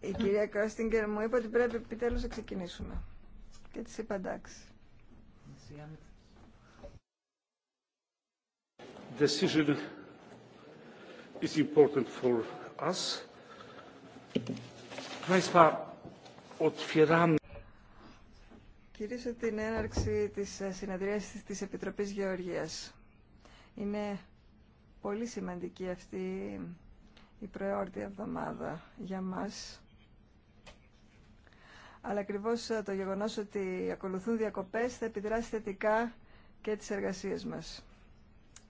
Η κυρία Κόστιγκερ μου είπε ότι πρέπει επιτέλου να ξεκινήσουμε. Και τη είπα εντάξει. Decision is important for us. Κυρίσω την έναρξη της συνεδρίασης της Επιτροπής Γεωργίας. Είναι πολύ σημαντική αυτή η προεόρτη εβδομάδα για μας. Αλλά ακριβώ ε, το γεγονός ότι ακολουθούν διακοπές θα επιδράσει θετικά και τις εργασίες μας.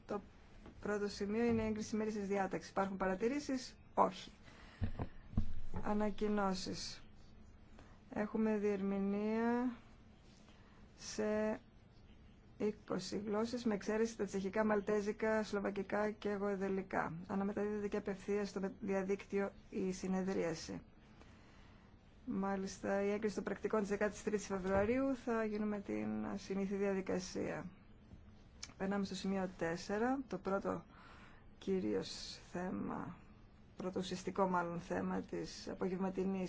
Το πρώτο σημείο είναι η έγκριση μέρης της διάταξης. Υπάρχουν παρατηρήσεις? Όχι. Ανακοινώσεις. Έχουμε διερμηνία σε 20 γλώσσε, με εξαίρεση τα τσεχικά, μαλτέζικα, σλοβακικά και εγωεδελικά. Αναμεταδίδεται και απευθεία στο διαδίκτυο η συνεδρίαση. Μάλιστα, η έγκριση των πρακτικών τη 13 η Φεβρουαρίου θα γίνει με την συνήθη διαδικασία. Περνάμε στο σημείο 4, το πρώτο κύριο θέμα, πρώτο ουσιαστικό μάλλον θέμα τη απογευματινή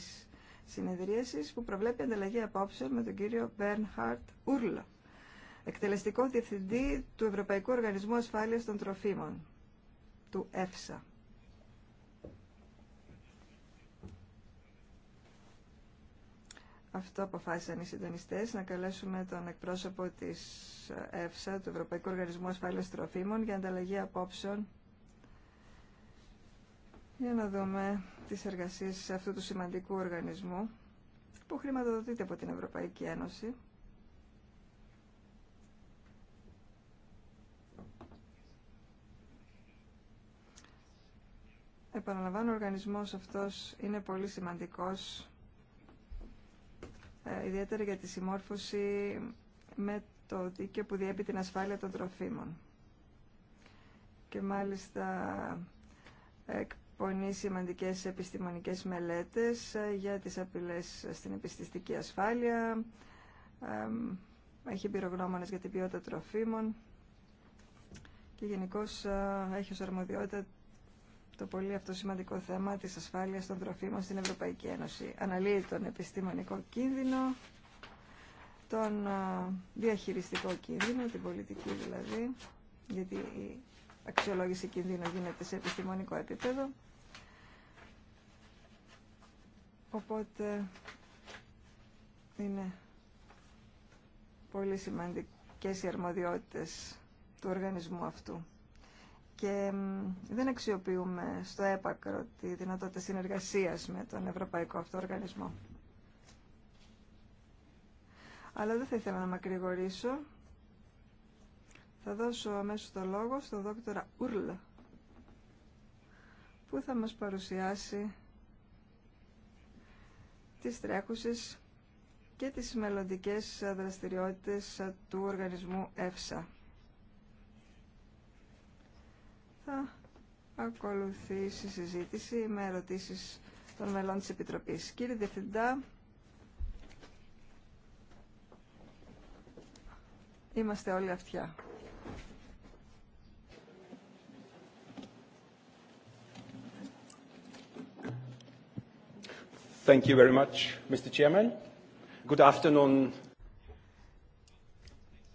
συνεδρίαση, που προβλέπει ανταλλαγή απόψεων με τον κύριο Bernhard Ούρλα εκτελεστικό διευθυντή του Ευρωπαϊκού Οργανισμού Ασφάλειας των Τροφίμων, του ΕΦΣΑ. Αυτό αποφάσισαν οι συντονιστές, να καλέσουμε τον εκπρόσωπο της ΕΦΣΑ, του Ευρωπαϊκού Οργανισμού Ασφάλειας Τροφίμων, για ανταλλαγή απόψεων για να δούμε τις εργασίες αυτού του σημαντικού οργανισμού που χρηματοδοτείται από την Ευρωπαϊκή Ένωση Επαναλαμβάνω, ο οργανισμός αυτός είναι πολύ σημαντικός, ε, ιδιαίτερα για τη συμμόρφωση με το δίκαιο που διέπει την ασφάλεια των τροφίμων. Και μάλιστα εκπονεί σημαντικές επιστημονικές μελέτες ε, για τις απειλές στην επιστηστική ασφάλεια, έχει εμπειρογνώμονες για την ποιότητα τροφίμων και γενικώ ε, έχει ως αρμοδιότητα το πολύ αυτό σημαντικό θέμα της ασφάλειας των τροφίμων στην Ευρωπαϊκή Ένωση. Αναλύει τον επιστημονικό κίνδυνο, τον διαχειριστικό κίνδυνο, την πολιτική δηλαδή, γιατί η αξιολόγηση κίνδυνο γίνεται σε επιστημονικό επίπεδο. Οπότε είναι πολύ σημαντικές οι αρμοδιότητες του οργανισμού αυτού και δεν αξιοποιούμε στο έπακρο τη δυνατότητα συνεργασίας με τον Ευρωπαϊκό Αυτοοργανισμό. Αλλά δεν θα ήθελα να μακρηγορήσω. Θα δώσω αμέσως το λόγο στον δόκτωρα Ούρλ που θα μας παρουσιάσει τις τρέχουσες και τις μελλοντικές δραστηριότητες του οργανισμού ΕΦΣΑ θα ακολουθήσει συζήτηση με ερωτήσεις των μελών της Επιτροπής. Κύριε Διευθυντά, είμαστε όλοι αυτιά. Thank you very much, Mr. Chairman. Good afternoon.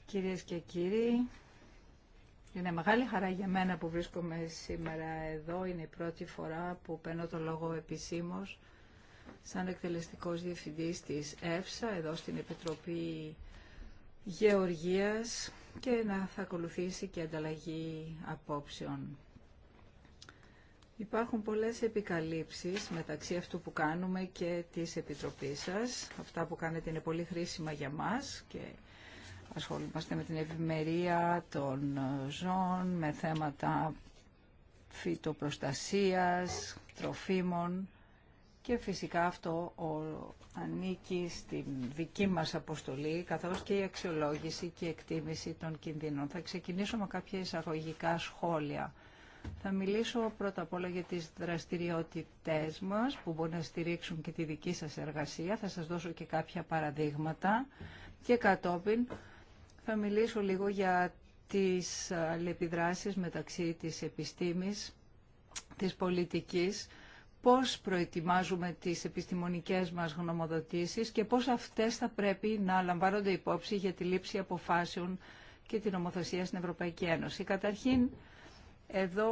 Κυρίες και κύριοι, είναι μεγάλη χαρά για μένα που βρίσκομαι σήμερα εδώ. Είναι η πρώτη φορά που παίρνω το λόγο επισήμως σαν εκτελεστικός διευθυντής της ΕΦΣΑ εδώ στην Επιτροπή Γεωργίας και να θα ακολουθήσει και ανταλλαγή απόψεων. Υπάρχουν πολλές επικαλύψεις μεταξύ αυτού που κάνουμε και της Επιτροπής σας. Αυτά που κάνετε είναι πολύ χρήσιμα για μας και ασχολούμαστε με την ευημερία των ζώων, με θέματα φυτοπροστασίας, τροφίμων και φυσικά αυτό ο ανήκει στην δική μας αποστολή καθώς και η αξιολόγηση και η εκτίμηση των κινδύνων. Θα ξεκινήσω με κάποια εισαγωγικά σχόλια. Θα μιλήσω πρώτα απ' όλα για τις δραστηριότητές μας που μπορεί να στηρίξουν και τη δική σας εργασία. Θα σας δώσω και κάποια παραδείγματα και κατόπιν θα μιλήσω λίγο για τις αλληλεπιδράσεις μεταξύ της επιστήμης, της πολιτικής, πώς προετοιμάζουμε τις επιστημονικές μας γνωμοδοτήσεις και πώς αυτές θα πρέπει να λαμβάνονται υπόψη για τη λήψη αποφάσεων και την ομοθεσία στην Ευρωπαϊκή Ένωση. Καταρχήν, εδώ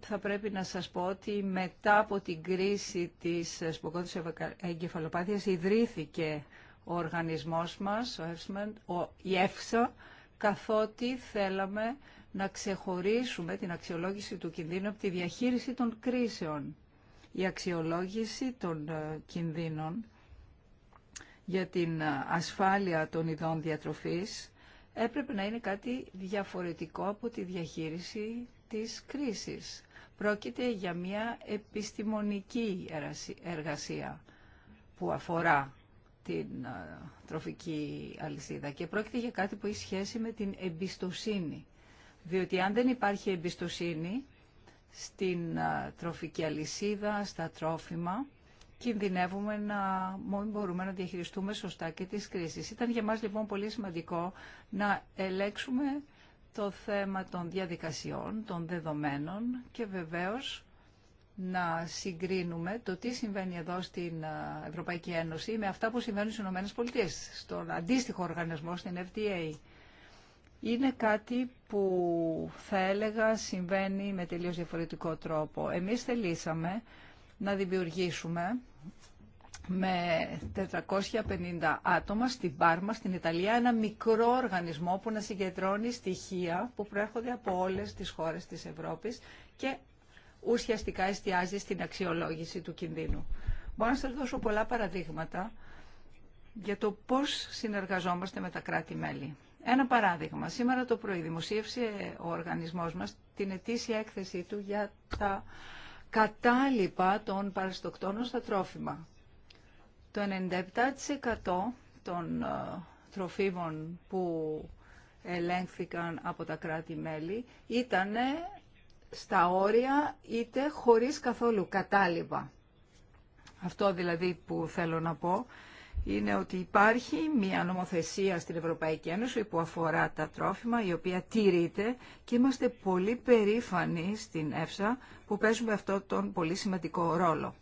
θα πρέπει να σας πω ότι μετά από την κρίση της σποκώδης εγκεφαλοπάθειας ιδρύθηκε ο οργανισμός μας, ο ΕΦΣΑ ο καθότι θέλαμε να ξεχωρίσουμε την αξιολόγηση του κινδύνου από τη διαχείριση των κρίσεων. Η αξιολόγηση των ε, κινδύνων για την ε, ασφάλεια των ειδών διατροφής έπρεπε να είναι κάτι διαφορετικό από τη διαχείριση της κρίσης. Πρόκειται για μια επιστημονική εργασία που αφορά την τροφική αλυσίδα και πρόκειται για κάτι που έχει σχέση με την εμπιστοσύνη. Διότι αν δεν υπάρχει εμπιστοσύνη στην τροφική αλυσίδα, στα τρόφιμα, κινδυνεύουμε να μην μπορούμε να διαχειριστούμε σωστά και τις κρίσεις. Ήταν για μας λοιπόν πολύ σημαντικό να ελέξουμε το θέμα των διαδικασιών, των δεδομένων και βεβαίως να συγκρίνουμε το τι συμβαίνει εδώ στην Ευρωπαϊκή Ένωση με αυτά που συμβαίνουν στι Ηνωμένε Πολιτείες, στον αντίστοιχο οργανισμό, στην FDA. Είναι κάτι που θα έλεγα συμβαίνει με τελείως διαφορετικό τρόπο. Εμείς θελήσαμε να δημιουργήσουμε με 450 άτομα στην Πάρμα, στην Ιταλία, ένα μικρό οργανισμό που να συγκεντρώνει στοιχεία που προέρχονται από όλες τις χώρες της Ευρώπης και ουσιαστικά εστιάζει στην αξιολόγηση του κινδύνου. Μπορώ να σας δώσω πολλά παραδείγματα για το πώς συνεργαζόμαστε με τα κράτη-μέλη. Ένα παράδειγμα. Σήμερα το πρωί δημοσίευσε ο οργανισμός μας την ετήσια έκθεσή του για τα κατάλοιπα των παραστοκτώνων στα τρόφιμα. Το 97% των ε, τροφίμων που ελέγχθηκαν από τα κράτη-μέλη ήταν στα όρια είτε χωρίς καθόλου κατάλοιπα. Αυτό δηλαδή που θέλω να πω είναι ότι υπάρχει μια νομοθεσία στην Ευρωπαϊκή Ένωση που αφορά τα τρόφιμα, η οποία τηρείται και είμαστε πολύ περήφανοι στην ΕΦΣΑ που παίζουμε αυτό τον πολύ σημαντικό ρόλο.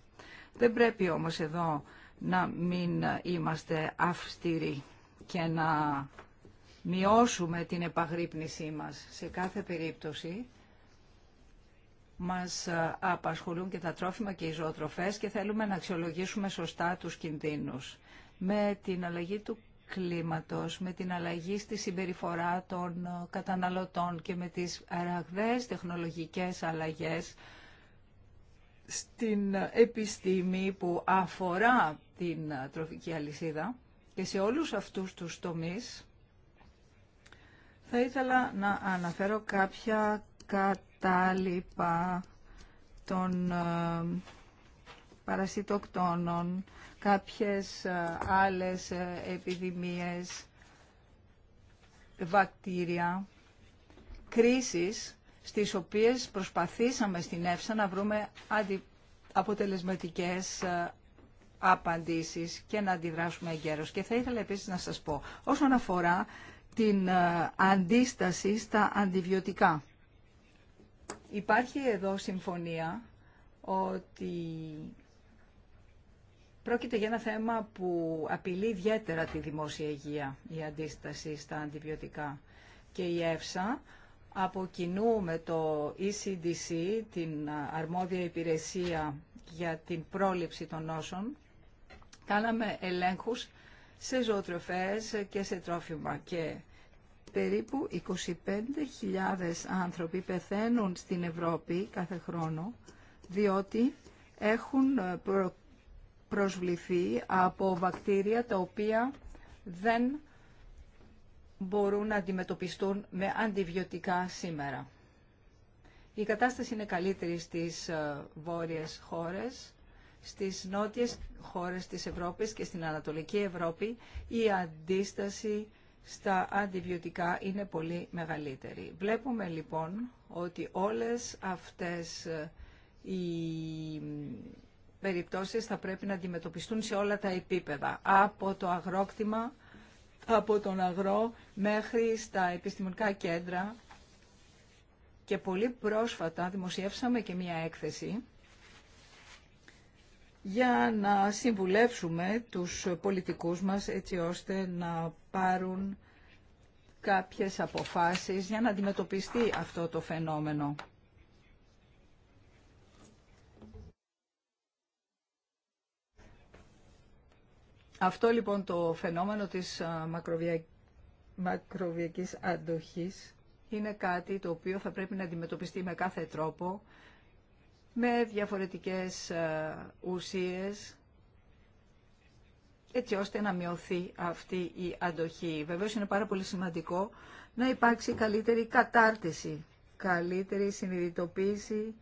Δεν πρέπει όμως εδώ να μην είμαστε αυστηροί και να μειώσουμε την επαγρύπνησή μας σε κάθε περίπτωση μας ε, απασχολούν και τα τρόφιμα και οι ζωοτροφές και θέλουμε να αξιολογήσουμε σωστά τους κινδύνους. Με την αλλαγή του κλίματος, με την αλλαγή στη συμπεριφορά των ε, καταναλωτών και με τις ραγδαίε τεχνολογικές αλλαγές στην ε, επιστήμη που αφορά την τροφική αλυσίδα και σε όλους αυτούς τους τομείς θα ήθελα να αναφέρω κάποια κατ λοιπά των ε, παρασιτοκτόνων, κάποιες ε, άλλες ε, επιδημίες, βακτήρια, κρίσεις στις οποίες προσπαθήσαμε στην ΕΦΣΑ να βρούμε αντι... αποτελεσματικές απαντήσεις και να αντιδράσουμε εγκαίρως. Και θα ήθελα επίσης να σας πω, όσον αφορά την αντίσταση στα αντιβιωτικά. Υπάρχει εδώ συμφωνία ότι πρόκειται για ένα θέμα που απειλεί ιδιαίτερα τη δημόσια υγεία, η αντίσταση στα αντιβιωτικά. Και η ΕΦΣΑ από κοινού με το ECDC, την αρμόδια υπηρεσία για την πρόληψη των νόσων, κάναμε ελέγχους σε ζωοτροφές και σε τρόφιμα. Και περίπου 25.000 άνθρωποι πεθαίνουν στην Ευρώπη κάθε χρόνο διότι έχουν ε, προσβληθεί από βακτήρια τα οποία δεν μπορούν να αντιμετωπιστούν με αντιβιωτικά σήμερα. Η κατάσταση είναι καλύτερη στις ε, βόρειες χώρες, στις νότιες χώρες της Ευρώπης και στην Ανατολική Ευρώπη. Η αντίσταση στα αντιβιωτικά είναι πολύ μεγαλύτερη. Βλέπουμε λοιπόν ότι όλες αυτές ε, οι περιπτώσεις θα πρέπει να αντιμετωπιστούν σε όλα τα επίπεδα. Από το αγρόκτημα, από τον αγρό μέχρι στα επιστημονικά κέντρα. Και πολύ πρόσφατα δημοσιεύσαμε και μία έκθεση για να συμβουλεύσουμε τους πολιτικούς μας έτσι ώστε να πάρουν κάποιες αποφάσεις για να αντιμετωπιστεί αυτό το φαινόμενο. Αυτό λοιπόν το φαινόμενο της μακροβιακής αντοχής είναι κάτι το οποίο θα πρέπει να αντιμετωπιστεί με κάθε τρόπο με διαφορετικές ε, ουσίες έτσι ώστε να μειωθεί αυτή η αντοχή. Βεβαίως είναι πάρα πολύ σημαντικό να υπάρξει καλύτερη κατάρτιση, καλύτερη συνειδητοποίηση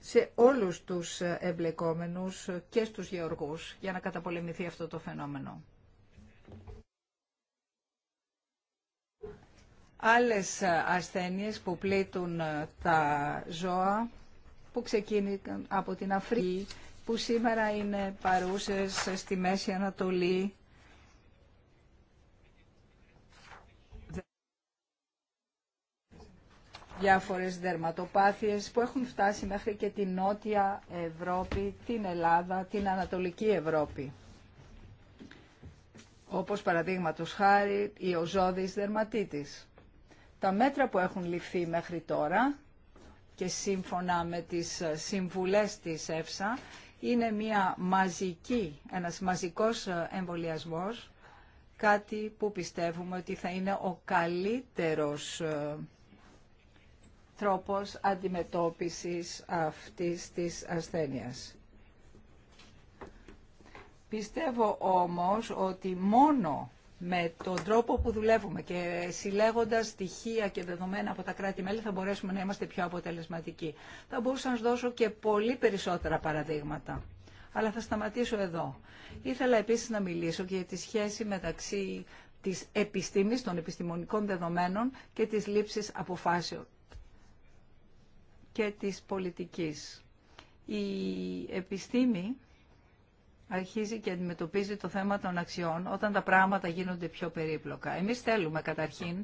σε όλους τους εμπλεκόμενους και στους γεωργούς για να καταπολεμηθεί αυτό το φαινόμενο. Άλλες ε, ασθένειες που πλήττουν ε, τα ζώα που ξεκίνησαν από την Αφρική, που σήμερα είναι παρούσες στη Μέση Ανατολή. Διάφορες δερματοπάθειες που έχουν φτάσει μέχρι και την Νότια Ευρώπη, την Ελλάδα, την Ανατολική Ευρώπη. Όπως παραδείγματο χάρη η οζόδης δερματίτης. Τα μέτρα που έχουν ληφθεί μέχρι τώρα και σύμφωνα με τις ε, συμβουλές της ΕΦΣΑ είναι μια μαζική, ένας μαζικός ε, εμβολιασμός, κάτι που πιστεύουμε ότι θα είναι ο καλύτερος ε, τρόπος αντιμετώπισης αυτής της ασθένειας. Πιστεύω όμως ότι μόνο με τον τρόπο που δουλεύουμε και συλλέγοντα στοιχεία και δεδομένα από τα κράτη-μέλη θα μπορέσουμε να είμαστε πιο αποτελεσματικοί. Θα μπορούσα να σας δώσω και πολύ περισσότερα παραδείγματα. Αλλά θα σταματήσω εδώ. Ήθελα επίσης να μιλήσω και για τη σχέση μεταξύ της επιστήμης, των επιστημονικών δεδομένων και της λήψης αποφάσεων και της πολιτικής. Η επιστήμη αρχίζει και αντιμετωπίζει το θέμα των αξιών όταν τα πράγματα γίνονται πιο περίπλοκα. Εμείς θέλουμε καταρχήν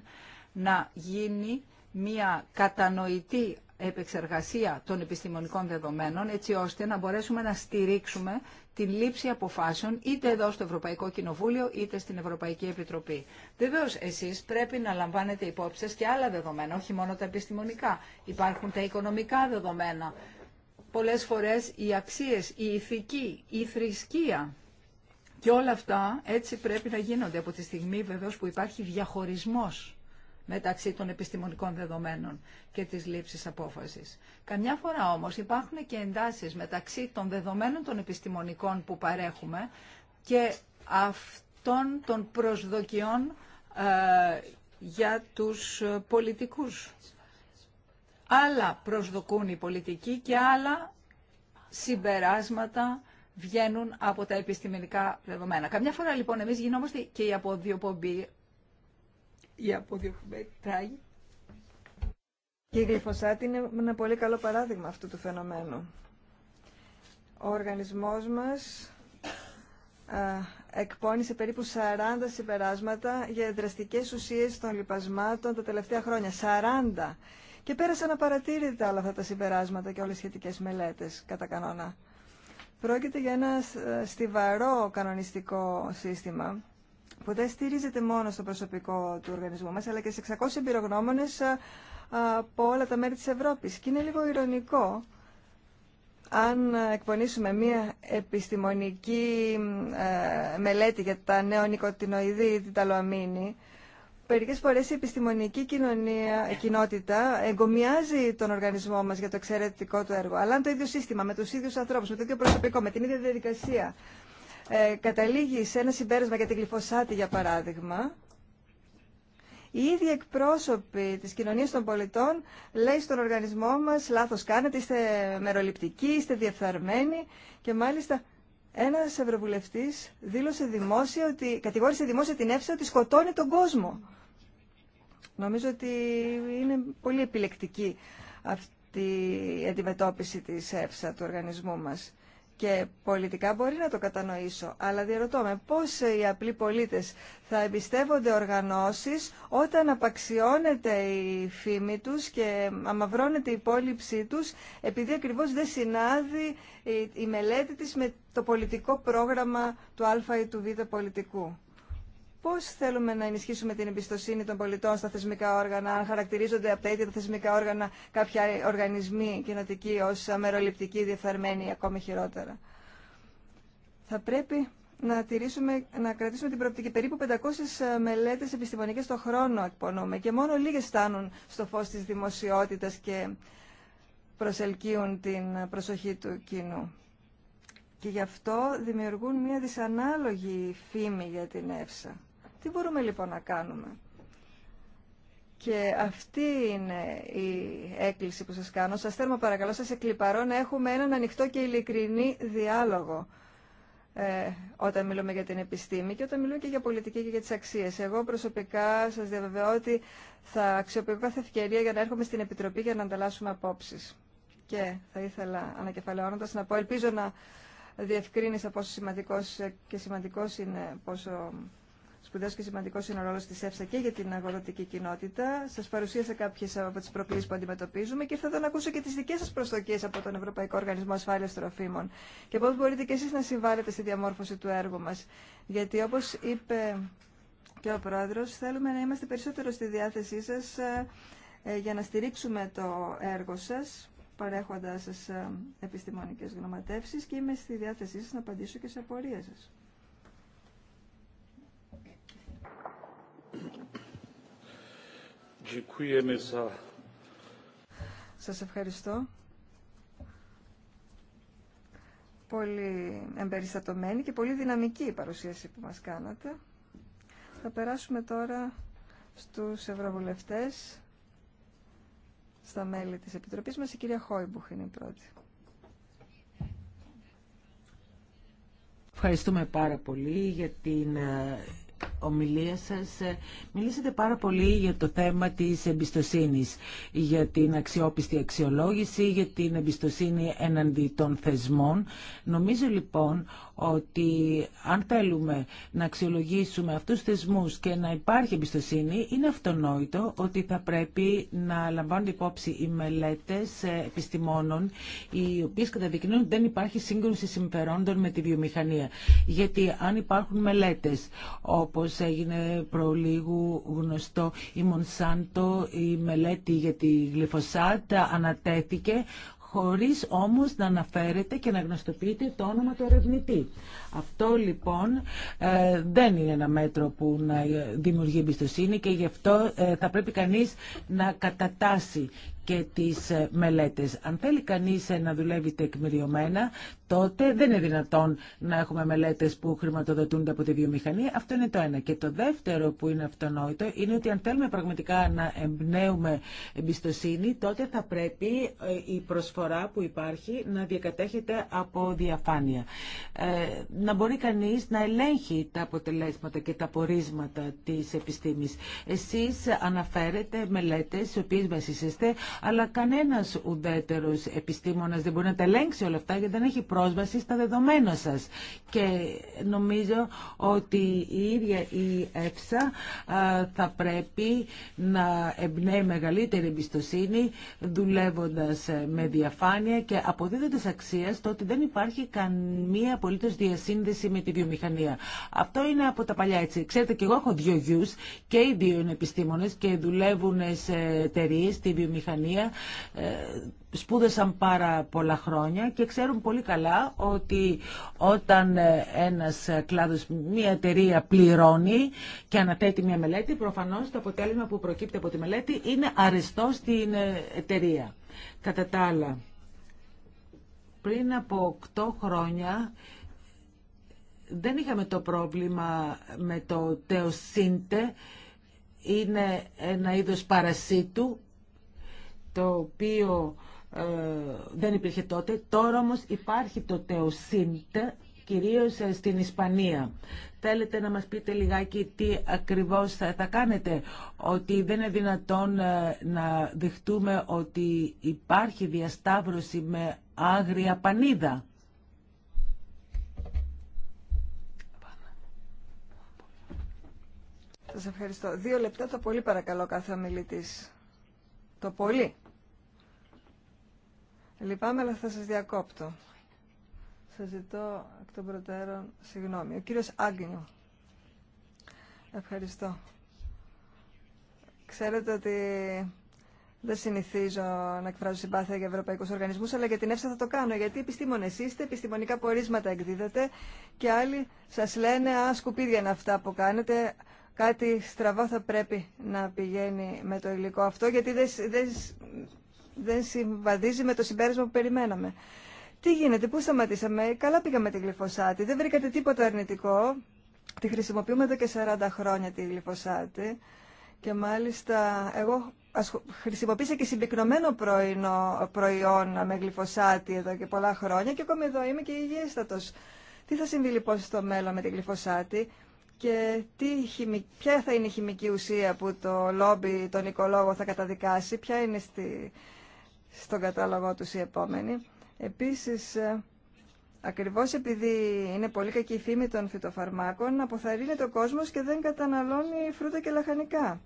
να γίνει μια κατανοητή επεξεργασία των επιστημονικών δεδομένων έτσι ώστε να μπορέσουμε να στηρίξουμε την λήψη αποφάσεων είτε εδώ στο Ευρωπαϊκό Κοινοβούλιο είτε στην Ευρωπαϊκή Επιτροπή. Βεβαίω εσεί πρέπει να λαμβάνετε υπόψη σας και άλλα δεδομένα, όχι μόνο τα επιστημονικά. Υπάρχουν τα οικονομικά δεδομένα, πολλές φορές οι αξίες, η ηθική, η θρησκεία και όλα αυτά έτσι πρέπει να γίνονται από τη στιγμή βεβαίως που υπάρχει διαχωρισμός μεταξύ των επιστημονικών δεδομένων και της λήψης απόφασης. Καμιά φορά όμως υπάρχουν και εντάσεις μεταξύ των δεδομένων των επιστημονικών που παρέχουμε και αυτών των προσδοκιών ε, για τους πολιτικούς. Άλλα προσδοκούν οι πολιτικοί και άλλα συμπεράσματα βγαίνουν από τα επιστημονικά δεδομένα. Καμιά φορά λοιπόν εμείς γινόμαστε και η αποδιοπομπή, η αποδιοπομπή Και η γλυφωσάτη είναι ένα πολύ καλό παράδειγμα αυτού του φαινομένου. Ο οργανισμός μας α, εκπώνησε περίπου 40 συμπεράσματα για δραστικές ουσίες των λοιπασμάτων τα τελευταία χρόνια. 40! Και πέρασαν απαρατήρητα όλα αυτά τα συμπεράσματα και όλες οι σχετικές μελέτες κατά κανόνα. Πρόκειται για ένα στιβαρό κανονιστικό σύστημα που δεν στηρίζεται μόνο στο προσωπικό του οργανισμού μας, αλλά και σε 600 εμπειρογνώμονες από όλα τα μέρη της Ευρώπης. Και είναι λίγο ηρωνικό αν εκπονήσουμε μία επιστημονική ε, μελέτη για τα την ταλοαμίνη, Μερικέ φορέ η επιστημονική κοινωνία, κοινότητα εγκομιάζει τον οργανισμό μα για το εξαιρετικό του έργο. Αλλά αν το ίδιο σύστημα, με του ίδιου ανθρώπου, με το ίδιο προσωπικό, με την ίδια διαδικασία, ε, καταλήγει σε ένα συμπέρασμα για την γλυφοσάτη, για παράδειγμα, οι ίδιοι εκπρόσωποι τη κοινωνία των πολιτών λέει στον οργανισμό μα, λάθο κάνετε, είστε μεροληπτικοί, είστε διεφθαρμένοι» και μάλιστα ένα ευρωβουλευτή δήλωσε δημόσια ότι, κατηγόρησε δημόσια την ΕΦΣΑ ότι σκοτώνει τον κόσμο. Νομίζω ότι είναι πολύ επιλεκτική αυτή η αντιμετώπιση της ΕΦΣΑ, του οργανισμού μας. Και πολιτικά μπορεί να το κατανοήσω, αλλά διαρωτώ με πώς οι απλοί πολίτες θα εμπιστεύονται οργανώσεις όταν απαξιώνεται η φήμη τους και αμαυρώνεται η υπόλοιψή τους επειδή ακριβώς δεν συνάδει η μελέτη της με το πολιτικό πρόγραμμα του Α ή του Β πολιτικού. Πώ θέλουμε να ενισχύσουμε την εμπιστοσύνη των πολιτών στα θεσμικά όργανα, αν χαρακτηρίζονται από τα ίδια τα θεσμικά όργανα κάποια οργανισμοί κοινοτικοί ω αμεροληπτικοί, διεφθαρμένοι ακόμη χειρότερα. Θα πρέπει να, τηρήσουμε, να κρατήσουμε την προοπτική. Περίπου 500 ε, μελέτε επιστημονικέ το χρόνο εκπονούμε και μόνο λίγε φτάνουν στο φω τη δημοσιότητα και προσελκύουν την προσοχή του κοινού. Και γι' αυτό δημιουργούν μια δυσανάλογη φήμη για την ΕΦΣΑ. Τι μπορούμε λοιπόν να κάνουμε. Και αυτή είναι η έκκληση που σας κάνω. Σας θέλω παρακαλώ, σας εκλυπαρώ να έχουμε έναν ανοιχτό και ειλικρινή διάλογο ε, όταν μιλούμε για την επιστήμη και όταν μιλούμε και για πολιτική και για τις αξίες. Εγώ προσωπικά σας διαβεβαιώ ότι θα αξιοποιώ κάθε ευκαιρία για να έρχομαι στην Επιτροπή για να ανταλλάσσουμε απόψεις. Και θα ήθελα ανακεφαλαιώνοντας να πω, ελπίζω να διευκρίνησα πόσο σημαντικός και σημαντικός είναι πόσο σπουδαίο και σημαντικό είναι ο ρόλο τη ΕΦΣΑ και για την αγροτική κοινότητα. Σα παρουσίασα κάποιε από τι προκλήσεις που αντιμετωπίζουμε και θα να ακούσω και τι δικέ σα προσδοκίε από τον Ευρωπαϊκό Οργανισμό Ασφάλειας Τροφίμων και πώ μπορείτε και εσεί να συμβάλλετε στη διαμόρφωση του έργου μα. Γιατί όπω είπε και ο Πρόεδρο, θέλουμε να είμαστε περισσότερο στη διάθεσή σα ε, ε, για να στηρίξουμε το έργο σα, παρέχοντας σας ε, επιστημονικές γνωματεύσεις και είμαι στη διάθεσή σας να απαντήσω και σε απορίες σας. Σας ευχαριστώ. Πολύ εμπεριστατωμένη και πολύ δυναμική η παρουσίαση που μας κάνατε. Θα περάσουμε τώρα στους ευρωβουλευτές, στα μέλη της Επιτροπής μας. Η κυρία Χόιμπουχ είναι η πρώτη. Ευχαριστούμε πάρα πολύ για την ε, ομιλία σας ε, μιλήσατε πάρα πολύ για το θέμα της εμπιστοσύνης, για την αξιόπιστη αξιολόγηση, για την εμπιστοσύνη εναντί των θεσμών. Νομίζω λοιπόν ότι αν θέλουμε να αξιολογήσουμε αυτούς τους θεσμούς και να υπάρχει εμπιστοσύνη, είναι αυτονόητο ότι θα πρέπει να λαμβάνουν υπόψη οι μελέτες ε, επιστημόνων, οι οποίες καταδεικνύουν ότι δεν υπάρχει σύγκρουση συμφερόντων με τη βιομηχανία. Γιατί αν υπάρχουν μελέτες όπως έγινε προλίγου γνωστό η Μονσάντο, η μελέτη για τη γλυφοσάτα ανατέθηκε χωρίς όμως να αναφέρεται και να γνωστοποιείται το όνομα του ερευνητή. Αυτό λοιπόν ε, δεν είναι ένα μέτρο που να δημιουργεί εμπιστοσύνη και γι' αυτό ε, θα πρέπει κανείς να κατατάσει και τις ε, μελέτες. Αν θέλει κανείς ε, να δουλεύει τεκμηριωμένα, τότε δεν είναι δυνατόν να έχουμε μελέτες που χρηματοδοτούνται από τη βιομηχανία. Αυτό είναι το ένα. Και το δεύτερο που είναι αυτονόητο είναι ότι αν θέλουμε πραγματικά να εμπνέουμε εμπιστοσύνη, τότε θα πρέπει ε, η προσφορά που υπάρχει να διακατέχεται από διαφάνεια. να μπορεί κανείς να ελέγχει τα αποτελέσματα και τα πορίσματα της επιστήμης. Εσείς αναφέρετε μελέτες, οι οποίες βασίσεστε, αλλά κανένας ουδέτερος επιστήμονας δεν μπορεί να τα ελέγξει όλα αυτά γιατί δεν έχει πρόσβαση στα δεδομένα σας. Και νομίζω ότι η ίδια η ΕΦΣΑ θα πρέπει να εμπνέει μεγαλύτερη εμπιστοσύνη δουλεύοντας ε, με διαφάνεια και αποδίδοντας αξία στο ότι δεν υπάρχει καμία απολύτως διασύνδεση με τη βιομηχανία. Αυτό είναι από τα παλιά έτσι. Ξέρετε και εγώ έχω δύο γιους και οι δύο είναι επιστήμονες και δουλεύουν σε εταιρείε στη βιομηχανία Γερμανία ε, σπούδασαν πάρα πολλά χρόνια και ξέρουν πολύ καλά ότι όταν ε, ένας ε, κλάδος, μια εταιρεία πληρώνει και αναθέτει μια μελέτη, προφανώς το αποτέλεσμα που προκύπτει από τη μελέτη είναι αρεστό στην εταιρεία. Κατά τα άλλα, πριν από 8 χρόνια δεν είχαμε το πρόβλημα με το τεοσύντε, είναι ένα είδος παρασίτου το οποίο ε, δεν υπήρχε τότε. Τώρα όμως υπάρχει το ΤΕΟΣΥΝΤ, κυρίως ε, στην Ισπανία. Θέλετε να μας πείτε λιγάκι τι ακριβώς θα, κάνετε, ότι δεν είναι δυνατόν ε, να δεχτούμε ότι υπάρχει διασταύρωση με άγρια πανίδα. Σας ευχαριστώ. Δύο λεπτά το πολύ παρακαλώ κάθε ομιλητής. Το πολύ. Λυπάμαι, αλλά θα σα διακόπτω. Σα ζητώ εκ των προτέρων συγγνώμη. Ο κύριο Άγγινου. Ευχαριστώ. Ξέρετε ότι δεν συνηθίζω να εκφράζω συμπάθεια για ευρωπαϊκού οργανισμού, αλλά για την ΕΦΣΑ θα το κάνω, γιατί επιστήμονε είστε, επιστημονικά πορίσματα εκδίδετε και άλλοι σα λένε «Α, σκουπίδια είναι αυτά που κάνετε, κάτι στραβό θα πρέπει να πηγαίνει με το υλικό αυτό, γιατί δεν, δεν δεν συμβαδίζει με το συμπέρασμα που περιμέναμε. Τι γίνεται, πού σταματήσαμε, καλά πήγαμε τη γλυφοσάτη, δεν βρήκατε τίποτα αρνητικό. Τη χρησιμοποιούμε εδώ και 40 χρόνια τη γλυφοσάτη και μάλιστα εγώ χρησιμοποίησα και συμπυκνωμένο πρωινό, προϊόν με γλυφοσάτη εδώ και πολλά χρόνια και ακόμη εδώ είμαι και υγιέστατος. Τι θα συμβεί λοιπόν στο μέλλον με τη γλυφοσάτη και τι, ποια θα είναι η χημική ουσία που το λόμπι τον οικολόγο θα καταδικάσει, ποια είναι στη, στον κατάλογό τους οι επόμενη. Επίσης, ε, ακριβώς επειδή είναι πολύ κακή η φήμη των φυτοφαρμάκων, αποθαρρύνεται ο κόσμος και δεν καταναλώνει φρούτα και λαχανικά.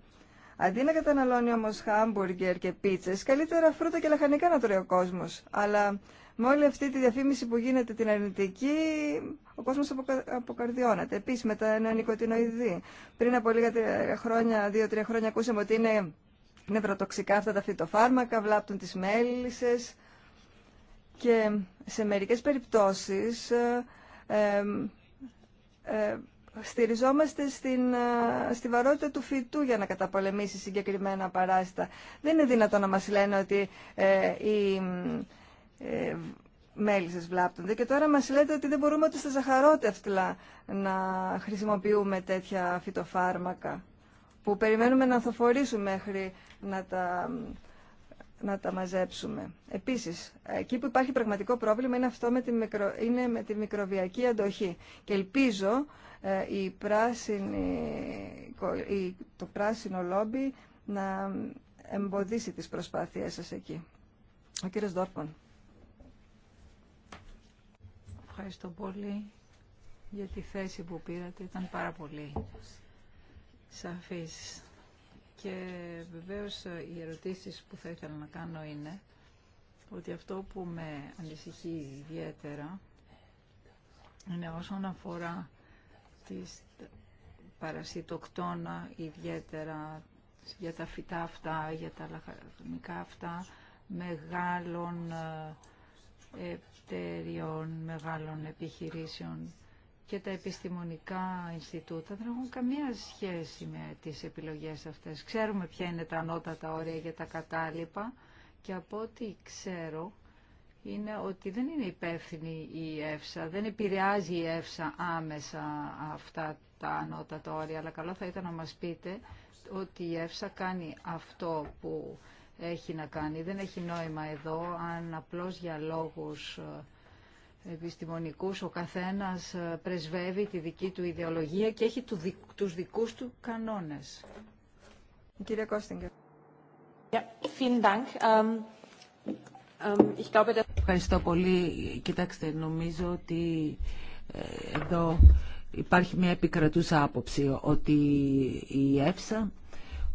Αντί να καταναλώνει όμως χάμπουργκερ και πίτσες, καλύτερα φρούτα και λαχανικά να τρώει ο κόσμος. Αλλά με όλη αυτή τη διαφήμιση που γίνεται την αρνητική, ο κόσμος αποκαρδιώνεται. Επίσης με τα νεονικοτινοειδή. Πριν από λίγα χρόνια, δύο-τρία χρόνια ακούσαμε ότι είναι νευροτοξικά αυτά τα φυτοφάρμακα, βλάπτουν τις μέλισσες και σε μερικές περιπτώσεις ε, ε, στηριζόμαστε στην, ε, στη βαρότητα του φυτού για να καταπολεμήσει συγκεκριμένα παράσιτα. Δεν είναι δυνατό να μας λένε ότι οι ε, μέλισσες βλάπτονται και τώρα μας λέτε ότι δεν μπορούμε ούτε στα ζαχαρότευτλα να χρησιμοποιούμε τέτοια φυτοφάρμακα που περιμένουμε να ανθοφορήσουν μέχρι να τα, να τα μαζέψουμε. Επίσης, εκεί που υπάρχει πραγματικό πρόβλημα είναι αυτό με τη, μικρο, είναι με τη μικροβιακή αντοχή. Και ελπίζω ε, η πράσινη, η, το πράσινο λόμπι να εμποδίσει τις προσπάθειές σας εκεί. Ο κύριος Δόρπον. Ευχαριστώ πολύ για τη θέση που πήρατε. Ήταν πάρα πολύ σαφής. Και βεβαίως ε, οι ερωτήσεις που θα ήθελα να κάνω είναι ότι αυτό που με ανησυχεί ιδιαίτερα είναι όσον αφορά τις παρασιτοκτόνα ιδιαίτερα για τα φυτά αυτά, για τα λαχανικά αυτά μεγάλων ε, εταιριών, μεγάλων επιχειρήσεων και τα επιστημονικά Ινστιτούτα δεν έχουν καμία σχέση με τις επιλογές αυτές. Ξέρουμε ποια είναι τα ανώτατα όρια για τα κατάλοιπα και από ό,τι ξέρω είναι ότι δεν είναι υπεύθυνη η ΕΦΣΑ, δεν επηρεάζει η ΕΦΣΑ άμεσα αυτά τα ανώτατα όρια, αλλά καλό θα ήταν να μας πείτε ότι η ΕΦΣΑ κάνει αυτό που έχει να κάνει. Δεν έχει νόημα εδώ αν απλώς για λόγους ε, επιστημονικούς, ο καθένας ε, πρεσβεύει τη δική του ιδεολογία και έχει τους δικούς του κανόνες. Ähm, ähm, Ευχαριστώ πολύ. Κοιτάξτε, νομίζω ότι ε, εδώ υπάρχει μια επικρατούσα άποψη ότι η ΕΦΣΑ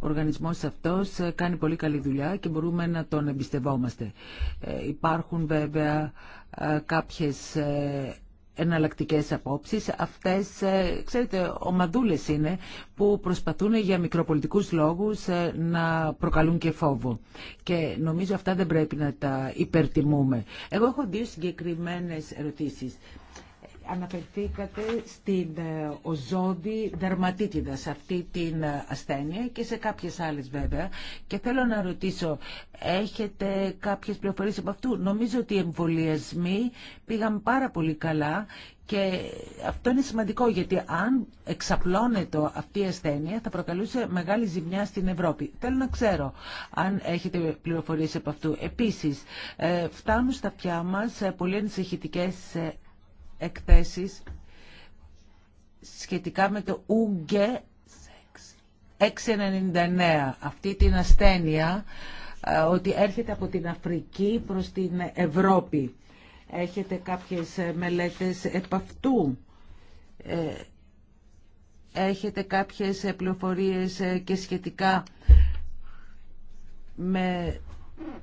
οργανισμός αυτός ε, κάνει πολύ καλή δουλειά και μπορούμε να τον εμπιστευόμαστε. Ε, υπάρχουν βέβαια ε, κάποιες εναλλακτικές απόψεις. Αυτές, ξέρετε, ομαδούλες είναι που προσπαθούν για μικροπολιτικούς λόγους να προκαλούν και φόβο. Και νομίζω αυτά δεν πρέπει να τα υπερτιμούμε. Εγώ έχω δύο συγκεκριμένες ερωτήσεις αναφερθήκατε στην ε, οζόντι δερματίτιδα, σε αυτή την ε, ασθένεια και σε κάποιες άλλες βέβαια. Και θέλω να ρωτήσω, έχετε κάποιες πληροφορίες από αυτού. Νομίζω ότι οι εμβολιασμοί πήγαν πάρα πολύ καλά και αυτό είναι σημαντικό γιατί αν εξαπλώνεται αυτή η ασθένεια θα προκαλούσε μεγάλη ζημιά στην Ευρώπη. Θέλω να ξέρω αν έχετε πληροφορίες από αυτού. Επίσης, ε, φτάνουν στα πια μας πολύ ανησυχητικές εκθέσεις σχετικά με το ούγκε 699, αυτή την ασθένεια ε, ότι έρχεται από την Αφρική προς την Ευρώπη. Έχετε κάποιες μελέτες επ' αυτού. Ε, έχετε κάποιες πληροφορίες ε, και σχετικά με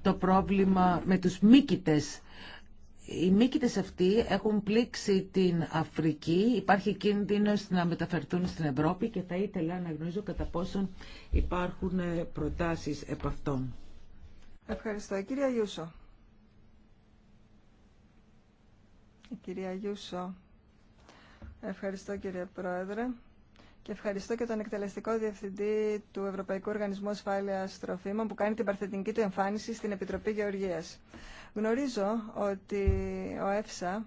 το πρόβλημα με τους μήκητες οι μήκητες αυτοί έχουν πλήξει την Αφρική, υπάρχει κίνδυνος να μεταφερθούν στην Ευρώπη και θα ήθελα να γνωρίζω κατά πόσον υπάρχουν ε, προτάσεις επ' αυτών. Ευχαριστώ. Κυρία Γιούσο. Η κυρία Γιούσο. Ευχαριστώ κύριε Πρόεδρε. Και ευχαριστώ και τον εκτελεστικό διευθυντή του Ευρωπαϊκού Οργανισμού Ασφάλεια Τροφίμων που κάνει την παρθετική του εμφάνιση στην Επιτροπή Γεωργία. Γνωρίζω ότι ο ΕΦΣΑ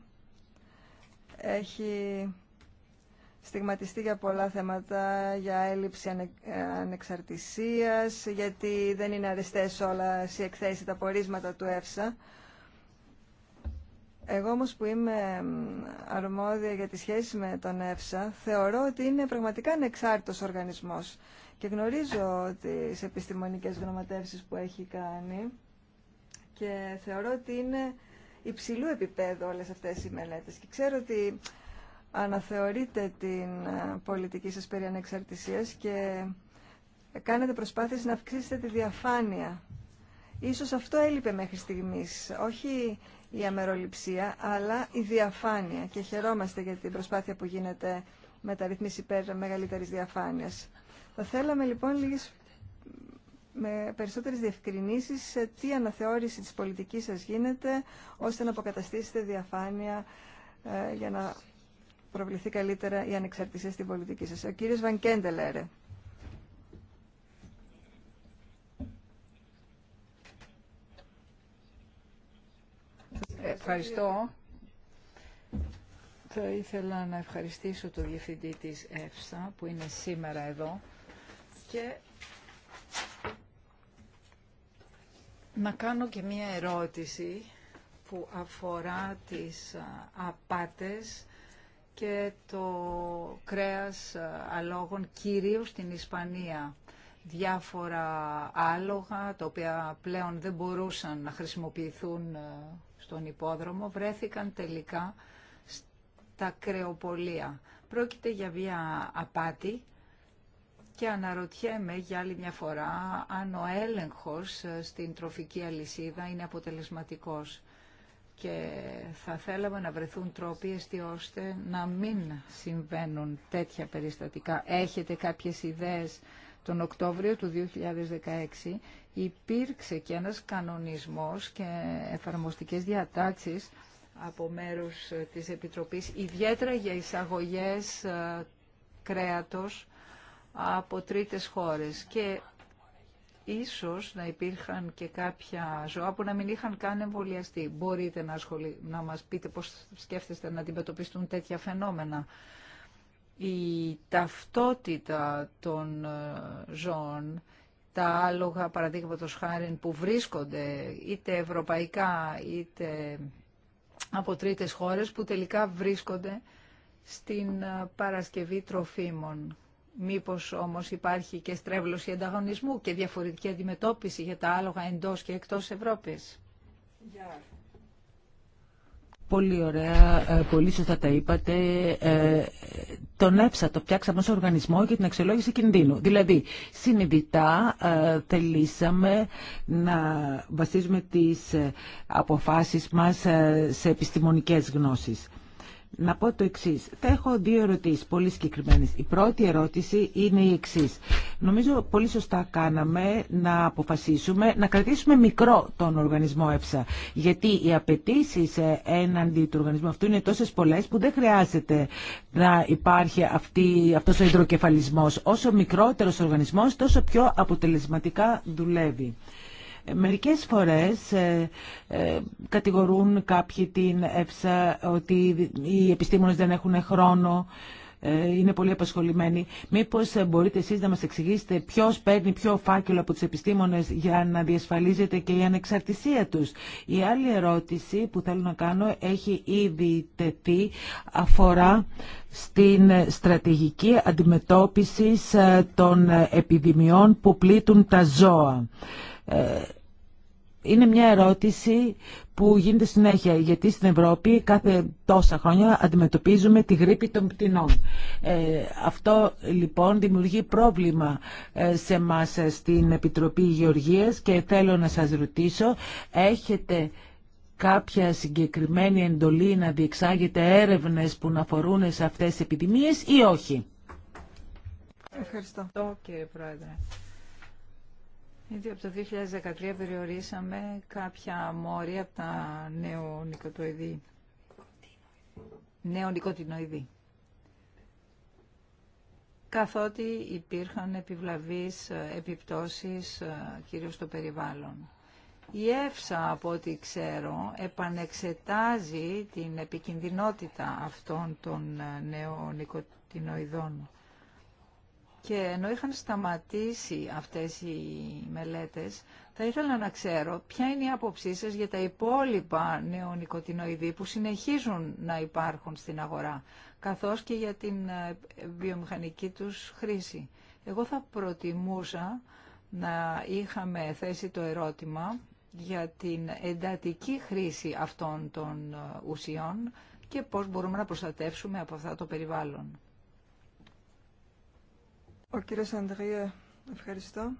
έχει στιγματιστεί για πολλά θέματα, για έλλειψη ανε, ανεξαρτησίας, γιατί δεν είναι αρεστές όλα οι εκθέσει τα πορίσματα του ΕΦΣΑ. Εγώ όμως που είμαι αρμόδια για τη σχέση με τον ΕΦΣΑ, θεωρώ ότι είναι πραγματικά ανεξάρτητος οργανισμός και γνωρίζω τις επιστημονικές γνωματεύσεις που έχει κάνει και θεωρώ ότι είναι υψηλού επίπεδου όλες αυτές οι μελέτες και ξέρω ότι αναθεωρείτε την ε, πολιτική σας περί ανεξαρτησίας και κάνετε προσπάθειες να αυξήσετε τη διαφάνεια Ίσως αυτό έλειπε μέχρι στιγμής, όχι η αμεροληψία, αλλά η διαφάνεια. Και χαιρόμαστε για την προσπάθεια που γίνεται με τα υπέρ μεγαλύτερης διαφάνειας. Θα θέλαμε λοιπόν λίγες με περισσότερες διευκρινήσεις σε τι αναθεώρηση της πολιτικής σας γίνεται, ώστε να αποκαταστήσετε διαφάνεια ε, για να προβληθεί καλύτερα η ανεξαρτησία στην πολιτική σας. Ο κύριος Βαν Ευχαριστώ. Θα ήθελα να ευχαριστήσω το Διευθυντή της ΕΦΣΑ που είναι σήμερα εδώ και να κάνω και μία ερώτηση που αφορά τις απάτες και το κρέας αλόγων κυρίως στην Ισπανία. Διάφορα άλογα τα οποία πλέον δεν μπορούσαν να χρησιμοποιηθούν στον υπόδρομο βρέθηκαν τελικά στα κρεοπολία. Πρόκειται για μια απάτη και αναρωτιέμαι για άλλη μια φορά αν ο έλεγχος ε, στην τροφική αλυσίδα είναι αποτελεσματικός και θα θέλαμε να βρεθούν τρόποι έτσι ώστε να μην συμβαίνουν τέτοια περιστατικά. Έχετε κάποιες ιδέες τον Οκτώβριο του 2016 υπήρξε και ένας κανονισμός και εφαρμοστικές διατάξεις από μέρους της Επιτροπής, ιδιαίτερα για εισαγωγές ε, κρέατος από τρίτες χώρες και ίσως να υπήρχαν και κάποια ζώα που να μην είχαν καν εμβολιαστεί. Μπορείτε να, ασχολη... να μας πείτε πώς σκέφτεστε να αντιμετωπιστούν τέτοια φαινόμενα. Η ταυτότητα των ε, ζώων τα άλογα παραδείγματος χάρη που βρίσκονται είτε ευρωπαϊκά είτε από τρίτες χώρες που τελικά βρίσκονται στην ε, παρασκευή τροφίμων. Μήπως όμως υπάρχει και στρέβλωση ανταγωνισμού και διαφορετική αντιμετώπιση για τα άλογα εντός και εκτός Ευρώπης. Πολύ ωραία, ε, πολύ σωστά τα είπατε. τον ε, έψα, το πιάξαμε ως οργανισμό για την αξιολόγηση κινδύνου. Δηλαδή, συνειδητά ε, θελήσαμε να βασίζουμε τις αποφάσεις μας σε επιστημονικές γνώσεις να πω το εξή. Θα έχω δύο ερωτήσει πολύ συγκεκριμένε. Η πρώτη ερώτηση είναι η εξή. Νομίζω πολύ σωστά κάναμε να αποφασίσουμε να κρατήσουμε μικρό τον οργανισμό ΕΨΑ. Γιατί οι απαιτήσει ε, έναντι του οργανισμού αυτού είναι τόσε πολλέ που δεν χρειάζεται να υπάρχει αυτό ο υδροκεφαλισμό. Όσο μικρότερο οργανισμό, τόσο πιο αποτελεσματικά δουλεύει. Μερικές φορές ε, ε, κατηγορούν κάποιοι την ΕΦΣΑ ότι οι επιστήμονες δεν έχουν χρόνο ε, είναι πολύ απασχολημένοι. Μήπως μπορείτε εσείς να μας εξηγήσετε ποιος παίρνει πιο φάκελο από τους επιστήμονες για να διασφαλίζεται και η ανεξαρτησία τους. Η άλλη ερώτηση που θέλω να κάνω έχει ήδη τεθεί αφορά στην στρατηγική αντιμετώπιση των επιδημιών που πλήττουν τα ζώα. Ε, είναι μια ερώτηση που γίνεται συνέχεια, γιατί στην Ευρώπη κάθε τόσα χρόνια αντιμετωπίζουμε τη γρήπη των πτηνών. Ε, αυτό λοιπόν δημιουργεί πρόβλημα ε, σε μας στην Επιτροπή Γεωργίας και θέλω να σας ρωτήσω, έχετε κάποια συγκεκριμένη εντολή να διεξάγετε έρευνες που να αφορούν σε αυτές τις επιδημίες ή όχι. Ευχαριστώ. Ευχαριστώ κύριε Πρόεδρε. Ήδη από το 2013 περιορίσαμε κάποια μόρια από τα νεονικοτοειδή. Νεονικοτινοειδή. Καθότι υπήρχαν επιβλαβείς ε, επιπτώσεις ε, κυρίως στο περιβάλλον. Η ΕΦΣΑ, από ό,τι ξέρω, επανεξετάζει την επικινδυνότητα αυτών των ε, νεονικοτινοειδών. Και ενώ είχαν σταματήσει αυτές οι μελέτες, θα ήθελα να ξέρω ποια είναι η άποψή σας για τα υπόλοιπα νεονικοτινοειδή που συνεχίζουν να υπάρχουν στην αγορά, καθώς και για την ε, βιομηχανική τους χρήση. Εγώ θα προτιμούσα να είχαμε θέσει το ερώτημα για την εντατική χρήση αυτών των ε, ουσιών και πώς μπορούμε να προστατεύσουμε από αυτά το περιβάλλον. Ο κύριος Ανδρία, ευχαριστώ.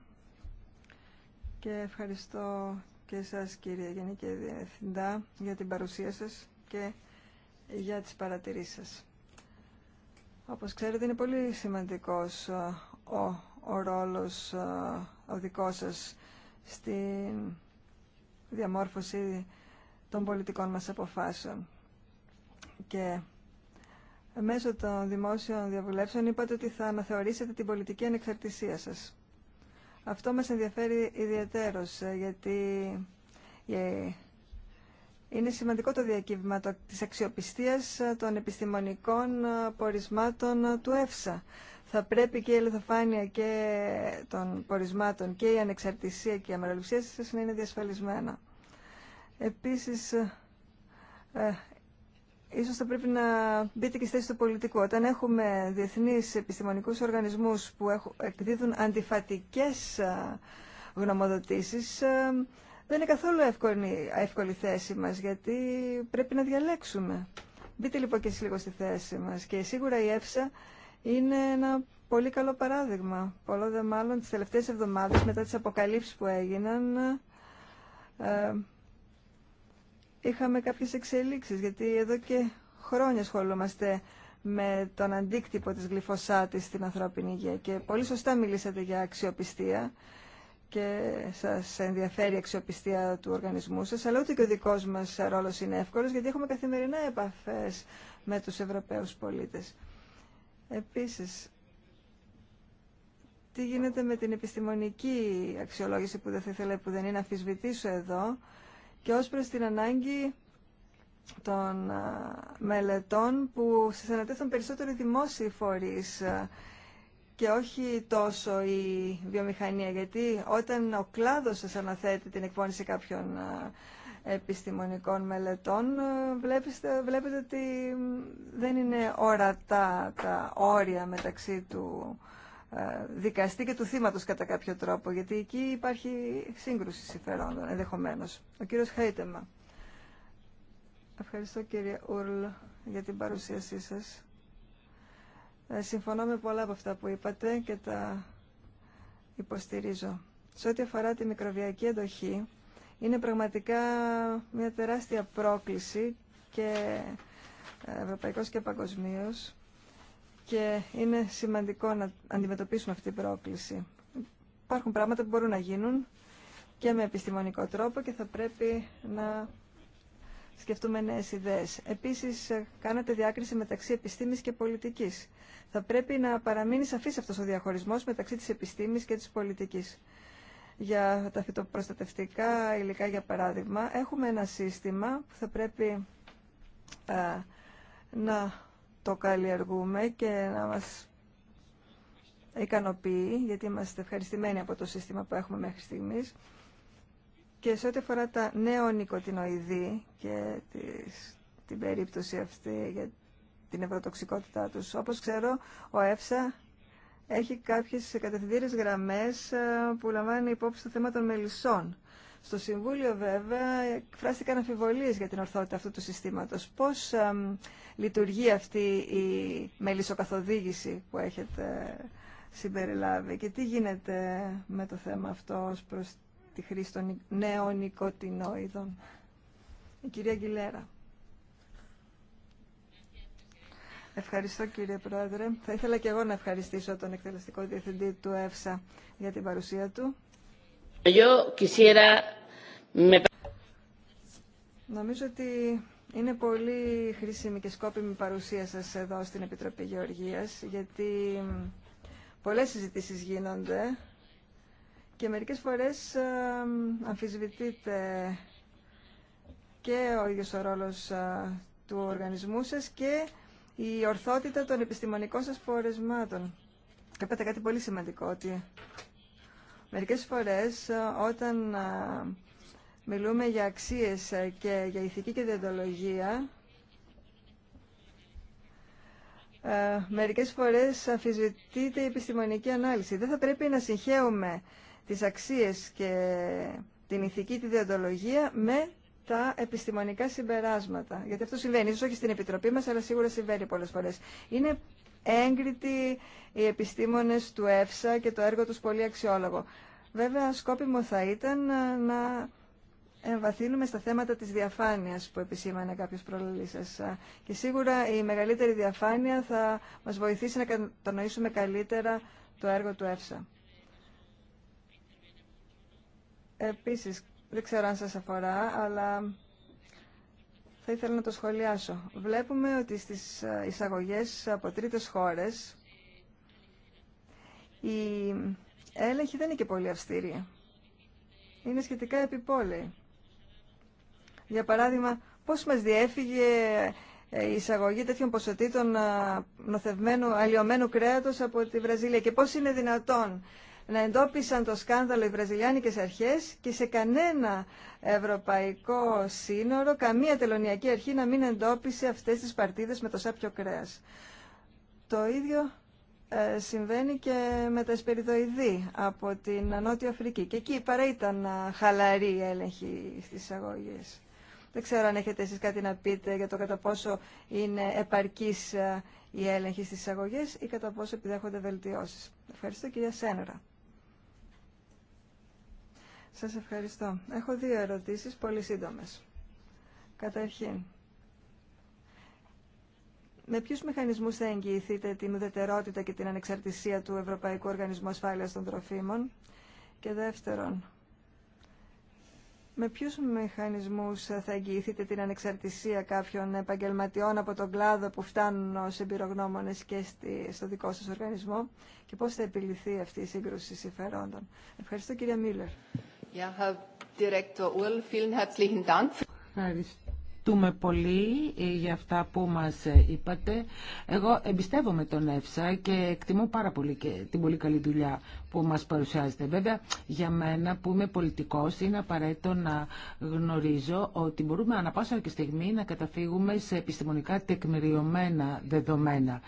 Και ευχαριστώ και εσάς κύριε Γενική Διευθυντά για την παρουσία σας και για τις παρατηρήσεις σας. Όπως ξέρετε είναι πολύ σημαντικός ο, ο ρόλος ο δικός σας στην διαμόρφωση των πολιτικών μας αποφάσεων και μέσω των δημόσιων διαβουλεύσεων είπατε ότι θα αναθεωρήσετε την πολιτική ανεξαρτησία σας. Αυτό μας ενδιαφέρει ιδιαίτερος, ε, γιατί ε, είναι σημαντικό το διακύβημα της αξιοπιστίας ε, των επιστημονικών πορισμάτων του ΕΦΣΑ. Θα πρέπει και η και των πορισμάτων και η ανεξαρτησία και η αμεροληψία σας να είναι διασφαλισμένα. Επίσης, ίσως θα πρέπει να μπείτε και στη θέση του πολιτικού. Όταν έχουμε διεθνείς επιστημονικούς οργανισμούς που εκδίδουν αντιφατικές γνωμοδοτήσει, δεν είναι καθόλου εύκολη, εύκολη θέση μας, γιατί πρέπει να διαλέξουμε. Μπείτε λοιπόν και εσείς λίγο στη θέση μας. Και σίγουρα η ΕΦΣΑ είναι ένα πολύ καλό παράδειγμα. Πολλό δε μάλλον τι τελευταίε εβδομάδε, μετά τι αποκαλύψει που έγιναν, ε, είχαμε κάποιες εξελίξεις, γιατί εδώ και χρόνια ασχολούμαστε με τον αντίκτυπο της γλυφοσάτης στην ανθρώπινη υγεία και πολύ σωστά μιλήσατε για αξιοπιστία και σας ενδιαφέρει η αξιοπιστία του οργανισμού σας, αλλά ούτε και ο δικός μας ρόλος είναι εύκολος, γιατί έχουμε καθημερινά επαφές με τους Ευρωπαίους πολίτες. Επίσης, τι γίνεται με την επιστημονική αξιολόγηση που δεν θα ήθελα που δεν είναι να αφισβητήσω εδώ, και ως προς την ανάγκη των μελετών που συστανατέθουν περισσότερο οι δημόσιοι φορείς και όχι τόσο η βιομηχανία, γιατί όταν ο κλάδος σας αναθέτει την εκπόνηση κάποιων επιστημονικών μελετών, βλέπετε, βλέπετε ότι δεν είναι ορατά τα όρια μεταξύ του ε, δικαστή και του θύματος κατά κάποιο τρόπο, γιατί εκεί υπάρχει σύγκρουση συμφερόντων ενδεχομένω. Ο κύριος Χαϊτεμα. Ευχαριστώ κύριε Ούρλ για την παρουσίασή σας. Ε, συμφωνώ με πολλά από αυτά που είπατε και τα υποστηρίζω. Σε ό,τι αφορά τη μικροβιακή εντοχή, είναι πραγματικά μια τεράστια πρόκληση και ε, ευρωπαϊκός και παγκοσμίως και είναι σημαντικό να αντιμετωπίσουμε αυτή την πρόκληση. Υπάρχουν πράγματα που μπορούν να γίνουν και με επιστημονικό τρόπο και θα πρέπει να σκεφτούμε νέε ιδέε. Επίση, κάνατε διάκριση μεταξύ επιστήμης και πολιτική. Θα πρέπει να παραμείνει σαφή αυτό ο διαχωρισμό μεταξύ τη επιστήμης και τη πολιτική. Για τα φυτοπροστατευτικά υλικά, για παράδειγμα, έχουμε ένα σύστημα που θα πρέπει να το καλλιεργούμε και να μας ικανοποιεί, γιατί είμαστε ευχαριστημένοι από το σύστημα που έχουμε μέχρι στιγμής. Και σε ό,τι αφορά τα νέο νοικοτινοειδή και τις, την περίπτωση αυτή για την ευρωτοξικότητά τους, όπως ξέρω, ο ΕΦΣΑ έχει κάποιες κατευθυντήρες γραμμές ε, που λαμβάνει υπόψη το θέμα των μελισσών. Στο Συμβούλιο βέβαια εκφράστηκαν αμφιβολίες για την ορθότητα αυτού του συστήματος. Πώς λειτουργεί αυτή η μελισσοκαθοδήγηση που έχετε συμπεριλάβει και τι γίνεται με το θέμα αυτό ως προς τη χρήση των νέων οικοτινόειδων. Η κυρία Γκυλέρα. Ευχαριστώ κύριε Πρόεδρε. Θα ήθελα και εγώ να ευχαριστήσω τον εκτελεστικό διευθυντή του ΕΦΣΑ για την παρουσία του Νομίζω ότι είναι πολύ χρήσιμη και σκόπιμη παρουσία σας εδώ στην Επιτροπή Γεωργίας, γιατί πολλές συζητήσεις γίνονται και μερικές φορές αμφισβητείται και ο ίδιος ο ρόλος ε, του οργανισμού σας και η ορθότητα των επιστημονικών σας πορεσμάτων. Είπατε κάτι πολύ σημαντικό, ότι Μερικές φορές ε, όταν ε, μιλούμε για αξίες ε, και για ηθική και διοντολογία, μερικές φορές αφιζητείται η επιστημονική ανάλυση. Δεν θα πρέπει να συγχαίουμε τις αξίες και την ηθική τη διοντολογία με τα επιστημονικά συμπεράσματα. Γιατί αυτό συμβαίνει, ίσως όχι στην Επιτροπή μας, αλλά σίγουρα συμβαίνει πολλές φορές. Είναι έγκριτοι οι επιστήμονες του ΕΦΣΑ και το έργο τους πολύ αξιόλογο. Βέβαια, σκόπιμο θα ήταν να εμβαθύνουμε στα θέματα της διαφάνειας που επισήμανε κάποιος προλαλή σας. Και σίγουρα η μεγαλύτερη διαφάνεια θα μας βοηθήσει να κατανοήσουμε καλύτερα το έργο του ΕΦΣΑ. Επίσης, δεν ξέρω αν σας αφορά, αλλά θα ήθελα να το σχολιάσω. Βλέπουμε ότι στις εισαγωγές από τρίτες χώρες η έλεγχη δεν είναι και πολύ αυστηρή. Είναι σχετικά επιπόλαιη. Για παράδειγμα, πώς μας διέφυγε ε, η εισαγωγή τέτοιων ποσοτήτων ε, νοθευμένου, αλλοιωμένου κρέατος από τη Βραζιλία και πώς είναι δυνατόν να εντόπισαν το σκάνδαλο οι βραζιλιάνικες αρχές και σε κανένα ευρωπαϊκό σύνορο, καμία τελωνιακή αρχή να μην εντόπισε αυτές τις παρτίδες με το σάπιο κρέας. Το ίδιο ε, συμβαίνει και με τα εσπεριδοειδή από την Νότια Αφρική. Και εκεί παρά ήταν ε, χαλαρή η έλεγχη στις εισαγωγές. Δεν ξέρω αν έχετε εσείς κάτι να πείτε για το κατά πόσο είναι επαρκής ε, η έλεγχη στις εισαγωγές ή κατά πόσο επιδέχονται βελτιώσεις. Ευχαριστώ κυρία Σένερα. Σας ευχαριστώ. Έχω δύο ερωτήσεις, πολύ σύντομες. Καταρχήν, με ποιους μηχανισμούς θα εγγυηθείτε την ουδετερότητα και την ανεξαρτησία του Ευρωπαϊκού Οργανισμού Ασφάλειας των Τροφίμων και δεύτερον, με ποιους μηχανισμούς θα εγγυηθείτε την ανεξαρτησία κάποιων επαγγελματιών από τον κλάδο που φτάνουν ως εμπειρογνώμονες και στο δικό σας οργανισμό και πώς θα επιληθεί αυτή η σύγκρουση συμφερόντων. Ευχαριστώ κυρία Μίλλερ. Ευχαριστούμε πολύ ε, για αυτά που μας ε, είπατε. Εγώ εμπιστεύομαι τον ΕΦΣΑ και εκτιμώ πάρα πολύ και την πολύ καλή δουλειά που μας παρουσιάζεται. Βέβαια, για μένα που είμαι πολιτικός είναι απαραίτητο να γνωρίζω ότι μπορούμε ανα πάσα και στιγμή να καταφύγουμε σε επιστημονικά τεκμηριωμένα δεδομένα.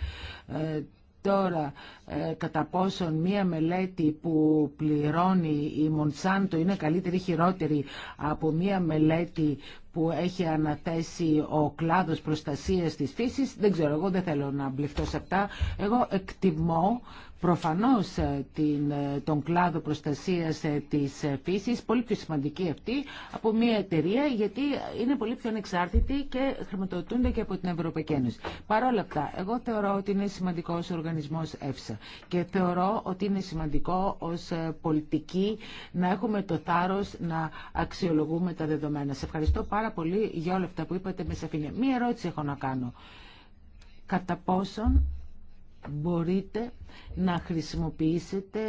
Ε, Τώρα, ε, κατά πόσον μία μελέτη που πληρώνει η Μονσάντο είναι καλύτερη ή χειρότερη από μία μελέτη που έχει αναθέσει ο κλάδος προστασίας της φύσης, δεν ξέρω, εγώ δεν θέλω να μπληφτώ σε αυτά. Εγώ εκτιμώ προφανώς ε, την, ε, τον κλάδο προστασίας ε, της φύσης, πολύ πιο σημαντική αυτή από μια εταιρεία γιατί είναι πολύ πιο ανεξάρτητη και χρηματοδοτούνται και από την Ευρωπαϊκή Ένωση. Παρ' όλα αυτά, εγώ θεωρώ ότι είναι σημαντικό ο οργανισμός ΕΦΣΑ και θεωρώ ότι είναι σημαντικό ως πολιτική να έχουμε το θάρρος να αξιολογούμε τα δεδομένα. Σε ευχαριστώ πάρα πολύ για όλα αυτά που είπατε με σαφήνεια. Μία ερώτηση έχω να κάνω. Κατά πόσον μπορείτε να χρησιμοποιήσετε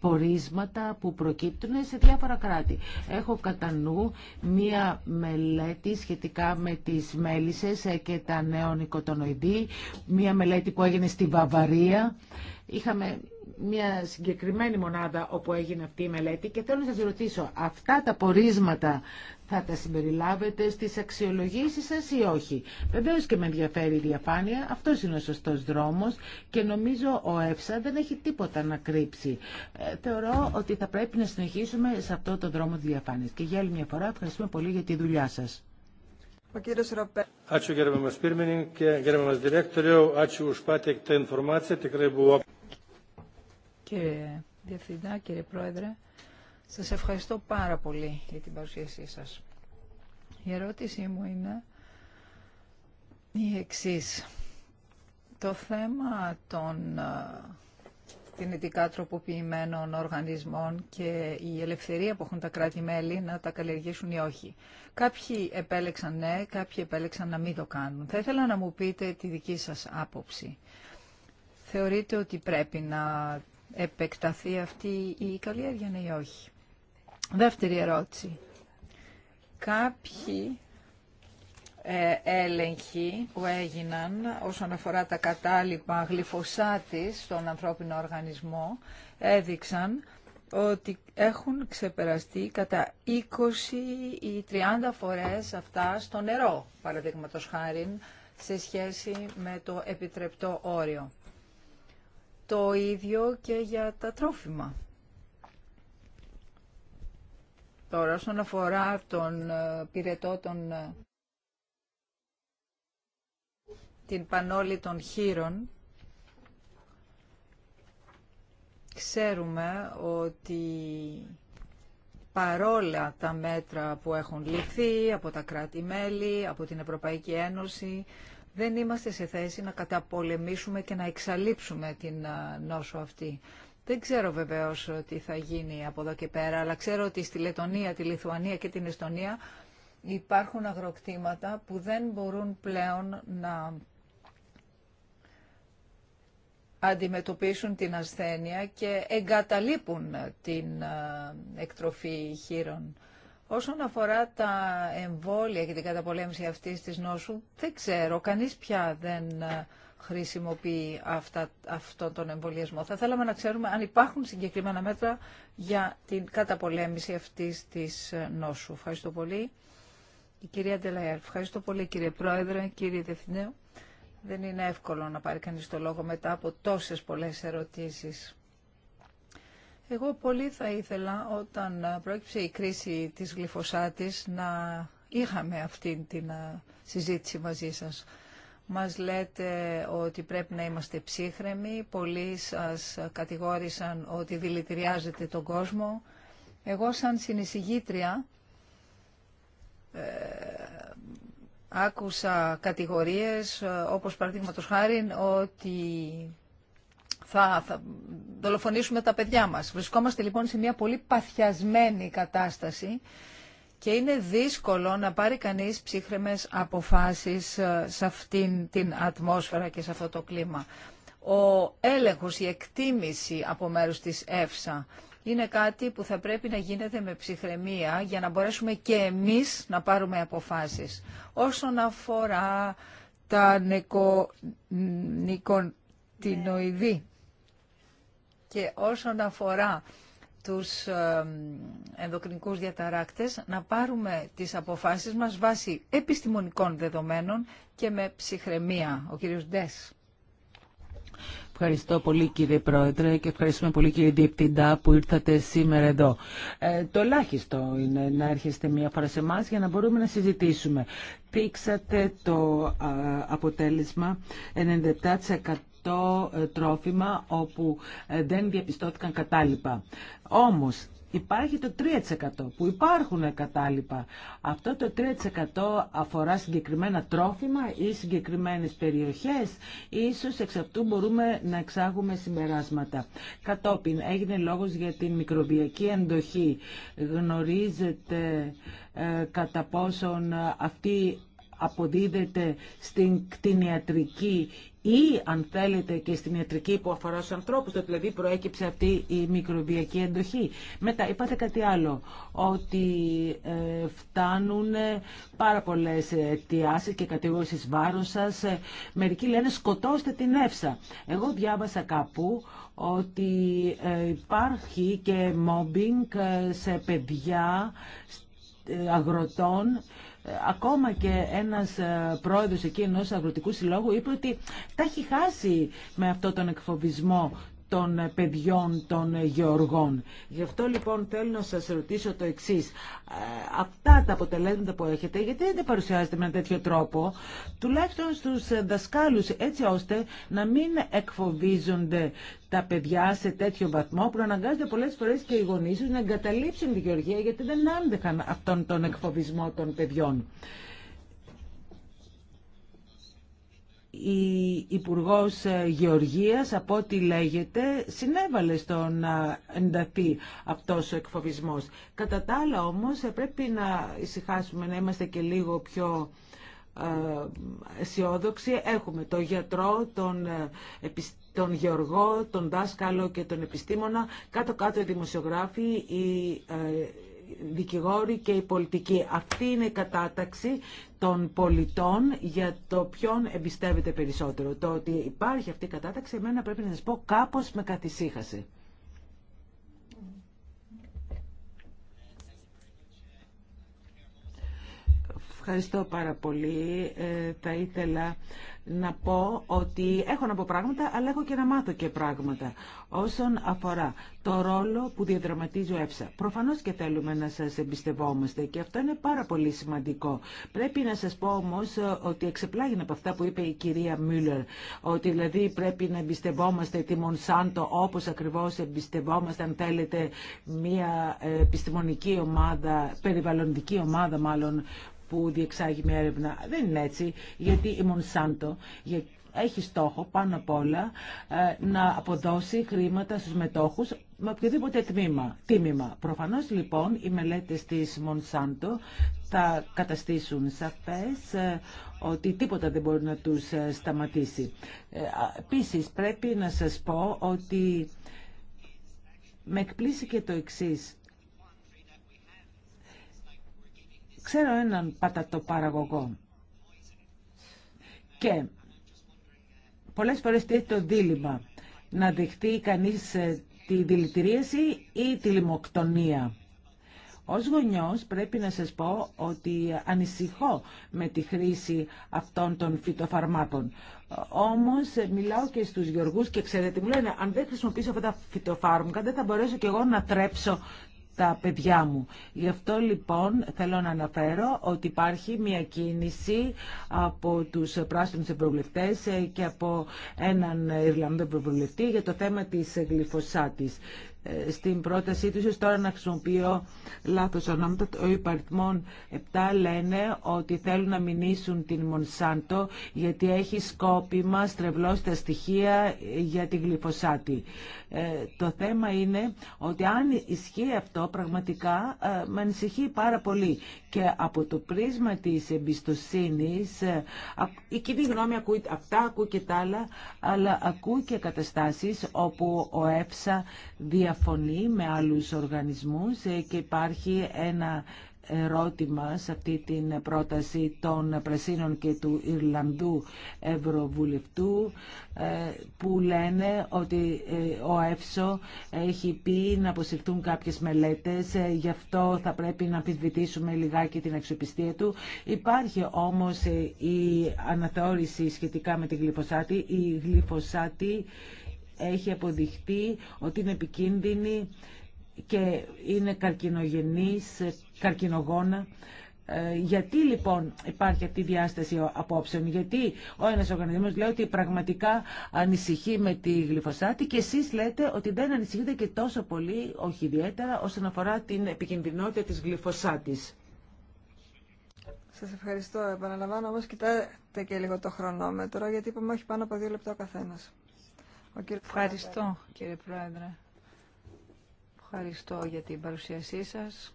πορίσματα που προκύπτουν σε διάφορα κράτη. Έχω κατά νου μία μελέτη σχετικά με τις μέλισσες και τα νεονικοτονοειδή, μία μελέτη που έγινε στη Βαυαρία. Είχαμε μια συγκεκριμένη μονάδα όπου έγινε αυτή η μελέτη και θέλω να σας ρωτήσω, αυτά τα πορίσματα θα τα συμπεριλάβετε στις αξιολογήσεις σας ή όχι. Βεβαίω και με ενδιαφέρει η διαφάνεια, αυτό είναι ο σωστός δρόμος και νομίζω ο ΕΦΣΑ δεν έχει τίποτα να κρύψει. Ε, θεωρώ ότι θα πρέπει να συνεχίσουμε σε αυτό το δρόμο της διαφάνειας. Και για άλλη μια φορά ευχαριστούμε πολύ για τη δουλειά σας. Ο κύριος Ροπέ. Ačiū gerbiamas pirmininkė, Κύριε Διευθυντά, κύριε Πρόεδρε, σας ευχαριστώ πάρα πολύ για την παρουσίασή σας. Η ερώτησή μου είναι η εξής. Το θέμα των κινητικά τροποποιημένων οργανισμών και η ελευθερία που έχουν τα κράτη-μέλη να τα καλλιεργήσουν ή όχι. Κάποιοι επέλεξαν ναι, κάποιοι επέλεξαν να μην το κάνουν. Θα ήθελα να μου πείτε τη δική σας άποψη. Θεωρείτε ότι πρέπει να επεκταθεί αυτή η καλλιέργεια, ναι ή όχι. Δεύτερη ερώτηση. Κάποιοι ε, έλεγχοι που έγιναν όσον αφορά τα κατάλοιπα γλυφοσάτης στον ανθρώπινο οργανισμό έδειξαν ότι έχουν ξεπεραστεί κατά 20 ή 30 φορές αυτά στο νερό, παραδείγματος χάρη, σε σχέση με το επιτρεπτό όριο. Το ίδιο και για τα τρόφιμα. Τώρα, όσον αφορά τον ε, πυρετό των... Ε, την πανόλη των χείρων, ξέρουμε ότι παρόλα τα μέτρα που έχουν ληφθεί από τα κράτη-μέλη, από την Ευρωπαϊκή Ένωση, δεν είμαστε σε θέση να καταπολεμήσουμε και να εξαλείψουμε την νόσο αυτή. Δεν ξέρω βεβαίως ε, τι θα γίνει από εδώ και πέρα, αλλά ξέρω ότι στη Λετωνία, τη Λιθουανία και την Εστονία υπάρχουν αγροκτήματα που δεν μπορούν πλέον να αντιμετωπίσουν την ασθένεια και εγκαταλείπουν την εκτροφή χείρων. Όσον αφορά τα εμβόλια και την καταπολέμηση αυτή της νόσου, δεν ξέρω, κανείς πια δεν ε, χρησιμοποιεί αυτά, αυτόν τον εμβολιασμό. Θα θέλαμε να ξέρουμε αν υπάρχουν συγκεκριμένα μέτρα για την καταπολέμηση αυτή της ε, νόσου. Ευχαριστώ πολύ. Η κυρία Ντελαέρ. ευχαριστώ πολύ κύριε Πρόεδρε, κύριε Δευθυνέου. Δεν είναι εύκολο να πάρει κανείς το λόγο μετά από τόσες πολλές ερωτήσεις. Εγώ πολύ θα ήθελα όταν πρόκειψε η κρίση της γλυφοσάτης να είχαμε αυτή την συζήτηση μαζί σας. Μας λέτε ότι πρέπει να είμαστε ψύχρεμοι, πολλοί σας κατηγόρησαν ότι δηλητηριάζετε τον κόσμο. Εγώ σαν συνεισηγήτρια ε, άκουσα κατηγορίες ε, όπως παραδείγματος χάρη ότι θα, θα δολοφονήσουμε τα παιδιά μας. Βρισκόμαστε λοιπόν σε μια πολύ παθιασμένη κατάσταση και είναι δύσκολο να πάρει κανείς ψύχρεμες αποφάσεις ε, σε αυτήν την ατμόσφαιρα και σε αυτό το κλίμα. Ο έλεγχος, η εκτίμηση από μέρους της ΕΦΣΑ είναι κάτι που θα πρέπει να γίνεται με ψυχραιμία για να μπορέσουμε και εμείς να πάρουμε αποφάσεις. Όσον αφορά τα νικο και όσον αφορά τους ενδοκρινικούς διαταράκτες να πάρουμε τις αποφάσεις μας βάσει επιστημονικών δεδομένων και με ψυχραιμία. Ο κύριος Ντές. Ευχαριστώ πολύ κύριε Πρόεδρε και ευχαριστούμε πολύ κύριε Διευθυντά που ήρθατε σήμερα εδώ. Ε, το ελάχιστο είναι να έρχεστε μία φορά σε εμά για να μπορούμε να συζητήσουμε. Πήξατε το αποτέλεσμα 97% το ε, τρόφιμα όπου ε, δεν διαπιστώθηκαν κατάλοιπα. Όμως υπάρχει το 3% που υπάρχουν ε, κατάλοιπα. Αυτό το 3% αφορά συγκεκριμένα τρόφιμα ή συγκεκριμένες περιοχές. Ίσως εξ αυτού μπορούμε να εξάγουμε συμπεράσματα. Κατόπιν έγινε λόγος για την μικροβιακή εντοχή. Γνωρίζετε κατά πόσον αυτή αποδίδεται στην κτηνιατρική ή αν θέλετε και στην ιατρική που αφορά στους ανθρώπους, το δηλαδή προέκυψε αυτή η μικροβιακή εντοχή. Μετά είπατε κάτι άλλο, ότι ε, φτάνουν πάρα πολλές αιτιάσεις και κατηγορήσεις βάρους σας. Ε, μερικοί λένε σκοτώστε την εύσα. Εγώ διάβασα κάπου ότι ε, υπάρχει και μόμπινγκ σε παιδιά αγροτών ακόμα και ένας ε, πρόεδρος εκεί ενός αγροτικού συλλόγου είπε ότι τα έχει χάσει με αυτό τον εκφοβισμό των παιδιών των γεωργών. Γι' αυτό λοιπόν θέλω να σας ρωτήσω το εξής. Ε, αυτά τα αποτελέσματα που έχετε, γιατί δεν τα παρουσιάζετε με ένα τέτοιο τρόπο, τουλάχιστον στους δασκάλους, έτσι ώστε να μην εκφοβίζονται τα παιδιά σε τέτοιο βαθμό που αναγκάζονται πολλέ φορέ και οι γονεί να εγκαταλείψουν τη Γεωργία γιατί δεν άντεχαν αυτόν τον εκφοβισμό των παιδιών. η Υπουργό ε, Γεωργίας, από ό,τι λέγεται, συνέβαλε στο να ενταθεί αυτός ο εκφοβισμός. Κατά τα άλλα όμως ε, πρέπει να ησυχάσουμε, να είμαστε και λίγο πιο ε, αισιόδοξοι. Έχουμε τον γιατρό, τον, τον γεωργό, τον δάσκαλο και τον επιστήμονα, κάτω-κάτω οι δημοσιογράφοι, οι δικηγόροι και οι πολιτικοί. Αυτή είναι η κατάταξη των πολιτών για το ποιον εμπιστεύεται περισσότερο. Το ότι υπάρχει αυτή η κατάταξη, εμένα πρέπει να σα πω, κάπως με καθησύχασε. Ευχαριστώ πάρα πολύ. Ε, θα ήθελα να πω ότι έχω να πω πράγματα, αλλά έχω και να μάθω και πράγματα. Όσον αφορά το ρόλο που διαδραματίζει ο ΕΦΣΑ, προφανώς και θέλουμε να σας εμπιστευόμαστε και αυτό είναι πάρα πολύ σημαντικό. Πρέπει να σας πω όμως ότι εξεπλάγει από αυτά που είπε η κυρία Μούλερ, ότι δηλαδή πρέπει να εμπιστευόμαστε τη Μονσάντο όπως ακριβώς εμπιστευόμαστε, αν θέλετε, μια επιστημονική ομάδα, περιβαλλοντική ομάδα μάλλον, που διεξάγει μια έρευνα. Δεν είναι έτσι, γιατί η Μονσάντο έχει στόχο πάνω απ' όλα ε, να αποδώσει χρήματα στους μετόχους με οποιοδήποτε τμήμα, τίμημα. Προφανώς λοιπόν οι μελέτες της Μονσάντο θα καταστήσουν σαφές ε, ότι τίποτα δεν μπορεί να τους ε, σταματήσει. Επίση, πρέπει να σας πω ότι με εκπλήσει και το εξής. Ξέρω έναν πατατοπαραγωγό και πολλές φορές τίθεται το δίλημα να δεχτεί κανείς ε, τη δηλητηρίαση ή τη λιμοκτονία. Ως γονιός πρέπει να σας πω ότι ανησυχώ με τη χρήση αυτών των φυτοφαρμάκων. Όμως ε, μιλάω και στους γεωργούς και ξέρετε μου λένε αν δεν χρησιμοποιήσω αυτά τα φυτοφάρμακα δεν θα μπορέσω και εγώ να τρέψω τα παιδιά μου. Γι' αυτό λοιπόν θέλω να αναφέρω ότι υπάρχει μια κίνηση από τους πράσινους ευρωβουλευτές ε, και από έναν Ιρλανδό ευρωβουλευτή για το θέμα της γλυφοσάτης στην πρότασή του, ίσως τώρα να χρησιμοποιώ λάθος ονόματα, ο υπαριθμών 7 λένε ότι θέλουν να μηνύσουν την Μονσάντο γιατί έχει σκόπιμα στρεβλώσει τα στοιχεία για την γλυφοσάτη. Ε, το θέμα είναι ότι αν ισχύει αυτό πραγματικά ε, με ανησυχεί πάρα πολύ και από το πρίσμα της εμπιστοσύνης ε, η κοινή γνώμη ακούει αυτά, ακούει και τα άλλα αλλά ακούει και καταστάσεις όπου ο ΕΦΣΑ διαφωνεί με άλλους οργανισμούς ε, και υπάρχει ένα ερώτημα σε αυτή την πρόταση των Πρασίνων και του Ιρλανδού Ευρωβουλευτού ε, που λένε ότι ε, ο ΕΦΣΟ έχει πει να αποσυρθούν κάποιες μελέτες γι' αυτό θα πρέπει να αμφισβητήσουμε λιγάκι την αξιοπιστία του. Υπάρχει όμως η αναθεώρηση σχετικά με την γλυφοσάτη. Η γλυφοσάτη έχει αποδειχτεί ότι είναι επικίνδυνη και είναι καρκινογενής, καρκινογόνα. Ε, γιατί λοιπόν υπάρχει αυτή η διάσταση απόψεων, γιατί ο ένας οργανισμός λέει ότι πραγματικά ανησυχεί με τη γλυφοσάτη και εσείς λέτε ότι δεν ανησυχείτε και τόσο πολύ, όχι ιδιαίτερα, όσον αφορά την επικινδυνότητα της γλυφοσάτης. Σας ευχαριστώ. Επαναλαμβάνω όμως κοιτάτε και λίγο το χρονόμετρο γιατί είπαμε όχι πάνω από δύο λεπτά ο καθένας. Ευχαριστώ κύριε Πρόεδρε. Ευχαριστώ για την παρουσίασή σας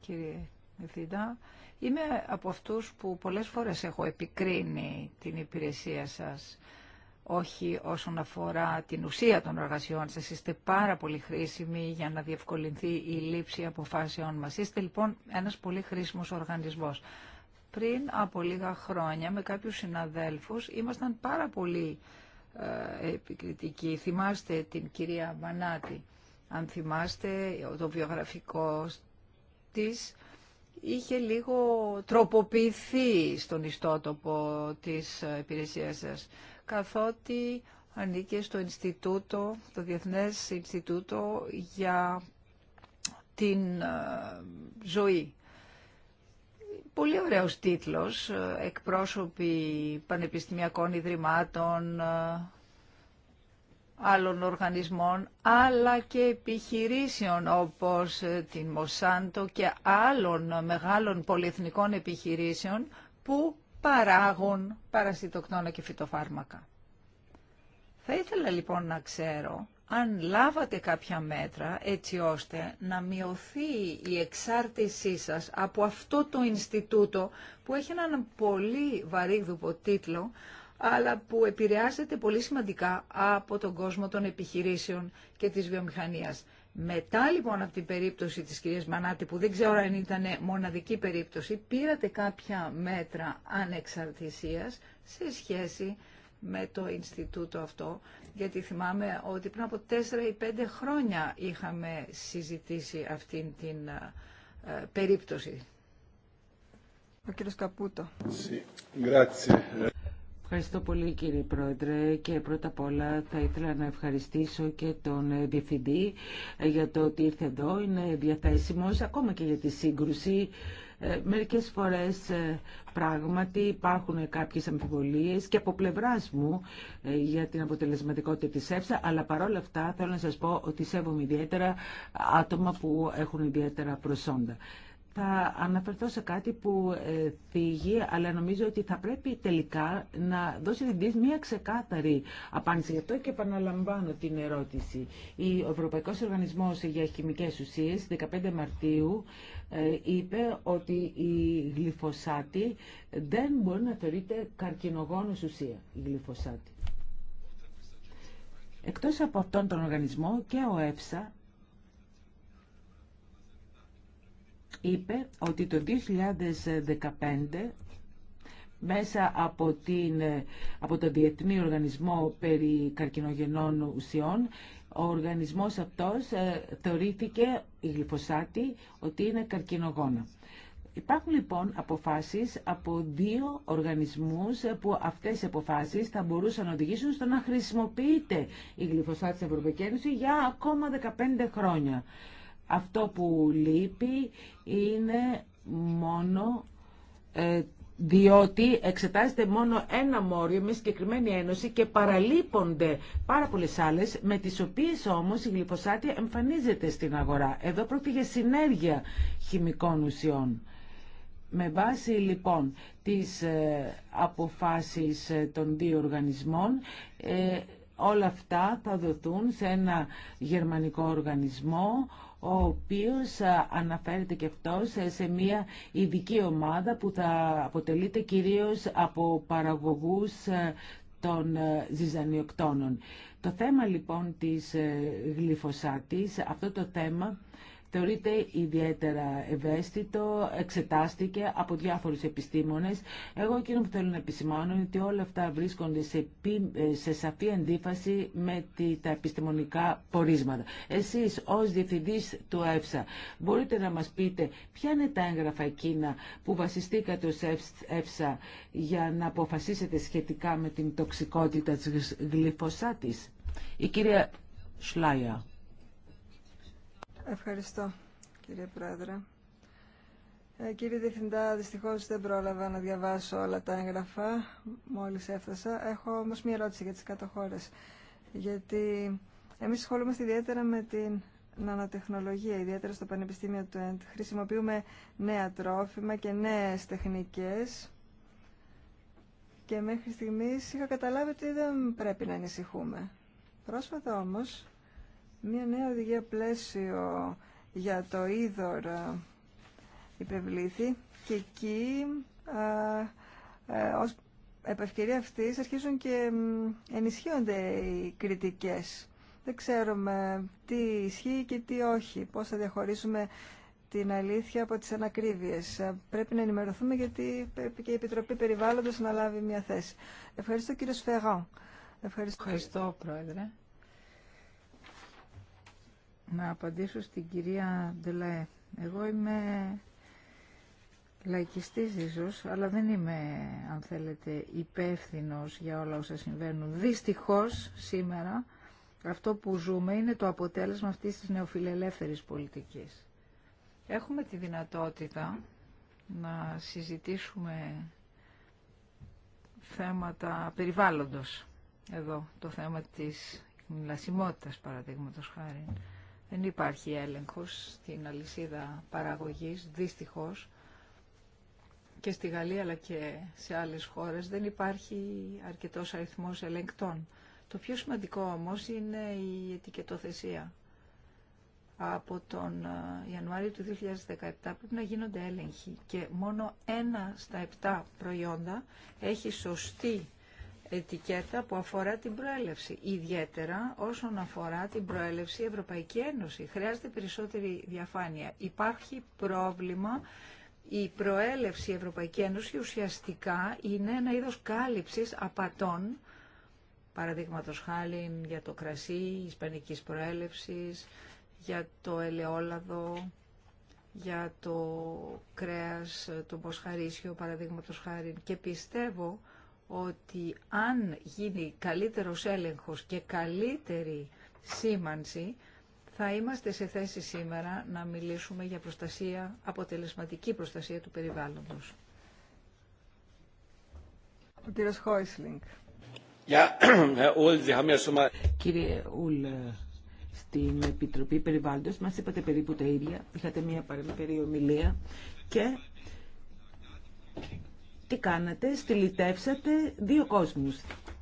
κύριε Ευθύντα. Είμαι από αυτούς που πολλές φορές έχω επικρίνει την υπηρεσία σας όχι όσον αφορά την ουσία των εργασιών σας. Είστε πάρα πολύ χρήσιμοι για να διευκολυνθεί η λήψη αποφάσεων μας. Είστε λοιπόν ένας πολύ χρήσιμος οργανισμός. Πριν από λίγα χρόνια με κάποιους συναδέλφους ήμασταν πάρα πολύ ε, επικριτική. Θυμάστε την κυρία Μανάτη, αν θυμάστε το βιογραφικό της, είχε λίγο τροποποιηθεί στον ιστότοπο της υπηρεσίας σας, καθότι ανήκε στο Ινστιτούτο, το Διεθνές Ινστιτούτο για την ε, ζωή πολύ ωραίος τίτλος, ε, εκπρόσωποι πανεπιστημιακών ιδρυμάτων, ε, άλλων οργανισμών, αλλά και επιχειρήσεων όπως ε, την Μοσάντο και άλλων μεγάλων πολυεθνικών επιχειρήσεων που παράγουν παρασιτοκτόνα και φυτοφάρμακα. Θα ήθελα λοιπόν να ξέρω αν λάβατε κάποια μέτρα έτσι ώστε να μειωθεί η εξάρτησή σας από αυτό το Ινστιτούτο που έχει έναν πολύ βαρύγδουπο τίτλο αλλά που επηρεάζεται πολύ σημαντικά από τον κόσμο των επιχειρήσεων και της βιομηχανίας. Μετά λοιπόν από την περίπτωση της κυρίας Μανάτη, που δεν ξέρω αν ήταν μοναδική περίπτωση, πήρατε κάποια μέτρα ανεξαρτησίας σε σχέση με το Ινστιτούτο αυτό, γιατί θυμάμαι ότι πριν από τέσσερα ή πέντε χρόνια είχαμε συζητήσει αυτήν την ε, περίπτωση. Ο κύριος Καπούτο. Ευχαριστώ πολύ κύριε Πρόεδρε και πρώτα απ' όλα θα ήθελα να ευχαριστήσω και τον ε, Διευθυντή ε, για το ότι ήρθε εδώ, είναι διαθέσιμος ακόμα και για τη σύγκρουση ε, μερικές φορές ε, πράγματι υπάρχουν κάποιες αμφιβολίες και από πλευράς μου ε, για την αποτελεσματικότητα της ΕΦΣΑ, αλλά παρόλα αυτά θέλω να σας πω ότι σέβομαι ιδιαίτερα άτομα που έχουν ιδιαίτερα προσόντα θα αναφερθώ σε κάτι που ε, φύγει, αλλά νομίζω ότι θα πρέπει τελικά να δώσει την μια ξεκάθαρη απάντηση. Γι' αυτό και επαναλαμβάνω την ερώτηση. Ο Ευρωπαϊκός Οργανισμός για Χημικές Ουσίες, 15 Μαρτίου, ε, είπε ότι η γλυφοσάτη δεν μπορεί να θεωρείται καρκινογόνος ουσία, η γλυφοσάτη. Εκτός από αυτόν τον οργανισμό και ο ΕΦΣΑ είπε ότι το 2015 μέσα από, την, από το Διεθνή Οργανισμό περί Καρκινογενών Ουσιών ο οργανισμός αυτός ε, θεωρήθηκε η Γλυφωσάτη, ότι είναι καρκινογόνα. Υπάρχουν λοιπόν αποφάσεις από δύο οργανισμούς ε, που αυτές οι αποφάσεις θα μπορούσαν να οδηγήσουν στο να χρησιμοποιείται η γλυφοσάτη στην Ευρωπαϊκή Ένωση για ακόμα 15 χρόνια. Αυτό που λείπει είναι μόνο ε, διότι εξετάζεται μόνο ένα μόριο με συγκεκριμένη ένωση και παραλείπονται πάρα πολλέ άλλε, με τι οποίε όμω η γλυφοσάτη εμφανίζεται στην αγορά. Εδώ πρόκειται για συνέργεια χημικών ουσιών. Με βάση λοιπόν τις ε, αποφάσεις ε, των δύο οργανισμών, όλα αυτά θα δοθούν σε ένα γερμανικό οργανισμό, ο οποίος ε, αναφέρεται και αυτός σε μια ειδική ομάδα που θα αποτελείται κυρίως από παραγωγούς ε, των ε, ζυζανιοκτώνων. Το θέμα λοιπόν της γλυφοσάτης, αυτό το θέμα θεωρείται ιδιαίτερα ευαίσθητο, εξετάστηκε από διάφορους επιστήμονες. Εγώ εκείνο που θέλω να επισημάνω είναι ότι όλα αυτά βρίσκονται σε, ε, σε σαφή αντίφαση με τα επιστημονικά πορίσματα. Εσείς ως διευθυντής του ΕΦΣΑ μπορείτε να μας πείτε ποια είναι τα έγγραφα εκείνα που βασιστήκατε ως ΕΦΣΑ για να αποφασίσετε σχετικά με την τοξικότητα της γλυφωσάτης. Η κυρία Σλάια. Ευχαριστώ, κύριε Πρόεδρε. Ε, κύριε Διευθυντά, δυστυχώς δεν πρόλαβα να διαβάσω όλα τα έγγραφα μόλις έφτασα. Έχω όμως μία ερώτηση για τις κάτω χώρες. Γιατί εμείς ασχολούμαστε ιδιαίτερα με την νανοτεχνολογία, ιδιαίτερα στο Πανεπιστήμιο του ΕΝΤ. Χρησιμοποιούμε νέα τρόφιμα και νέες τεχνικές και μέχρι στιγμής είχα καταλάβει ότι δεν πρέπει να ανησυχούμε. Πρόσφατα όμως Μία νέα οδηγία πλαίσιο για το είδωρ ε, υπευλήθη και εκεί ε, ε, ως επ' ευκαιρία αρχίζουν και ενισχύονται οι κριτικές. Δεν ξέρουμε τι ισχύει και τι όχι, πώς θα διαχωρίσουμε την αλήθεια από τις ανακρίβειες. Πρέπει να ενημερωθούμε γιατί πρέπει και η Επιτροπή Περιβάλλοντος να λάβει μια θέση. Ευχαριστώ κύριο Σφεγάν. Ευχαριστώ, Ευχαριστώ πρόεδρε να απαντήσω στην κυρία Ντελαέ. Εγώ είμαι λαϊκιστής ίσως, αλλά δεν είμαι, αν θέλετε, υπεύθυνο για όλα όσα συμβαίνουν. Δυστυχώς, σήμερα, αυτό που ζούμε είναι το αποτέλεσμα αυτής της νεοφιλελεύθερης πολιτικής. Έχουμε τη δυνατότητα να συζητήσουμε θέματα περιβάλλοντος. Εδώ το θέμα της λασιμότητας, παραδείγματος χάρη. Δεν υπάρχει έλεγχος στην αλυσίδα παραγωγής, δυστυχώς. Και στη Γαλλία αλλά και σε άλλες χώρες δεν υπάρχει αρκετός αριθμός ελεγκτών. Το πιο σημαντικό όμως είναι η ετικετοθεσία. Από τον ε, Ιανουάριο του 2017 πρέπει να γίνονται έλεγχοι και μόνο ένα στα επτά προϊόντα έχει σωστή ετικέτα που αφορά την προέλευση, ιδιαίτερα όσον αφορά την προέλευση Ευρωπαϊκή Ένωση. Χρειάζεται περισσότερη διαφάνεια. Υπάρχει πρόβλημα. Η προέλευση Ευρωπαϊκή Ένωση ουσιαστικά είναι ένα είδος κάλυψης απατών, παραδείγματος χάλιν για το κρασί ισπανικής προέλευσης, για το ελαιόλαδο, για το κρέας, το μποσχαρίσιο, παραδείγματος χάρη Και πιστεύω ότι αν γίνει καλύτερος έλεγχος και καλύτερη σήμανση, θα είμαστε σε θέση σήμερα να μιλήσουμε για προστασία, αποτελεσματική προστασία του περιβάλλοντος. Ο κύριος Χόισλινγκ. Κύριε Ουλ, στην Επιτροπή Περιβάλλοντος μας είπατε περίπου τα ίδια. Είχατε μία παρεμφερή ομιλία και τι κάνατε, στυλιτεύσατε δύο κόσμους.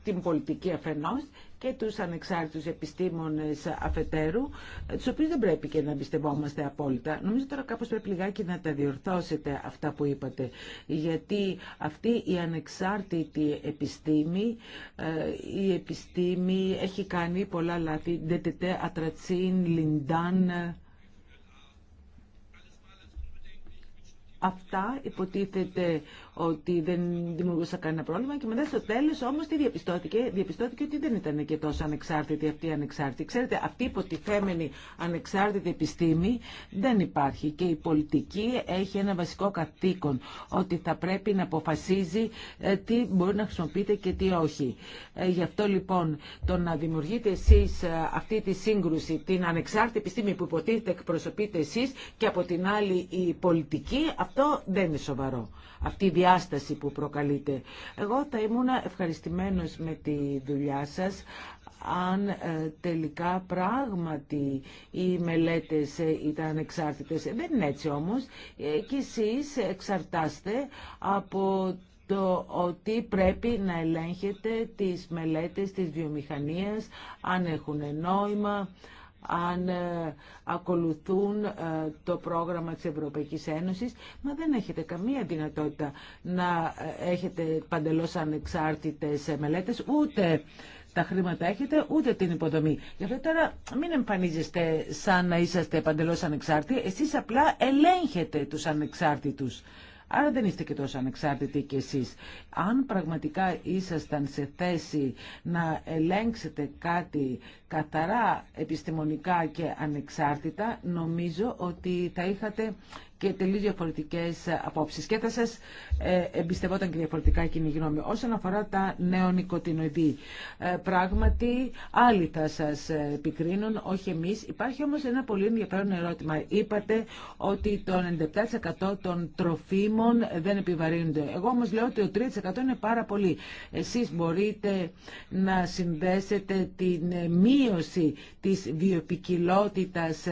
Την πολιτική αφενός και τους ανεξάρτητους επιστήμονες αφετέρου, τους οποίους δεν πρέπει και να εμπιστευόμαστε απόλυτα. Νομίζω τώρα κάπως πρέπει λιγάκι να τα διορθώσετε αυτά που είπατε, γιατί αυτή η ανεξάρτητη επιστήμη, ε, η επιστήμη έχει κάνει πολλά λάθη, Ντετετέ, Ατρατσίν, Λιντάν, Αυτά υποτίθεται ότι δεν δημιουργούσα κανένα πρόβλημα και μετά στο τέλο όμω τι διαπιστώθηκε. Διαπιστώθηκε ότι δεν ήταν και τόσο ανεξάρτητη αυτή η ανεξάρτητη. Ξέρετε, αυτή η υποτιθέμενη ανεξάρτητη επιστήμη δεν υπάρχει και η πολιτική έχει ένα βασικό καθήκον ότι θα πρέπει να αποφασίζει ε, τι μπορεί να χρησιμοποιείτε και τι όχι. Ε, γι' αυτό λοιπόν το να δημιουργείτε εσείς ε, αυτή τη σύγκρουση, την ανεξάρτητη επιστήμη που υποτίθεται εκπροσωπείτε εσεί και από την άλλη η πολιτική, αυτό δεν είναι σοβαρό αυτή η διάσταση που προκαλείται. Εγώ θα ήμουν ευχαριστημένος με τη δουλειά σας αν ε, τελικά πράγματι οι μελέτες ε, ήταν εξάρτητες. Ε, δεν είναι έτσι όμως. Και εσείς εξαρτάστε από το ότι πρέπει να ελέγχετε τις μελέτες της βιομηχανίας, αν έχουν νόημα, αν ε, ακολουθούν ε, το πρόγραμμα της Ευρωπαϊκής Ένωσης, μα δεν έχετε καμία δυνατότητα να ε, έχετε παντελώς ανεξάρτητες μελέτες, ούτε τα χρήματα έχετε, ούτε την υποδομή. Γι' αυτό τώρα μην εμφανίζεστε σαν να είσαστε παντελώς ανεξάρτητοι, εσείς απλά ελέγχετε τους ανεξάρτητους. Άρα δεν είστε και τόσο ανεξάρτητοι κι εσείς. Αν πραγματικά ήσασταν σε θέση να ελέγξετε κάτι καθαρά επιστημονικά και ανεξάρτητα, νομίζω ότι θα είχατε και τελείω διαφορετικέ απόψει. Και θα σας ε, εμπιστευόταν και διαφορετικά κοινή γνώμη. Όσον αφορά τα νεονικοτινοειδή, ε, πράγματι άλλοι θα σας ε, επικρίνουν, όχι εμεί. Υπάρχει όμως ένα πολύ ενδιαφέρον ερώτημα. Είπατε ότι το 97% των τροφίμων δεν επιβαρύνονται. Εγώ όμω λέω ότι το 3% είναι πάρα πολύ. Εσεί μπορείτε να συνδέσετε την μείωση τη βιοπικιλότητας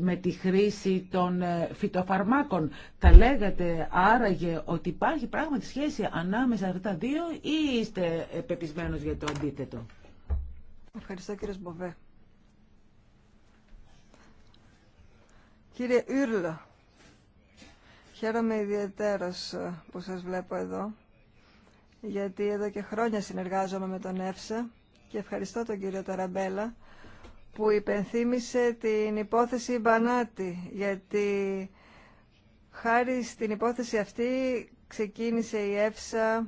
με τη χρήση των φυτοφόρων. Τα Θα λέγατε άραγε ότι υπάρχει πράγματι σχέση ανάμεσα αυτά τα δύο ή είστε πεπισμένος για το αντίθετο. Ευχαριστώ κύριε Σμποβέ. Κύριε Ήρλα, χαίρομαι ιδιαίτερος ε, που σας βλέπω εδώ, γιατί εδώ και χρόνια συνεργάζομαι με τον ΕΦΣΑ και ευχαριστώ τον κύριο Ταραμπέλα που υπενθύμησε την υπόθεση Μπανάτη, γιατί Χάρη στην υπόθεση αυτή ξεκίνησε η ΕΦΣΑ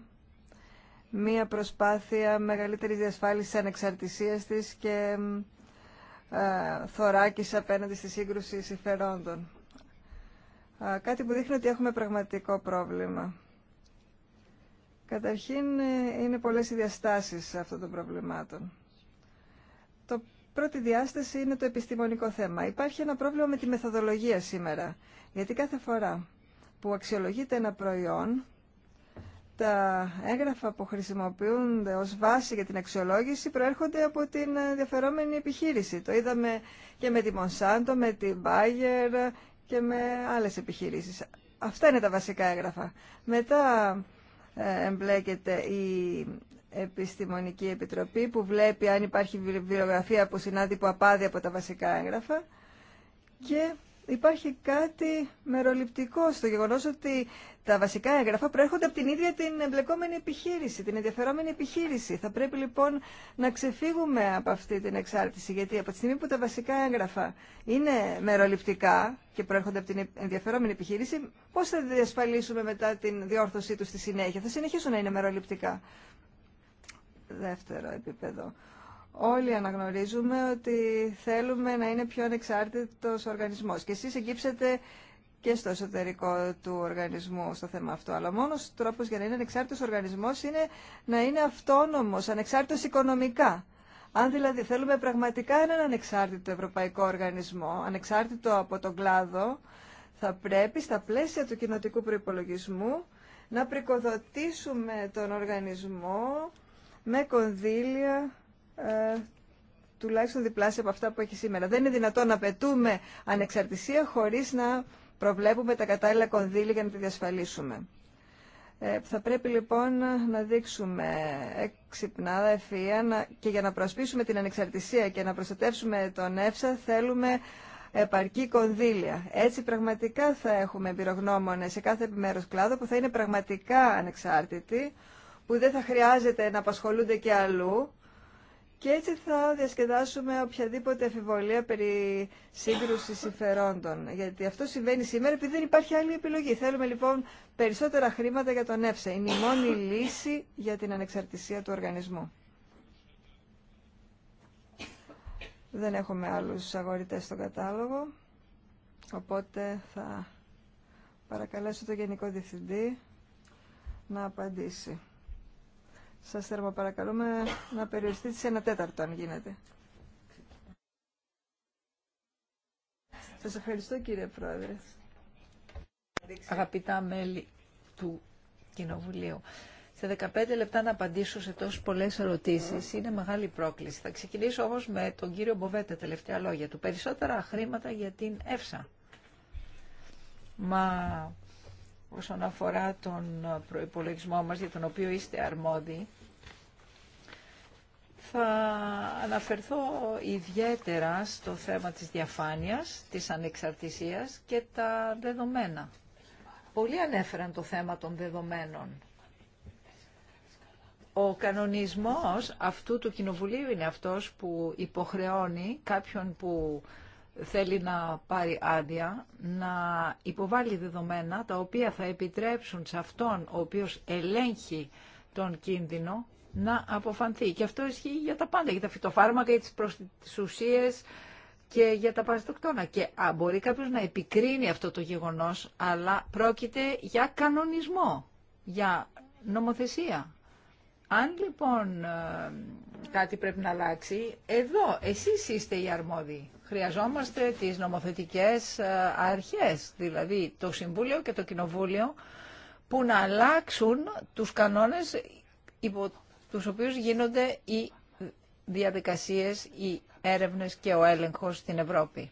μία προσπάθεια μεγαλύτερης διασφάλισης ανεξαρτησίας της και ε, θωράκης απέναντι στη σύγκρουση συμφερόντων. κάτι που δείχνει ότι έχουμε πραγματικό πρόβλημα. Καταρχήν ε, είναι πολλές οι διαστάσεις αυτών των προβλημάτων. Το πρώτη διάσταση είναι το επιστημονικό θέμα. Υπάρχει ένα πρόβλημα με τη μεθοδολογία σήμερα. Γιατί κάθε φορά που αξιολογείται ένα προϊόν, τα έγγραφα που χρησιμοποιούνται ως βάση για την αξιολόγηση προέρχονται από την διαφερόμενη επιχείρηση. Το είδαμε και με τη Monsanto, με την Bayer και με άλλες επιχειρήσεις. Αυτά είναι τα βασικά έγγραφα. Μετά ε, εμπλέκεται η Επιστημονική Επιτροπή που βλέπει αν υπάρχει βιβλιογραφία που συνάδει που απάδει από τα βασικά έγγραφα και υπάρχει κάτι μεροληπτικό στο γεγονός ότι τα βασικά έγγραφα προέρχονται από την ίδια την εμπλεκόμενη επιχείρηση, την ενδιαφερόμενη επιχείρηση. Θα πρέπει λοιπόν να ξεφύγουμε από αυτή την εξάρτηση, γιατί από τη στιγμή που τα βασικά έγγραφα είναι μεροληπτικά και προέρχονται από την ενδιαφερόμενη επιχείρηση, πώ θα διασφαλίσουμε μετά την διόρθωσή του στη συνέχεια. Θα συνεχίσουν να είναι μεροληπτικά. Δεύτερο επίπεδο. Όλοι αναγνωρίζουμε ότι θέλουμε να είναι πιο ανεξάρτητος οργανισμός. Και εσείς εγκύψετε και στο εσωτερικό του οργανισμού στο θέμα αυτό. Αλλά ο μόνος τρόπος για να είναι ανεξάρτητος οργανισμός είναι να είναι αυτόνομος, ανεξάρτητος οικονομικά. Αν δηλαδή θέλουμε πραγματικά έναν ανεξάρτητο ευρωπαϊκό οργανισμό, ανεξάρτητο από τον κλάδο, θα πρέπει στα πλαίσια του κοινοτικού προϋπολογισμού να πρικοδοτήσουμε τον οργανισμό με κονδύλια ε, τουλάχιστον διπλάσια από αυτά που έχει σήμερα. Δεν είναι δυνατόν να πετούμε ανεξαρτησία χωρίς να προβλέπουμε τα κατάλληλα κονδύλια για να τη διασφαλίσουμε. Ε, θα πρέπει λοιπόν να δείξουμε ξυπνάδα, ευφυία και για να προσπίσουμε την ανεξαρτησία και να προστατεύσουμε τον ΕΦΣΑ θέλουμε επαρκή κονδύλια. Έτσι πραγματικά θα έχουμε εμπειρογνώμονες σε κάθε επιμέρους κλάδο που θα είναι πραγματικά ανεξάρτητοι, που δεν θα χρειάζεται να απασχολούνται και αλλού και έτσι θα διασκεδάσουμε οποιαδήποτε αφιβολία περί σύγκρουση συμφερόντων. Γιατί αυτό συμβαίνει σήμερα επειδή δεν υπάρχει άλλη επιλογή. Θέλουμε λοιπόν περισσότερα χρήματα για τον ΕΦΣΕ. Είναι η μόνη λύση για την ανεξαρτησία του οργανισμού. Δεν έχουμε άλλους αγορητές στον κατάλογο, οπότε θα παρακαλέσω τον Γενικό Διευθυντή να απαντήσει. Σας θερμοπαρακαλούμε να περιοριστείτε σε ένα τέταρτο αν γίνεται. Σας ευχαριστώ κύριε Πρόεδρε. Αγαπητά μέλη του Κοινοβουλίου. Σε 15 λεπτά να απαντήσω σε τόσες πολλές ερωτήσεις είναι μεγάλη πρόκληση. Θα ξεκινήσω όμως με τον κύριο Μποβέτα τελευταία λόγια του. Περισσότερα χρήματα για την ΕΦΣΑ. Μα όσον αφορά τον προϋπολογισμό μας για τον οποίο είστε αρμόδιοι, θα αναφερθώ ιδιαίτερα στο θέμα της διαφάνειας, της ανεξαρτησίας και τα δεδομένα. Πολλοί ανέφεραν το θέμα των δεδομένων. Ο κανονισμός αυτού του κοινοβουλίου είναι αυτός που υποχρεώνει κάποιον που θέλει να πάρει άδεια να υποβάλει δεδομένα τα οποία θα επιτρέψουν σε αυτόν ο οποίος ελέγχει τον κίνδυνο να αποφανθεί. Και αυτό ισχύει για τα πάντα, για τα φυτοφάρμακα, για τις ουσίες και για τα παραστοκτόνα. Και α, μπορεί κάποιος να επικρίνει αυτό το γεγονός, αλλά πρόκειται για κανονισμό, για νομοθεσία. Αν λοιπόν ε, κάτι πρέπει να αλλάξει, εδώ εσείς είστε οι αρμόδιοι. Χρειαζόμαστε τις νομοθετικές ε, αρχές, δηλαδή το Συμβούλιο και το Κοινοβούλιο, που να αλλάξουν τους κανόνες υπό τους οποίους γίνονται οι διαδικασίες, οι έρευνες και ο έλεγχος στην Ευρώπη.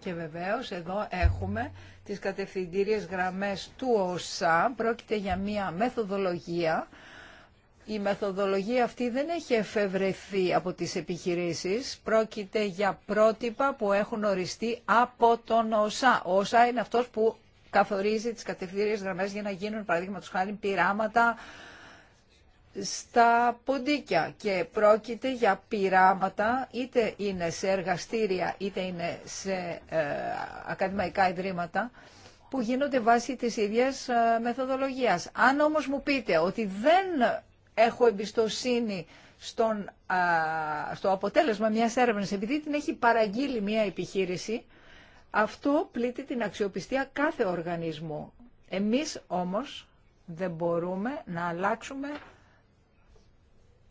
Και βεβαίως εδώ έχουμε τις κατευθυντήριες γραμμές του ΟΣΑ. Πρόκειται για μια μεθοδολογία η μεθοδολογία αυτή δεν έχει εφευρεθεί από τις επιχειρήσεις. Πρόκειται για πρότυπα που έχουν οριστεί από τον ΩΣΑ. Ο ΩΣΑ είναι αυτός που καθορίζει τις κατευθύνες γραμμές για να γίνουν, παραδείγματος χάρη, πειράματα στα ποντίκια και πρόκειται για πειράματα είτε είναι σε εργαστήρια είτε είναι σε ε, ακαδημαϊκά ιδρύματα που γίνονται βάσει της ίδιας ε, μεθοδολογίας. Αν όμως μου πείτε ότι δεν έχω εμπιστοσύνη στον, στο αποτέλεσμα μιας έρευνας, επειδή την έχει παραγγείλει μια επιχείρηση, αυτό πλήττει την αξιοπιστία κάθε οργανισμού. Εμείς όμως δεν μπορούμε να αλλάξουμε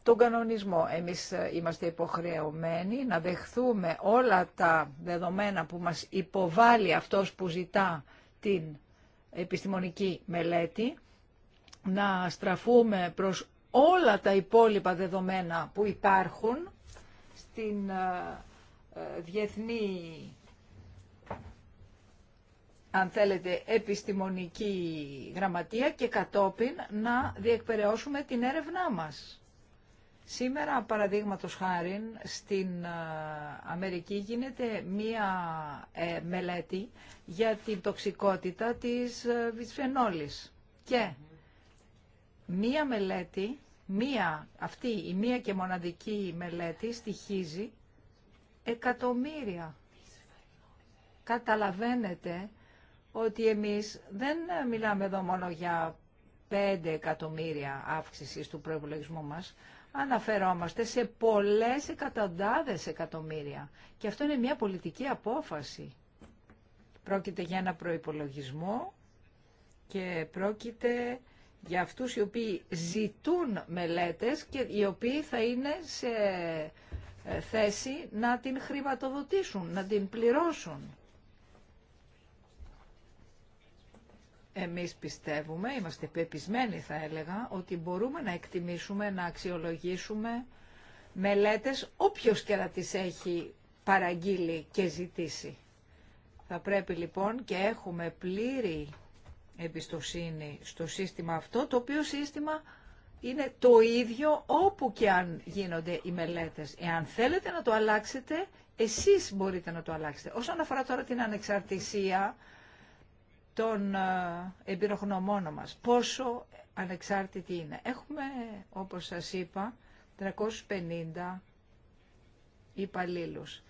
τον κανονισμό. Εμείς ε, είμαστε υποχρεωμένοι να δεχθούμε όλα τα δεδομένα που μας υποβάλλει αυτός που ζητά την επιστημονική μελέτη, να στραφούμε προς όλα τα υπόλοιπα δεδομένα που υπάρχουν στην ε, ε, διεθνή αν θέλετε, επιστημονική γραμματεία και κατόπιν να διεκπαιρεώσουμε την έρευνά μας. Σήμερα, παραδείγματο χάρη, στην ε, Αμερική γίνεται μία μελέτη για την τοξικότητα της βυσφενόλης. Και μία μελέτη Μία, αυτή η μία και μοναδική μελέτη στοιχίζει εκατομμύρια. Καταλαβαίνετε ότι εμείς δεν μιλάμε εδώ μόνο για 5 εκατομμύρια αύξηση του προϋπολογισμού μας, αναφερόμαστε σε πολλές εκατοντάδες εκατομμύρια. Και αυτό είναι μια πολιτική απόφαση. Πρόκειται για ένα προϋπολογισμό και πρόκειται για αυτούς οι οποίοι ζητούν μελέτες και οι οποίοι θα είναι σε ε, θέση να την χρηματοδοτήσουν, να την πληρώσουν. Εμείς πιστεύουμε, είμαστε πεπισμένοι θα έλεγα, ότι μπορούμε να εκτιμήσουμε, να αξιολογήσουμε μελέτες όποιος και να τις έχει παραγγείλει και ζητήσει. Θα πρέπει λοιπόν και έχουμε πλήρη εμπιστοσύνη στο σύστημα αυτό, το οποίο σύστημα είναι το ίδιο όπου και αν γίνονται οι μελέτες. Εάν θέλετε να το αλλάξετε, εσείς μπορείτε να το αλλάξετε. Όσον αφορά τώρα την ανεξαρτησία των ε, εμπειρογνωμόνων μας, πόσο ανεξάρτητη είναι. Έχουμε, όπως σας είπα, 350 υπαλλήλους.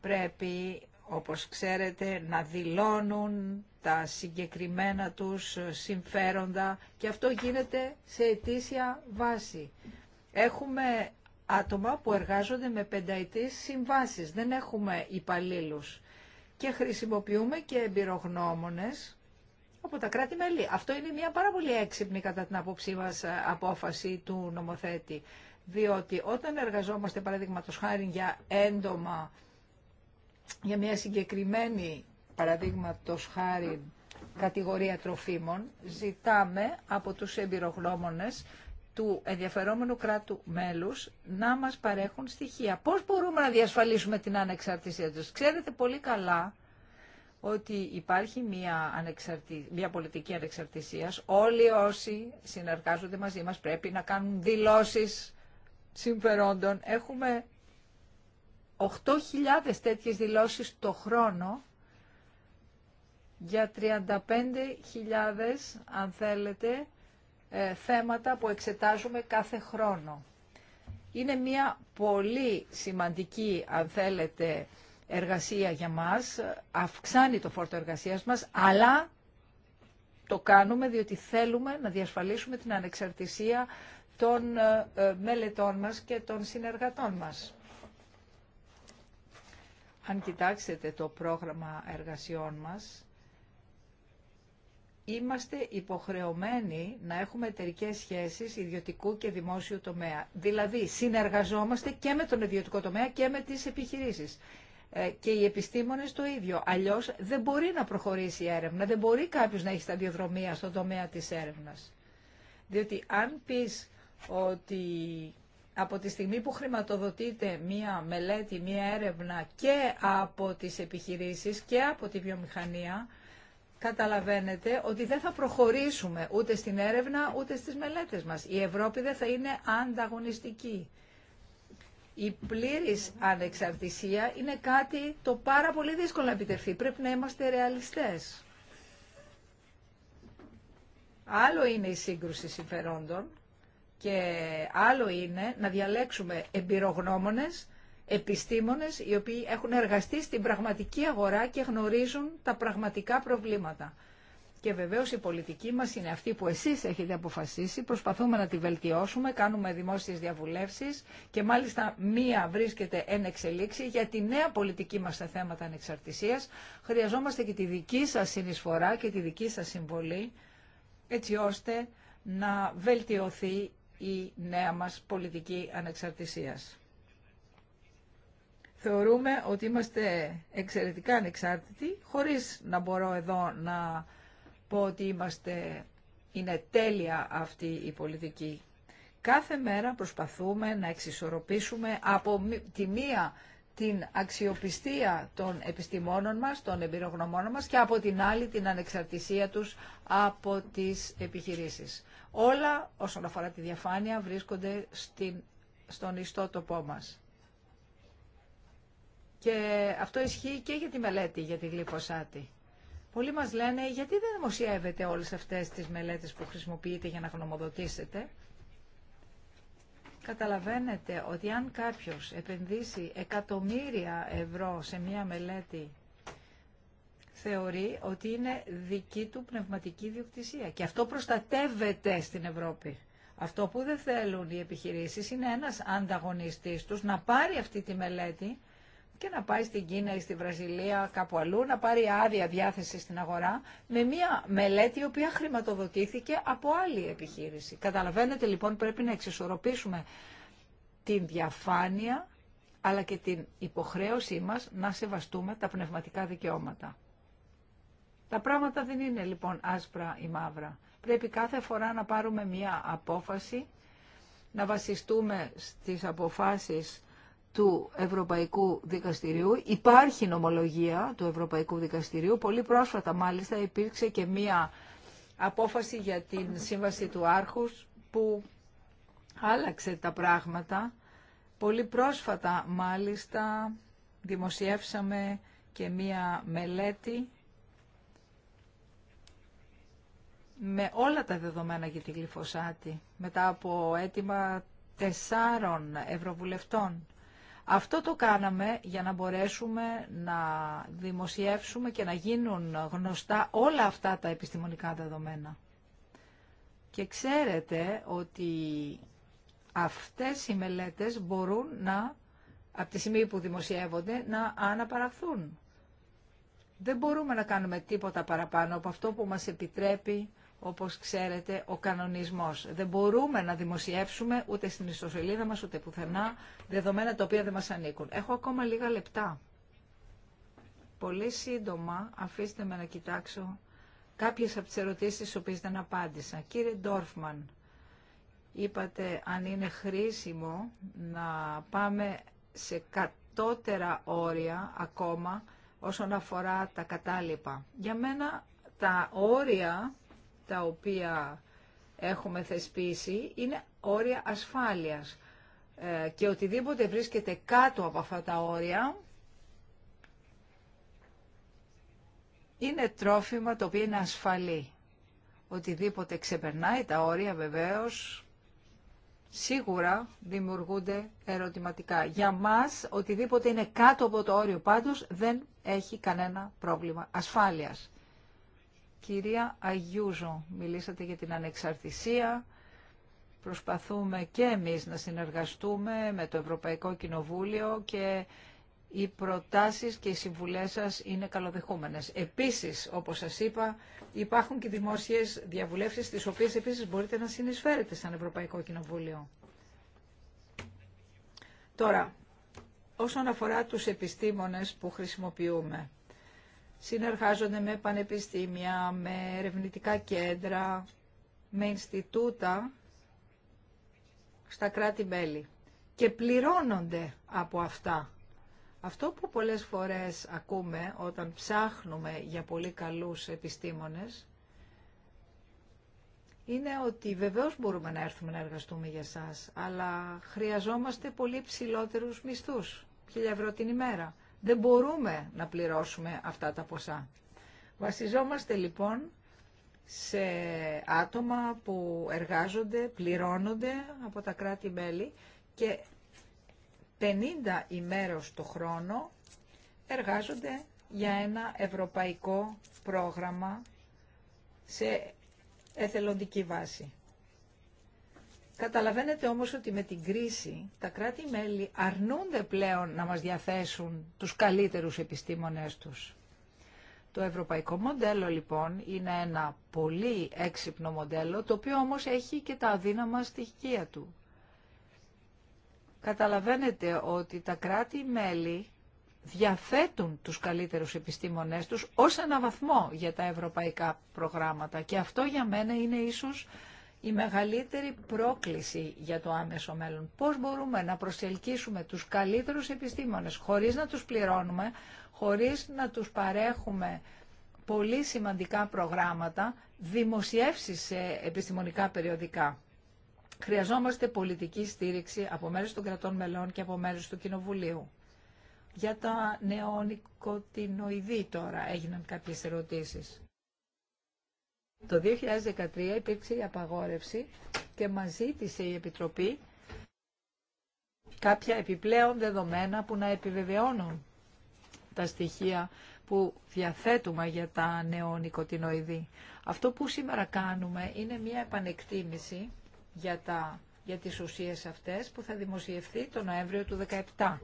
Πρέπει όπως ξέρετε, να δηλώνουν τα συγκεκριμένα τους συμφέροντα και αυτό γίνεται σε ετήσια βάση. Έχουμε άτομα που εργάζονται με πενταετής συμβάσεις, δεν έχουμε υπαλλήλου και χρησιμοποιούμε και εμπειρογνώμονες από τα κράτη-μέλη. Αυτό είναι μια πάρα πολύ έξυπνη κατά την άποψή μας απόφαση του νομοθέτη, διότι όταν εργαζόμαστε παραδείγματος χάρη για έντομα για μια συγκεκριμένη παραδείγματος χάρη κατηγορία τροφίμων, ζητάμε από τους εμπειρογνώμονες του ενδιαφερόμενου κράτου μέλους να μας παρέχουν στοιχεία. Πώς μπορούμε να διασφαλίσουμε την ανεξαρτησία τους. Ξέρετε πολύ καλά ότι υπάρχει μια, ανεξαρτη... μια πολιτική ανεξαρτησίας. Όλοι όσοι συνεργάζονται μαζί μας πρέπει να κάνουν δηλώσεις συμφερόντων. Έχουμε 8.000 τέτοιες δηλώσεις το χρόνο για 35.000, αν ε, θέματα που εξετάζουμε κάθε χρόνο. Είναι μια πολύ σημαντική, αν εργασία για μας, αυξάνει το φόρτο εργασίας μας, αλλά το κάνουμε διότι θέλουμε να διασφαλίσουμε την ανεξαρτησία των ε, ε, μελετών μας και των συνεργατών μας. Αν κοιτάξετε το πρόγραμμα εργασιών μας, είμαστε υποχρεωμένοι να έχουμε εταιρικέ σχέσεις ιδιωτικού και δημόσιου τομέα. Δηλαδή, συνεργαζόμαστε και με τον ιδιωτικό τομέα και με τις επιχειρήσεις. Ε, και οι επιστήμονες το ίδιο. Αλλιώς δεν μπορεί να προχωρήσει η έρευνα, δεν μπορεί κάποιος να έχει σταδιοδρομία στον τομέα της έρευνας. Διότι αν πεις ότι από τη στιγμή που χρηματοδοτείται μία μελέτη, μία έρευνα και από τις επιχειρήσεις και από τη βιομηχανία, καταλαβαίνετε ότι δεν θα προχωρήσουμε ούτε στην έρευνα ούτε στις μελέτες μας. Η Ευρώπη δεν θα είναι ανταγωνιστική. Η πλήρης ανεξαρτησία είναι κάτι το πάρα πολύ δύσκολο να επιτευχθεί. Πρέπει να είμαστε ρεαλιστές. Άλλο είναι η σύγκρουση συμφερόντων και άλλο είναι να διαλέξουμε εμπειρογνώμονες, επιστήμονες οι οποίοι έχουν εργαστεί στην πραγματική αγορά και γνωρίζουν τα πραγματικά προβλήματα. Και βεβαίως η πολιτική μας είναι αυτή που εσείς έχετε αποφασίσει, προσπαθούμε να τη βελτιώσουμε, κάνουμε δημόσιες διαβουλεύσεις και μάλιστα μία βρίσκεται εν εξελίξη για τη νέα πολιτική μας τα θέματα ανεξαρτησίας. Χρειαζόμαστε και τη δική σας συνεισφορά και τη δική σας συμβολή έτσι ώστε να βελτιωθεί η νέα μας πολιτική ανεξαρτησίας. Θεωρούμε ότι είμαστε εξαιρετικά ανεξάρτητοι, χωρίς να μπορώ εδώ να πω ότι είμαστε, είναι τέλεια αυτή η πολιτική. Κάθε μέρα προσπαθούμε να εξισορροπήσουμε από τη μία την αξιοπιστία των επιστημόνων μας, των εμπειρογνωμόνων μας και από την άλλη την ανεξαρτησία τους από τις επιχειρήσεις. Όλα όσον αφορά τη διαφάνεια βρίσκονται στην, στον ιστότοπό μας. Και αυτό ισχύει και για τη μελέτη για τη γλυφοσάτη. Πολλοί μας λένε γιατί δεν δημοσιεύετε όλες αυτές τις μελέτες που χρησιμοποιείτε για να γνωμοδοτήσετε. Καταλαβαίνετε ότι αν κάποιος επενδύσει εκατομμύρια ευρώ σε μία μελέτη θεωρεί ότι είναι δική του πνευματική διοκτησία. Και αυτό προστατεύεται στην Ευρώπη. Αυτό που δεν θέλουν οι επιχειρήσεις είναι ένας ανταγωνιστής τους να πάρει αυτή τη μελέτη και να πάει στην Κίνα ή στη Βραζιλία κάπου αλλού, να πάρει άδεια διάθεση στην αγορά με μια μελέτη η οποία χρηματοδοτήθηκε από άλλη επιχείρηση. Καταλαβαίνετε λοιπόν πρέπει να εξισορροπήσουμε την διαφάνεια αλλά και την υποχρέωσή μας να σεβαστούμε τα πνευματικά δικαιώματα. Τα πράγματα δεν είναι λοιπόν άσπρα ή μαύρα. Πρέπει κάθε φορά να πάρουμε μία απόφαση, να βασιστούμε στις αποφάσεις του Ευρωπαϊκού Δικαστηριού. Υπάρχει νομολογία του Ευρωπαϊκού Δικαστηρίου. Πολύ πρόσφατα μάλιστα υπήρξε και μία απόφαση για την σύμβαση του Άρχους που άλλαξε τα πράγματα. Πολύ πρόσφατα μάλιστα δημοσιεύσαμε και μία μελέτη με όλα τα δεδομένα για τη γλυφωσάτη μετά από αίτημα τεσσάρων ευρωβουλευτών. Αυτό το κάναμε για να μπορέσουμε να δημοσιεύσουμε και να γίνουν γνωστά όλα αυτά τα επιστημονικά δεδομένα. Και ξέρετε ότι αυτές οι μελέτες μπορούν να, από τη στιγμή που δημοσιεύονται, να αναπαραχθούν. Δεν μπορούμε να κάνουμε τίποτα παραπάνω από αυτό που μας επιτρέπει όπως ξέρετε, ο κανονισμός. Δεν μπορούμε να δημοσιεύσουμε ούτε στην ιστοσελίδα μας, ούτε πουθενά, δεδομένα τα οποία δεν μας ανήκουν. Έχω ακόμα λίγα λεπτά. Πολύ σύντομα, αφήστε με να κοιτάξω κάποιες από τις ερωτήσεις τις οποίες δεν απάντησα. Κύριε Ντόρφμαν, είπατε αν είναι χρήσιμο να πάμε σε κατώτερα όρια ακόμα όσον αφορά τα κατάλοιπα. Για μένα τα όρια τα οποία έχουμε θεσπίσει είναι όρια ασφάλειας ε, και οτιδήποτε βρίσκεται κάτω από αυτά τα όρια είναι τρόφιμα το οποίο είναι ασφαλή. Οτιδήποτε ξεπερνάει τα όρια βεβαίως σίγουρα δημιουργούνται ερωτηματικά. Για μας οτιδήποτε είναι κάτω από το όριο πάντως δεν έχει κανένα πρόβλημα ασφάλειας. Κυρία Αγιούζο, μιλήσατε για την ανεξαρτησία. Προσπαθούμε και εμείς να συνεργαστούμε με το Ευρωπαϊκό Κοινοβούλιο και οι προτάσεις και οι συμβουλές σας είναι καλοδεχούμενες. Επίσης, όπως σας είπα, υπάρχουν και δημόσιες διαβουλεύσεις, τις οποίες επίσης μπορείτε να συνεισφέρετε σαν Ευρωπαϊκό Κοινοβούλιο. Τώρα, όσον αφορά τους επιστήμονες που χρησιμοποιούμε, συνεργάζονται με πανεπιστήμια, με ερευνητικά κέντρα, με Ινστιτούτα στα κράτη-μέλη και πληρώνονται από αυτά. Αυτό που πολλές φορές ακούμε όταν ψάχνουμε για πολύ καλούς επιστήμονες είναι ότι βεβαίως μπορούμε να έρθουμε να εργαστούμε για σας, αλλά χρειαζόμαστε πολύ ψηλότερους μισθούς, 1000 ευρώ την ημέρα δεν μπορούμε να πληρώσουμε αυτά τα ποσά. Βασιζόμαστε λοιπόν σε άτομα που εργάζονται, πληρώνονται από τα κράτη-μέλη και 50 ημέρες το χρόνο εργάζονται για ένα ευρωπαϊκό πρόγραμμα σε εθελοντική βάση. Καταλαβαίνετε όμως ότι με την κρίση τα κράτη-μέλη αρνούνται πλέον να μας διαθέσουν τους καλύτερους επιστήμονες τους. Το ευρωπαϊκό μοντέλο λοιπόν είναι ένα πολύ έξυπνο μοντέλο, το οποίο όμως έχει και τα αδύναμα στοιχεία του. Καταλαβαίνετε ότι τα κράτη-μέλη διαθέτουν τους καλύτερους επιστήμονές τους ως ένα βαθμό για τα ευρωπαϊκά προγράμματα και αυτό για μένα είναι ίσως η μεγαλύτερη πρόκληση για το άμεσο μέλλον. Πώς μπορούμε να προσελκύσουμε τους καλύτερους επιστήμονες χωρίς να τους πληρώνουμε, χωρίς να τους παρέχουμε πολύ σημαντικά προγράμματα, δημοσιεύσεις σε επιστημονικά περιοδικά. Χρειαζόμαστε πολιτική στήριξη από μέρους των κρατών μελών και από μέρους του Κοινοβουλίου. Για τα νεονικοτινοειδή τώρα έγιναν κάποιες ερωτήσεις. Το 2013 υπήρξε η απαγόρευση και μας ζήτησε η Επιτροπή κάποια επιπλέον δεδομένα που να επιβεβαιώνουν τα στοιχεία που διαθέτουμε για τα νεονικοτινοειδή. Αυτό που σήμερα κάνουμε είναι μια επανεκτίμηση για, τα, για τις ουσίες αυτές που θα δημοσιευθεί το Νοέμβριο του 2017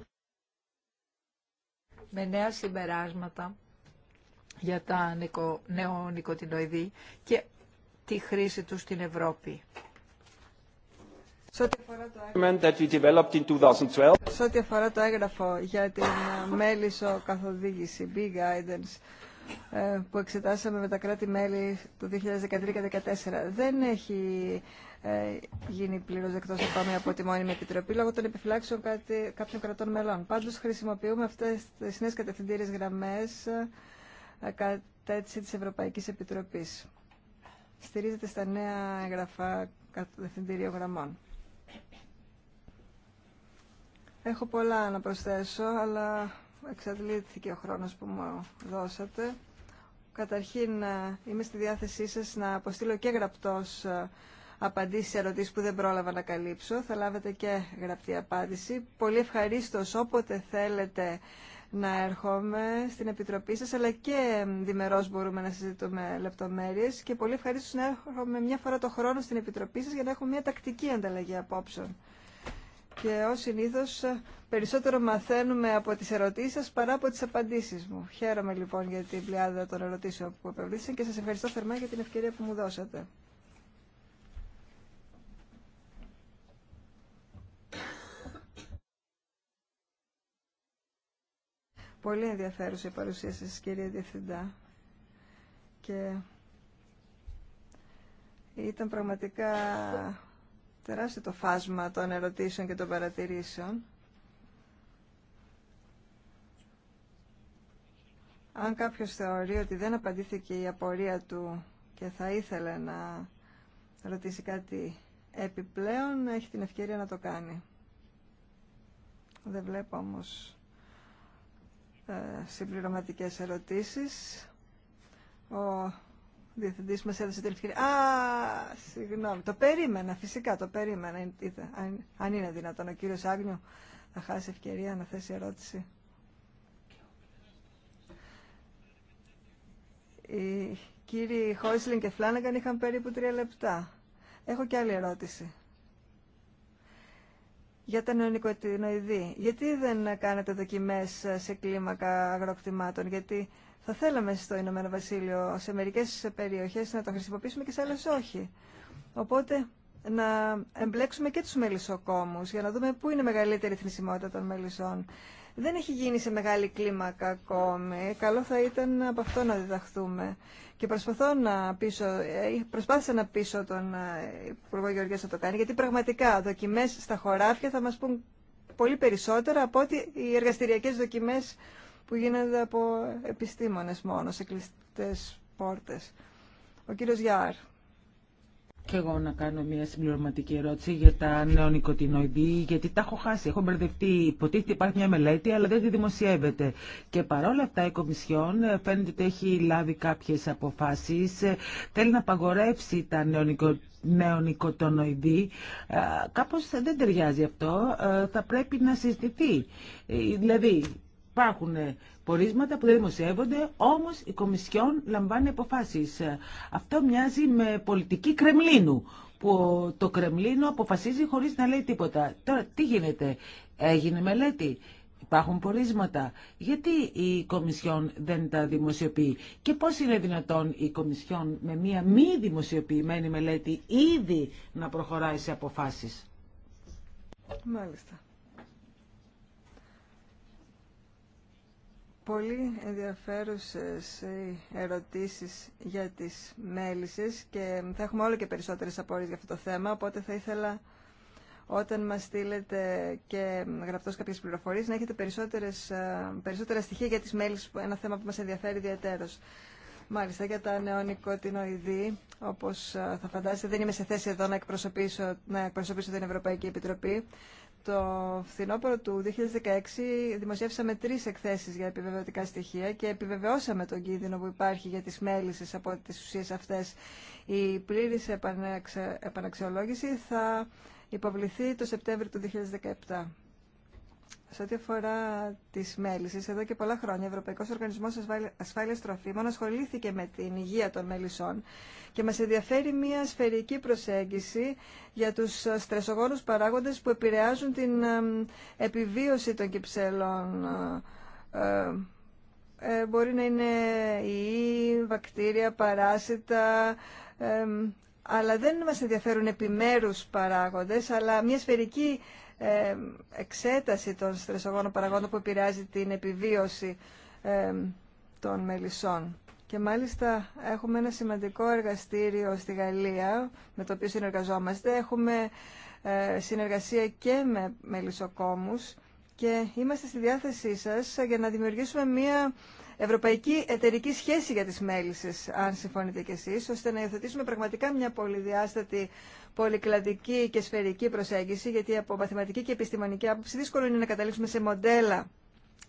με νέα συμπεράσματα για τα νεονικοτινοειδή και τη χρήση τους στην Ευρώπη. Σε ό,τι αφορά το έγγραφο για την ε, μέλησο καθοδήγηση, καθοδήγηση, Guidance, ε, που εξετάσαμε με τα κράτη-μέλη το 2013 και 2014, δεν έχει ε, γίνει πλήρω εκτός ακόμη από τη μόνιμη επιτροπή λόγω των επιφυλάξεων κάποιων κρατών μελών. Πάντω, χρησιμοποιούμε αυτέ τι νέε κατευθυντήριε γραμμέ κατέτηση της Ευρωπαϊκής Επιτροπής. Στηρίζεται στα νέα εγγραφά κατευθυντήριο γραμμών. Έχω πολλά να προσθέσω, αλλά εξαντλήθηκε ο χρόνος που μου δώσατε. Καταρχήν, ε, είμαι στη διάθεσή σας να αποστείλω και γραπτός ε, απαντήσει σε ερωτήσεις που δεν πρόλαβα να καλύψω. Θα λάβετε και γραπτή απάντηση. Πολύ ευχαρίστως όποτε θέλετε να έρχομαι στην Επιτροπή σας, αλλά και διμερώς μπορούμε να συζητούμε λεπτομέρειες και πολύ ευχαρίστω να έρχομαι μια φορά το χρόνο στην Επιτροπή σας για να έχουμε μια τακτική ανταλλαγή απόψεων. Και ως συνήθως περισσότερο μαθαίνουμε από τις ερωτήσεις σας παρά από τις απαντήσεις μου. Χαίρομαι λοιπόν για την πλειάδα των ερωτήσεων που επευλήθησαν και σας ευχαριστώ θερμά για την ευκαιρία που μου δώσατε. Πολύ ενδιαφέρουσα η παρουσία σας, κύριε Διευθυντά. Και ήταν πραγματικά τεράστιο το φάσμα των ερωτήσεων και των παρατηρήσεων. Αν κάποιος θεωρεί ότι δεν απαντήθηκε η απορία του και θα ήθελε να ρωτήσει κάτι επιπλέον, έχει την ευκαιρία να το κάνει. Δεν βλέπω όμως ε, συμπληρωματικές ερωτήσεις. Ο διευθυντής μας έδωσε την ευκαιρία. Α, συγγνώμη. Το περίμενα, φυσικά το περίμενα. Ε, αν, είναι δυνατόν ο κύριος Άγνιο θα χάσει ευκαιρία να θέσει ερώτηση. Οι κύριοι Χόισλιν και Φλάνεγκαν είχαν περίπου τρία λεπτά. Έχω και άλλη ερώτηση για τα νεονικοτινοειδή. Γιατί δεν κάνετε δοκιμές σε κλίμακα αγροκτημάτων, γιατί θα θέλαμε στο Ηνωμένο Βασίλειο σε μερικές περιοχές να το χρησιμοποιήσουμε και σε άλλες όχι. Οπότε να εμπλέξουμε και τους μελισσοκόμους για να δούμε πού είναι μεγαλύτερη θνησιμότητα των μελισσών δεν έχει γίνει σε μεγάλη κλίμακα ακόμη. Καλό θα ήταν από αυτό να διδαχθούμε. Και προσπαθώ να πείσω, ε, προσπάθησα να πείσω τον ε, Υπουργό Γεωργία να το κάνει, γιατί πραγματικά δοκιμέ στα χωράφια θα μα πούν πολύ περισσότερα από ότι οι εργαστηριακέ δοκιμέ που γίνονται από επιστήμονε μόνο, σε κλειστέ πόρτε. Ο κύριο Γιάρ. Και εγώ να κάνω μια συμπληρωματική ερώτηση για τα νεονικοτινοειδή, γιατί τα έχω χάσει. Έχω μπερδευτεί. Υποτίθεται υπάρχει μια μελέτη, αλλά δεν τη δημοσιεύεται. Και παρόλα αυτά η Κομισιόν ε, φαίνεται ότι έχει λάβει κάποιε αποφάσει. Ε, θέλει να απαγορεύσει τα νεονικοτινοειδή νεονικοτονοειδή. Κάπως δεν ταιριάζει αυτό. Ε, θα πρέπει να συζητηθεί. Δηλαδή υπάρχουν πορίσματα που δεν δημοσιεύονται, όμως η Κομισιόν λαμβάνει αποφάσεις. Αυτό μοιάζει με πολιτική Κρεμλίνου, που το Κρεμλίνο αποφασίζει χωρίς να λέει τίποτα. Τώρα τι γίνεται, έγινε μελέτη, υπάρχουν πορίσματα. Γιατί η Κομισιόν δεν τα δημοσιοποιεί και πώς είναι δυνατόν η Κομισιόν με μία μη δημοσιοποιημένη μελέτη ήδη να προχωράει σε αποφάσεις. Μάλιστα. πολύ ενδιαφέρουσες ε, ερωτήσεις για τις μέλησες και θα έχουμε όλο και περισσότερες απορίες για αυτό το θέμα, οπότε θα ήθελα όταν μας στείλετε και γραπτός κάποιες πληροφορίες να έχετε περισσότερες, ε, περισσότερα στοιχεία για τις μέλησες, ένα θέμα που μας ενδιαφέρει ιδιαίτερος. Μάλιστα για τα νεονικοτινοειδή, όπως ε, θα φαντάζεστε δεν είμαι σε θέση εδώ να εκπροσωπήσω, να εκπροσωπήσω την Ευρωπαϊκή Επιτροπή το φθινόπωρο του 2016 δημοσιεύσαμε τρεις εκθέσεις για επιβεβαιωτικά στοιχεία και επιβεβαιώσαμε τον κίνδυνο που υπάρχει για τις μέλησες από τις ουσίες αυτές. Η πλήρης επαναξιολόγηση θα υποβληθεί το Σεπτέμβριο του 2017. Σε ό,τι αφορά τι μέλισσε, εδώ και πολλά χρόνια ο Ευρωπαϊκό Οργανισμό Ασφάλεια Τροφίμων ασχολήθηκε με την υγεία των μέλισσών και μα ενδιαφέρει μια σφαιρική προσέγγιση για του στρεσογόνου παράγοντε που επηρεάζουν την επιβίωση των κυψέλων. Ε, ε μπορεί να είναι η βακτήρια, παράσιτα, ε, αλλά δεν μας ενδιαφέρουν επιμέρους παράγοντες, αλλά μια σφαιρική εξέταση των στρεσογόνων παραγόντων που επηρεάζει την επιβίωση των μελισσών. Και μάλιστα έχουμε ένα σημαντικό εργαστήριο στη Γαλλία με το οποίο συνεργαζόμαστε. Έχουμε ε, συνεργασία και με μελισσοκόμους και είμαστε στη διάθεσή σας για να δημιουργήσουμε μία ευρωπαϊκή εταιρική σχέση για τις μέλισσες, αν συμφωνείτε κι εσείς, ώστε να υιοθετήσουμε πραγματικά μια πολυδιάστατη, πολυκλαδική και σφαιρική προσέγγιση, γιατί από μαθηματική και επιστημονική άποψη δύσκολο είναι να καταλήξουμε σε μοντέλα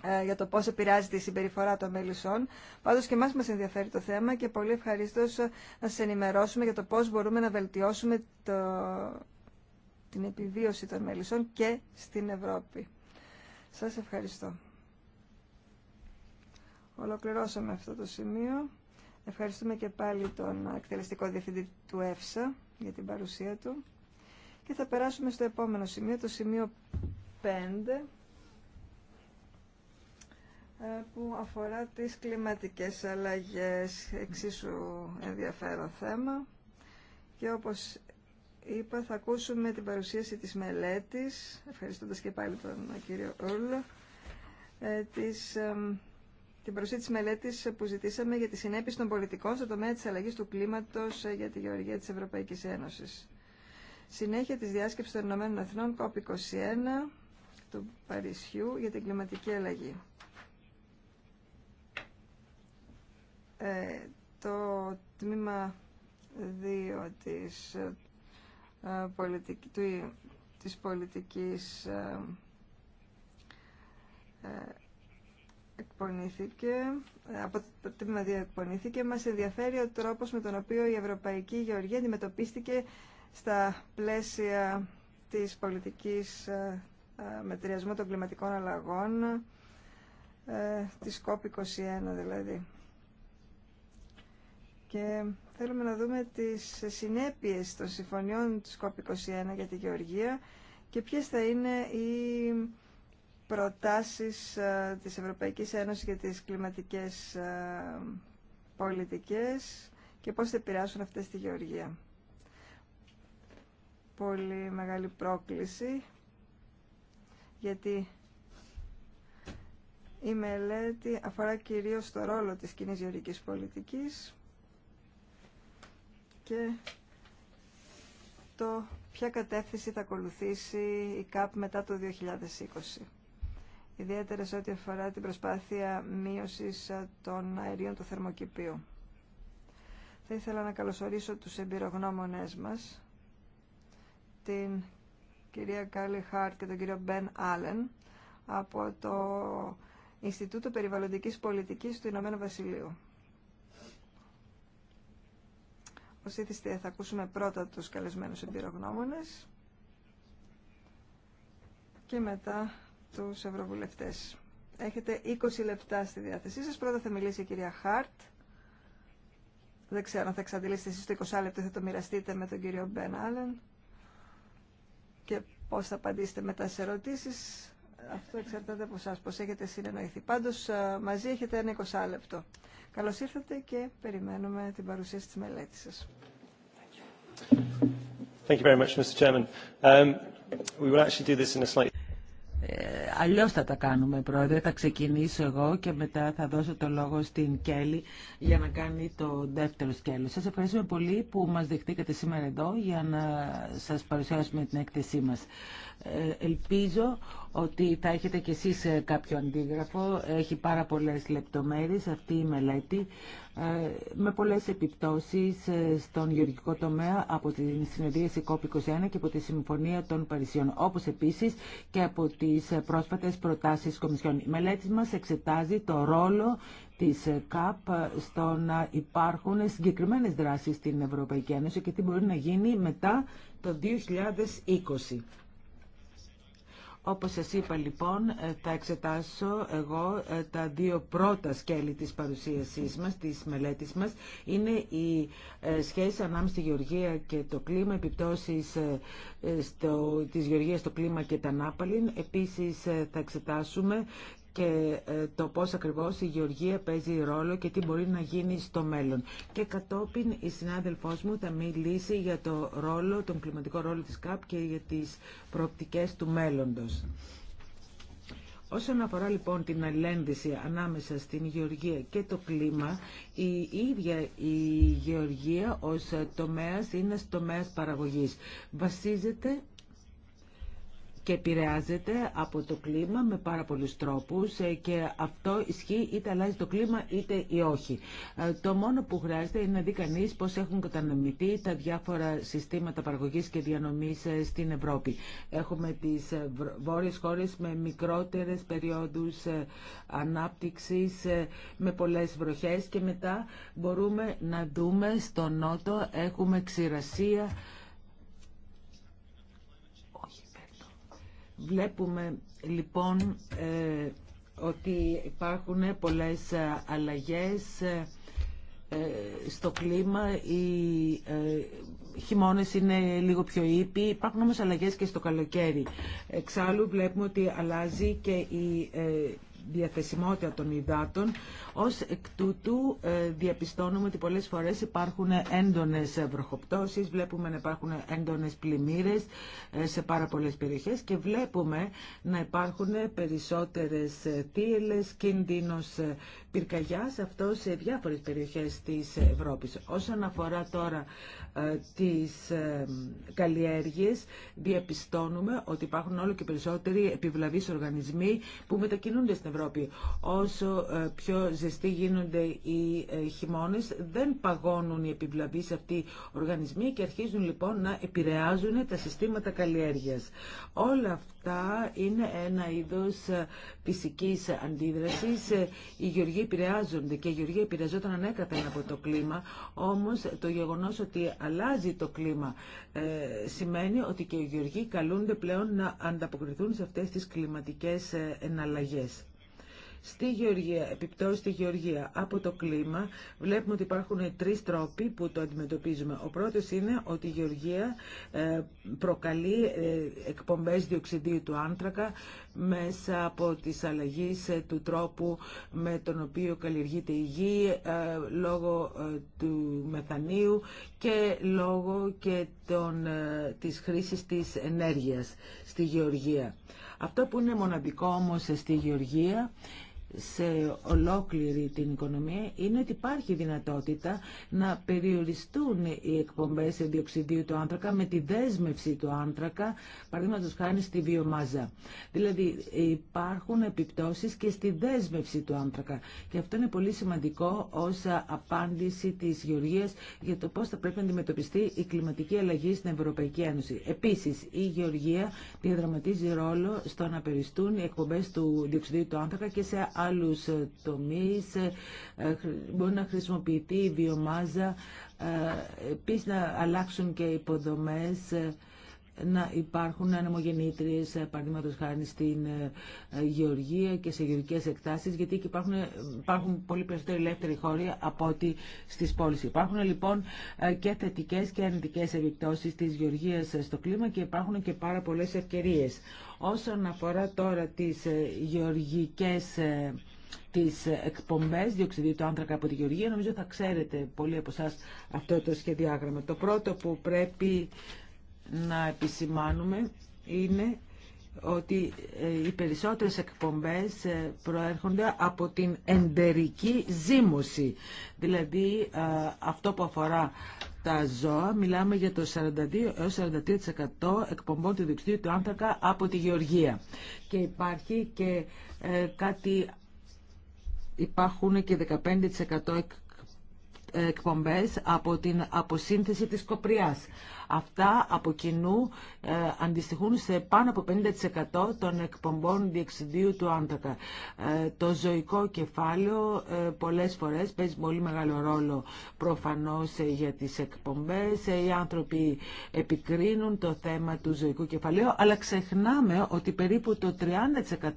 ε, για το πώς επηρεάζεται η συμπεριφορά των μέλησών. Πάντως και εμάς μας ενδιαφέρει το θέμα και πολύ ευχαριστώ να σας ενημερώσουμε για το πώς μπορούμε να βελτιώσουμε την επιβίωση των μέλησων και στην Ευρώπη. Σας ευχαριστώ. Ολοκληρώσαμε αυτό το σημείο. Ευχαριστούμε και πάλι τον εκτελεστικό διευθυντή του ΕΦΣΑ για την παρουσία του. Και θα περάσουμε στο επόμενο σημείο, το σημείο 5 ε, που αφορά τις κλιματικές αλλαγές, εξίσου ενδιαφέρον θέμα. Και όπως είπα θα ακούσουμε την παρουσίαση της μελέτης, ευχαριστώντας και πάλι τον κύριο Ούλ, ε, της ε, την προσή τη μελέτη που ζητήσαμε για τη συνέπειες των πολιτικών στο τομέα της αλλαγή του κλίματος ε, για τη γεωργία της Ευρωπαϊκής Ένωσης. Συνέχεια της διάσκεψης των Ηνωμένων Εθνών COP21 του Παρισιού για την κλιματική αλλαγή. Ε, το τμήμα 2 της, ε, ε, ε, της πολιτικής εκπονήθηκε, ε, από το τμήμα μας ενδιαφέρει ο τρόπος με τον οποίο η Ευρωπαϊκή Γεωργία αντιμετωπίστηκε στα πλαίσια της πολιτικής ε, ε, μετριασμού των κλιματικών αλλαγών, της COP21 δηλαδή. Και θέλουμε να δούμε τις συνέπειες των συμφωνιών της COP21 για τη Γεωργία και ποιες θα είναι οι προτάσεις ε, της Ευρωπαϊκής Ένωσης για τις κλιματικές ε, πολιτικές και πώς θα επηρεάσουν αυτές τη γεωργία. Πολύ μεγάλη πρόκληση, γιατί η μελέτη αφορά κυρίως το ρόλο της κοινή γεωργικής πολιτικής και το ποια κατεύθυνση θα ακολουθήσει η ΚΑΠ μετά το 2020 ιδιαίτερα σε ό,τι αφορά την προσπάθεια μείωσης ε, των αερίων του θερμοκηπίου. Θα ήθελα να καλωσορίσω τους εμπειρογνώμονές μας, την κυρία Κάλι Χάρτ και τον κύριο Μπεν Άλεν από το Ινστιτούτο Περιβαλλοντικής Πολιτικής του Ηνωμένου Βασιλείου. Ως ήθιστε θα ακούσουμε πρώτα τους καλεσμένους εμπειρογνώμονες και μετά τους ευρωβουλευτές. Έχετε 20 λεπτά στη διάθεσή σας. Πρώτα θα μιλήσει η κυρία Χάρτ. Δεν ξέρω αν θα εξαντλήσετε εσείς το 20 λεπτό ή θα το μοιραστείτε με τον κύριο Μπεν Άλεν. Και πώς θα απαντήσετε μετά σε ερωτήσεις. Αυτό εξαρτάται από εσά πώς έχετε συνεννοηθεί. Πάντως μαζί έχετε ένα 20 λεπτό. Καλώς ήρθατε και περιμένουμε την παρουσίαση της μελέτης σας. Thank you very much, Mr. Chairman. Um, we will actually do this in a slightly... ΕΕΕΕ Αλλιώ θα τα κάνουμε, Πρόεδρε. Θα ξεκινήσω εγώ και μετά θα δώσω το λόγο στην Κέλλη για να κάνει το δεύτερο σκέλο. Σα ευχαριστούμε πολύ που μα δεχτήκατε σήμερα εδώ για να σα παρουσιάσουμε την έκθεσή μα. Ε, ελπίζω ότι θα έχετε κι εσεί ε, κάποιο αντίγραφο. Έχει πάρα πολλέ λεπτομέρειε, αυτή η μελέτη ε, με πολλές επιπτώσεις στον γεωργικό τομέα από την συνεδρίαση COP21 και από τη Συμφωνία των Παρισιών, Όπω επίση και από τι πρόσφατες πρόσφατες προτάσεις Κομισιόν. Η μελέτη μας εξετάζει το ρόλο της ΚΑΠ στο να υπάρχουν συγκεκριμένες δράσεις στην Ευρωπαϊκή Ένωση και τι μπορεί να γίνει μετά το 2020. Όπως σας είπα λοιπόν, ε, θα εξετάσω εγώ ε, τα δύο πρώτα σκέλη της παρουσίασής μας, της μελέτης μας. Είναι η ε, σχέση ανάμεσα στη γεωργία και το κλίμα, επιπτώσεις στο, της γεωργίας στο κλίμα και τα Νάπαλιν. Επίσης θα εξετάσουμε και ε, το πώς ακριβώς η γεωργία παίζει ρόλο και τι μπορεί να γίνει στο μέλλον. Και κατόπιν η συνάδελφός μου θα μιλήσει για το ρόλο, τον κλιματικό ρόλο της ΚΑΠ και για τις προοπτικές του μέλλοντος. Όσον αφορά λοιπόν την ανηλενδυσία ανάμεσα στην γεωργία και το κλίμα, η ίδια η γεωργία ως τομέας είναι τομέας παραγωγής. Βασίζεται και επηρεάζεται από το κλίμα με πάρα πολλού τρόπου. Ε, και αυτό ισχύει είτε αλλάζει το κλίμα είτε ή όχι. Ε, το μόνο που χρειάζεται είναι να δει κανεί πώς έχουν κατανομηθεί τα διάφορα συστήματα παραγωγής και διανομής ε, στην Ευρώπη. Έχουμε τι βόρειες χώρες με μικρότερες περιόδους ανάπτυξης, με πολλές βροχές και μετά μπορούμε να δούμε στο νότο έχουμε ξηρασία, Βλέπουμε λοιπόν ε, ότι υπάρχουν πολλές αλλαγές ε, στο κλίμα. Οι ε, χειμώνες είναι λίγο πιο ήπιοι. Υπάρχουν όμως αλλαγές και στο καλοκαίρι. Εξάλλου βλέπουμε ότι αλλάζει και η διαθεσιμότητα των υδάτων. Ως εκ τούτου ε, διαπιστώνουμε ότι πολλές φορές υπάρχουν έντονες βροχοπτώσεις, βλέπουμε να υπάρχουν έντονες πλημμύρες ε, σε πάρα πολλές περιοχές και βλέπουμε να υπάρχουν περισσότερες θύελες, ε, κίνδυνος πυρκαγιάς, αυτό σε διάφορες περιοχές της Ευρώπης. Όσον αφορά τώρα ε, τις ε, καλλιέργειες διαπιστώνουμε ότι υπάρχουν όλο και περισσότεροι επιβλαβείς οργανισμοί που μετακινούνται στην Ευρώπη. Όσο ε, πιο ζεστοί γίνονται οι χειμώνες δεν παγώνουν οι επιβλαβείς αυτοί οι οργανισμοί και αρχίζουν λοιπόν να επηρεάζουν τα συστήματα καλλιέργειας. Όλα αυτά είναι ένα είδος φυσικής αντίδρασης. Οι γεωργοί επηρεάζονται και οι γεωργοί επηρεαζόταν ανέκαθεν από το κλίμα, όμως το γεγονός ότι αλλάζει το κλίμα. Ε, σημαίνει ότι και οι γεωργοί καλούνται πλέον να ανταποκριθούν σε αυτές τις κλιματικές ε, εναλλαγές. Στη γεωργία, επιπτώσει στη γεωργία από το κλίμα, βλέπουμε ότι υπάρχουν τρεις τρόποι που το αντιμετωπίζουμε. Ο πρώτος είναι ότι η γεωργία ε, προκαλεί ε, εκπομπές διοξιδίου του άνθρακα μέσα από τις αλλαγές ε, του τρόπου με τον οποίο καλλιεργείται η γη λόγω του μεθανίου και λόγω και των, της χρήσης της ενέργειας στη γεωργία. Αυτό που είναι μοναδικό όμως στη γεωργία σε ολόκληρη την οικονομία είναι ότι υπάρχει δυνατότητα να περιοριστούν οι εκπομπές διοξιδίου του άνθρακα με τη δέσμευση του άνθρακα, παραδείγματο χάνει στη βιομάζα. Δηλαδή υπάρχουν επιπτώσεις και στη δέσμευση του άνθρακα. Και αυτό είναι πολύ σημαντικό ως απάντηση της Γεωργίας για το πώς θα πρέπει να αντιμετωπιστεί η κλιματική αλλαγή στην Ευρωπαϊκή Ένωση. Επίσης, η Γεωργία διαδραματίζει ρόλο στο να περιστούν οι εκπομπές του διοξιδίου του άνθρακα και σε άλλους ε, τομείς, ε, ε, μπορεί να χρησιμοποιηθεί η βιομάζα, επίσης να αλλάξουν και οι υποδομές, να υπάρχουν ανεμογεννήτριες, ε, παραδείγματο χάρη στην ε, ε, γεωργία και σε γεωργικές εκτάσεις, γιατί υπάρχουν, υπάρχουν πολύ περισσότερο ελεύθεροι χώροι από ότι στις πόλεις. Υπάρχουν λοιπόν και θετικές και αρνητικές επιπτώσεις της γεωργίας στο κλίμα και υπάρχουν και πάρα πολλές ευκαιρίες. Όσον αφορά τώρα τις γεωργικές τις εκπομπές διοξιδίου του άνθρακα από τη Γεωργία. Νομίζω θα ξέρετε πολλοί από εσά αυτό το σχεδιάγραμμα. Το πρώτο που πρέπει να επισημάνουμε είναι ότι ε, οι περισσότερες εκπομπές ε, προέρχονται από την εντερική ζήμωση. Δηλαδή ε, αυτό που αφορά τα ζώα, μιλάμε για το 42 43% εκπομπών του διοικητήτου του άνθρακα από τη γεωργία. Και υπάρχει και κάτι, υπάρχουν και 15% εκπομπές από την αποσύνθεση της κοπριάς. Αυτά από κοινού ε, αντιστοιχούν σε πάνω από 50% των εκπομπών διεξιδίου του άνθρακα. Ε, το ζωικό κεφάλαιο ε, πολλές φορές παίζει πολύ μεγάλο ρόλο προφανώς για τις εκπομπές. Οι άνθρωποι επικρίνουν το θέμα του ζωικού κεφαλαίου, αλλά ξεχνάμε ότι περίπου το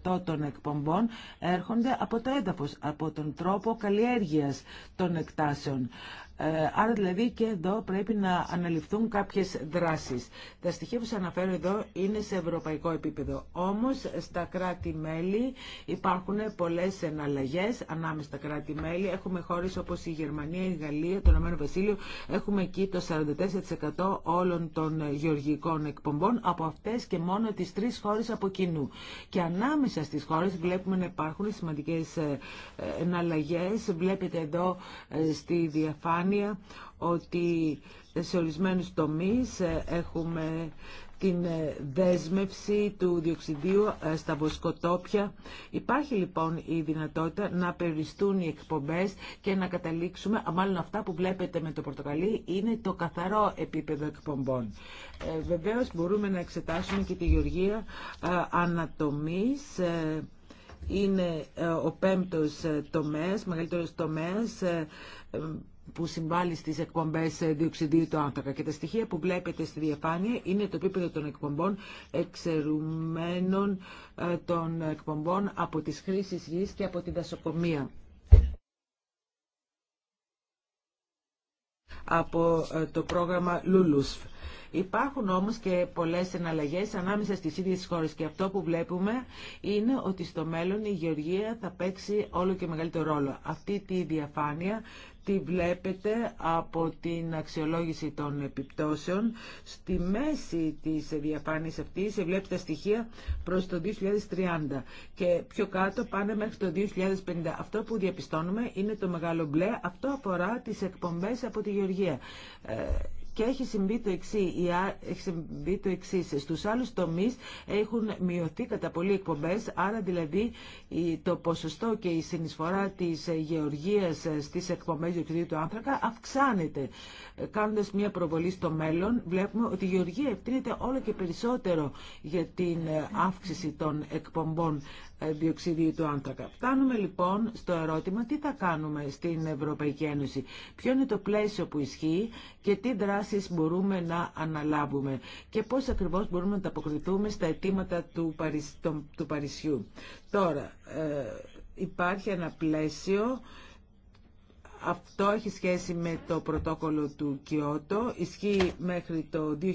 30% των εκπομπών έρχονται από το έδαφος, από τον τρόπο καλλιέργειας των εκτάσεων. Ε, άρα δηλαδή και εδώ πρέπει να αναλυφθούν κάποιες δράσεις. Τα στοιχεία που σας αναφέρω εδώ είναι σε ευρωπαϊκό επίπεδο. Όμως στα κράτη-μέλη υπάρχουν πολλές εναλλαγές ανάμεσα στα κράτη-μέλη. Έχουμε χώρες όπως η Γερμανία, η Γαλλία, το Ηνωμένο Βασίλειο. Έχουμε εκεί το 44% όλων των γεωργικών εκπομπών από αυτές και μόνο τις τρεις χώρες από κοινού. Και ανάμεσα στις χώρες βλέπουμε να υπάρχουν σημαντικές ε, ε, εναλλαγές. Βλέπετε εδώ στη διαφάνεια ότι σε ορισμένους τομείς ε, έχουμε την ε, δέσμευση του διοξιδίου ε, στα βοσκοτόπια. Υπάρχει λοιπόν η δυνατότητα να περιστούν οι εκπομπές και να καταλήξουμε, μάλλον αυτά που βλέπετε με το πορτοκαλί, είναι το καθαρό επίπεδο εκπομπών. Ε, βεβαίως μπορούμε να εξετάσουμε και τη γεωργία ε, ανατομής, είναι ο πέμπτος τομέας, μεγαλύτερος τομέας, που συμβάλλει στις εκπομπές ε, διοξιδίου του άνθρακα. Και τα στοιχεία που βλέπετε στη διαφάνεια είναι το επίπεδο των εκπομπών εξαιρουμένων ε, των εκπομπών από τις χρήσεις γης και από τη δασοκομεία. από ε, το πρόγραμμα Λουλούσφ. Υπάρχουν όμως και πολλές εναλλαγές ανάμεσα στις ίδιες χώρες και αυτό που βλέπουμε είναι ότι στο μέλλον η γεωργία θα παίξει όλο και μεγαλύτερο ρόλο. Αυτή τη διαφάνεια τι βλέπετε από την αξιολόγηση των επιπτώσεων. Στη μέση της διαφάνειας αυτής βλέπετε τα στοιχεία προς το 2030 και πιο κάτω πάνε μέχρι το 2050. Αυτό που διαπιστώνουμε είναι το μεγάλο μπλε. Αυτό αφορά τις εκπομπές από τη Γεωργία. Ε, και έχει συμβεί το εξή, έχει συμβεί το εξής. Στους άλλους τομείς έχουν μειωθεί κατά πολύ εκπομπές, άρα δηλαδή το ποσοστό και η συνεισφορά της γεωργίας στις εκπομπές διοικητήτου του άνθρακα αυξάνεται. Κάνοντας μια προβολή στο μέλλον, βλέπουμε ότι η γεωργία ευθύνεται όλο και περισσότερο για την αύξηση των εκπομπών διοξιδίου του άνθρακα. Φτάνουμε λοιπόν στο ερώτημα τι θα κάνουμε στην Ευρωπαϊκή Ένωση. Ποιο είναι το πλαίσιο που ισχύει και τι δράσεις μπορούμε να αναλάβουμε και πώς ακριβώς μπορούμε να αποκριθούμε στα αιτήματα του, Παρισιού. Τώρα, ε, υπάρχει ένα πλαίσιο αυτό έχει σχέση με το πρωτόκολλο του Κιώτο, ισχύει μέχρι το 2020.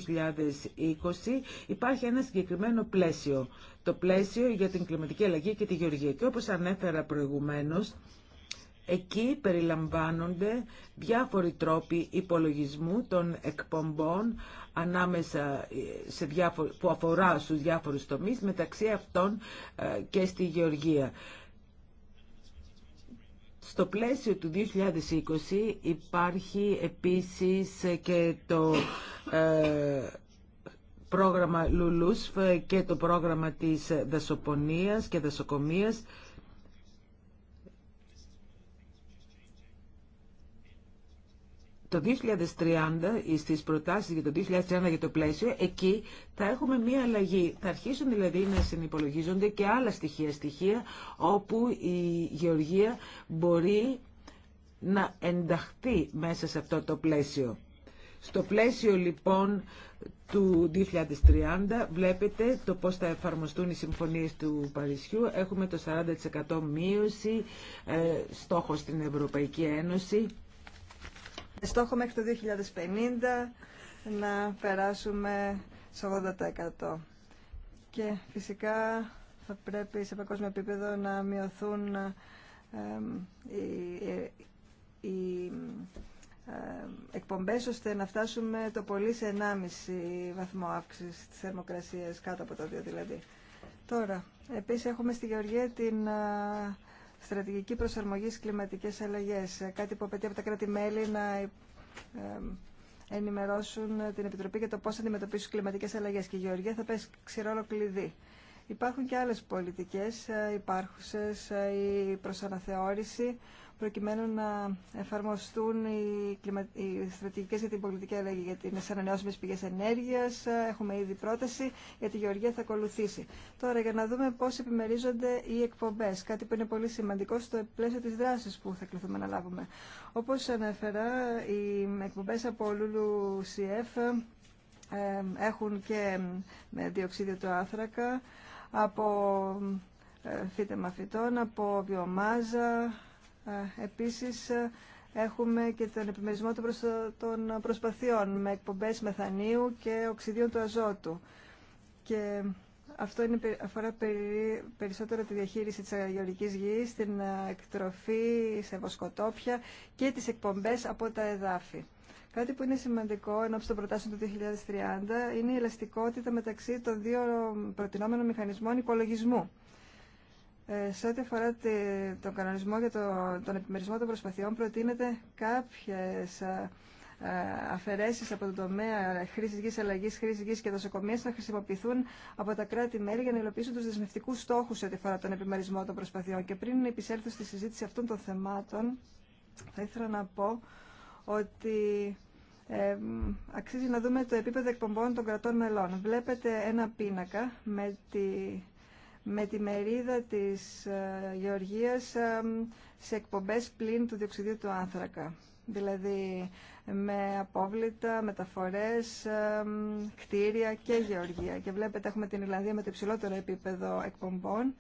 Υπάρχει ένα συγκεκριμένο πλαίσιο, το πλαίσιο για την κλιματική αλλαγή και τη γεωργία. Και όπως ανέφερα προηγουμένως, Εκεί περιλαμβάνονται διάφοροι τρόποι υπολογισμού των εκπομπών ανάμεσα ε, σε που αφορά στους διάφορους τομείς, μεταξύ αυτών ε, και στη γεωργία. Στο πλαίσιο του 2020 υπάρχει επίσης και το ε, πρόγραμμα Λουλούσφ και το πρόγραμμα της δασοπονίας και δασοκομείας το 2030, ε, στις προτάσεις για το 2030 για το πλαίσιο, εκεί θα έχουμε μία αλλαγή. Θα αρχίσουν δηλαδή να συνυπολογίζονται και άλλα στοιχεία, στοιχεία όπου η γεωργία μπορεί να ενταχθεί μέσα σε αυτό το πλαίσιο. Στο πλαίσιο λοιπόν του 2030 βλέπετε το πώς θα εφαρμοστούν οι συμφωνίες του Παρισιού. Έχουμε το 40% μείωση, ε, στόχο στην Ευρωπαϊκή Ένωση στόχο μέχρι το 2050 να περάσουμε σε 80%. Και φυσικά θα πρέπει σε παγκόσμιο επίπεδο να μειωθούν οι, οι εκπομπές ώστε να φτάσουμε το πολύ σε 1,5 βαθμό αύξηση της θερμοκρασίας, κάτω από το 2 δηλαδή. Τώρα, επίσης έχουμε στη Γεωργία την στρατηγική προσαρμογή στι κλιματικέ αλλαγέ. Κάτι που απαιτεί από τα κράτη-μέλη να ε, ενημερώσουν την Επιτροπή για το πώ αντιμετωπίσουν τι κλιματικέ αλλαγέ. Και η Γεωργία θα παίξει ρόλο κλειδί. Υπάρχουν και άλλε πολιτικέ, ε, υπάρχουσε, ε, η προσαναθεώρηση προκειμένου να εφαρμοστούν οι, κλιμα... οι στρατηγικές για την πολιτική αλλαγή, για τις ανανεώσιμες πηγές ενέργειας. Έχουμε ήδη πρόταση για τη Γεωργία θα ακολουθήσει. Τώρα για να δούμε πώς επιμερίζονται οι εκπομπές, κάτι που είναι πολύ σημαντικό στο πλαίσιο της δράσης που θα κληθούμε να λάβουμε. Όπως ανέφερα, οι εκπομπές από Λούλου ΣΥΕΦ ε, έχουν και με διοξίδιο του άνθρακα, από ε, φύτεμα φυτών, από βιομάζα, Επίσης, ε, έχουμε και τον επιμερισμό των προσπαθειών με εκπομπές μεθανίου και οξυδίων του αζότου. Και αυτό είναι, αφορά περισσότερο τη διαχείριση της γεωργικής γης, την ε, εκτροφή σε βοσκοτόπια και τις εκπομπές από τα εδάφη. Κάτι που είναι σημαντικό ενώ των προτάσεων του 2030 είναι η ελαστικότητα μεταξύ των δύο προτινόμενων μηχανισμών υπολογισμού. Ε, σε ό,τι αφορά τον κανονισμό και τον επιμερισμό των προσπαθειών, προτείνεται κάποιες ε, ε, αφαιρέσει από τον τομέα χρήση γη, αλλαγή χρήση γη και δοσοκομεία να χρησιμοποιηθούν από τα κράτη-μέλη για να υλοποιήσουν του δεσμευτικού στόχου σε ό,τι αφορά τον επιμερισμό των προσπαθειών. Και πριν επισέλθω στη συζήτηση αυτών των θεμάτων, θα ήθελα να πω ότι ε, αξίζει να δούμε το επίπεδο εκπομπών των κρατών μελών. Βλέπετε ένα πίνακα με τη με τη μερίδα της ε, γεωργίας ε, σε εκπομπές πλήν του διοξιδίου του άνθρακα. Δηλαδή με απόβλητα, μεταφορές, ε, κτίρια και γεωργία. Και βλέπετε έχουμε την Ιρλανδία με το υψηλότερο επίπεδο εκπομπών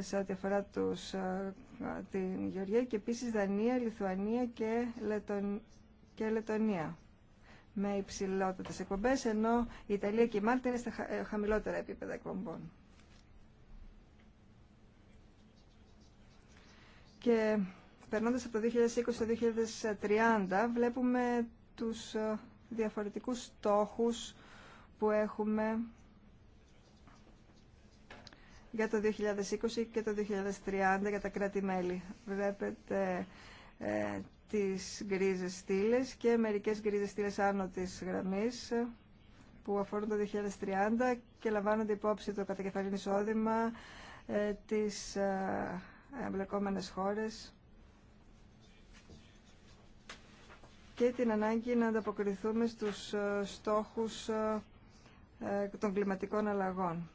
σε ό,τι αφορά τους, την Γεωργία και επίσης Δανία, Λιθουανία και, Λετων... και Λετωνία με υψηλότερες εκπομπές, ενώ η Ιταλία και η Μάλτα είναι στα χαμηλότερα επίπεδα εκπομπών. Και περνώντας από το 2020 στο 2030 βλέπουμε τους ε, διαφορετικούς στόχους που έχουμε για το 2020 και το 2030 για τα κράτη-μέλη. Βλέπετε ε, τις γκρίζες στήλε και μερικές γκρίζες στήλε άνω της γραμμής ε, που αφορούν το 2030 και λαμβάνονται υπόψη το κατακεφαλήν εισόδημα, ε, ε εμπλεκόμενες χώρες και την ανάγκη να ανταποκριθούμε στους ε, στόχους ε, ε, των κλιματικών αλλαγών.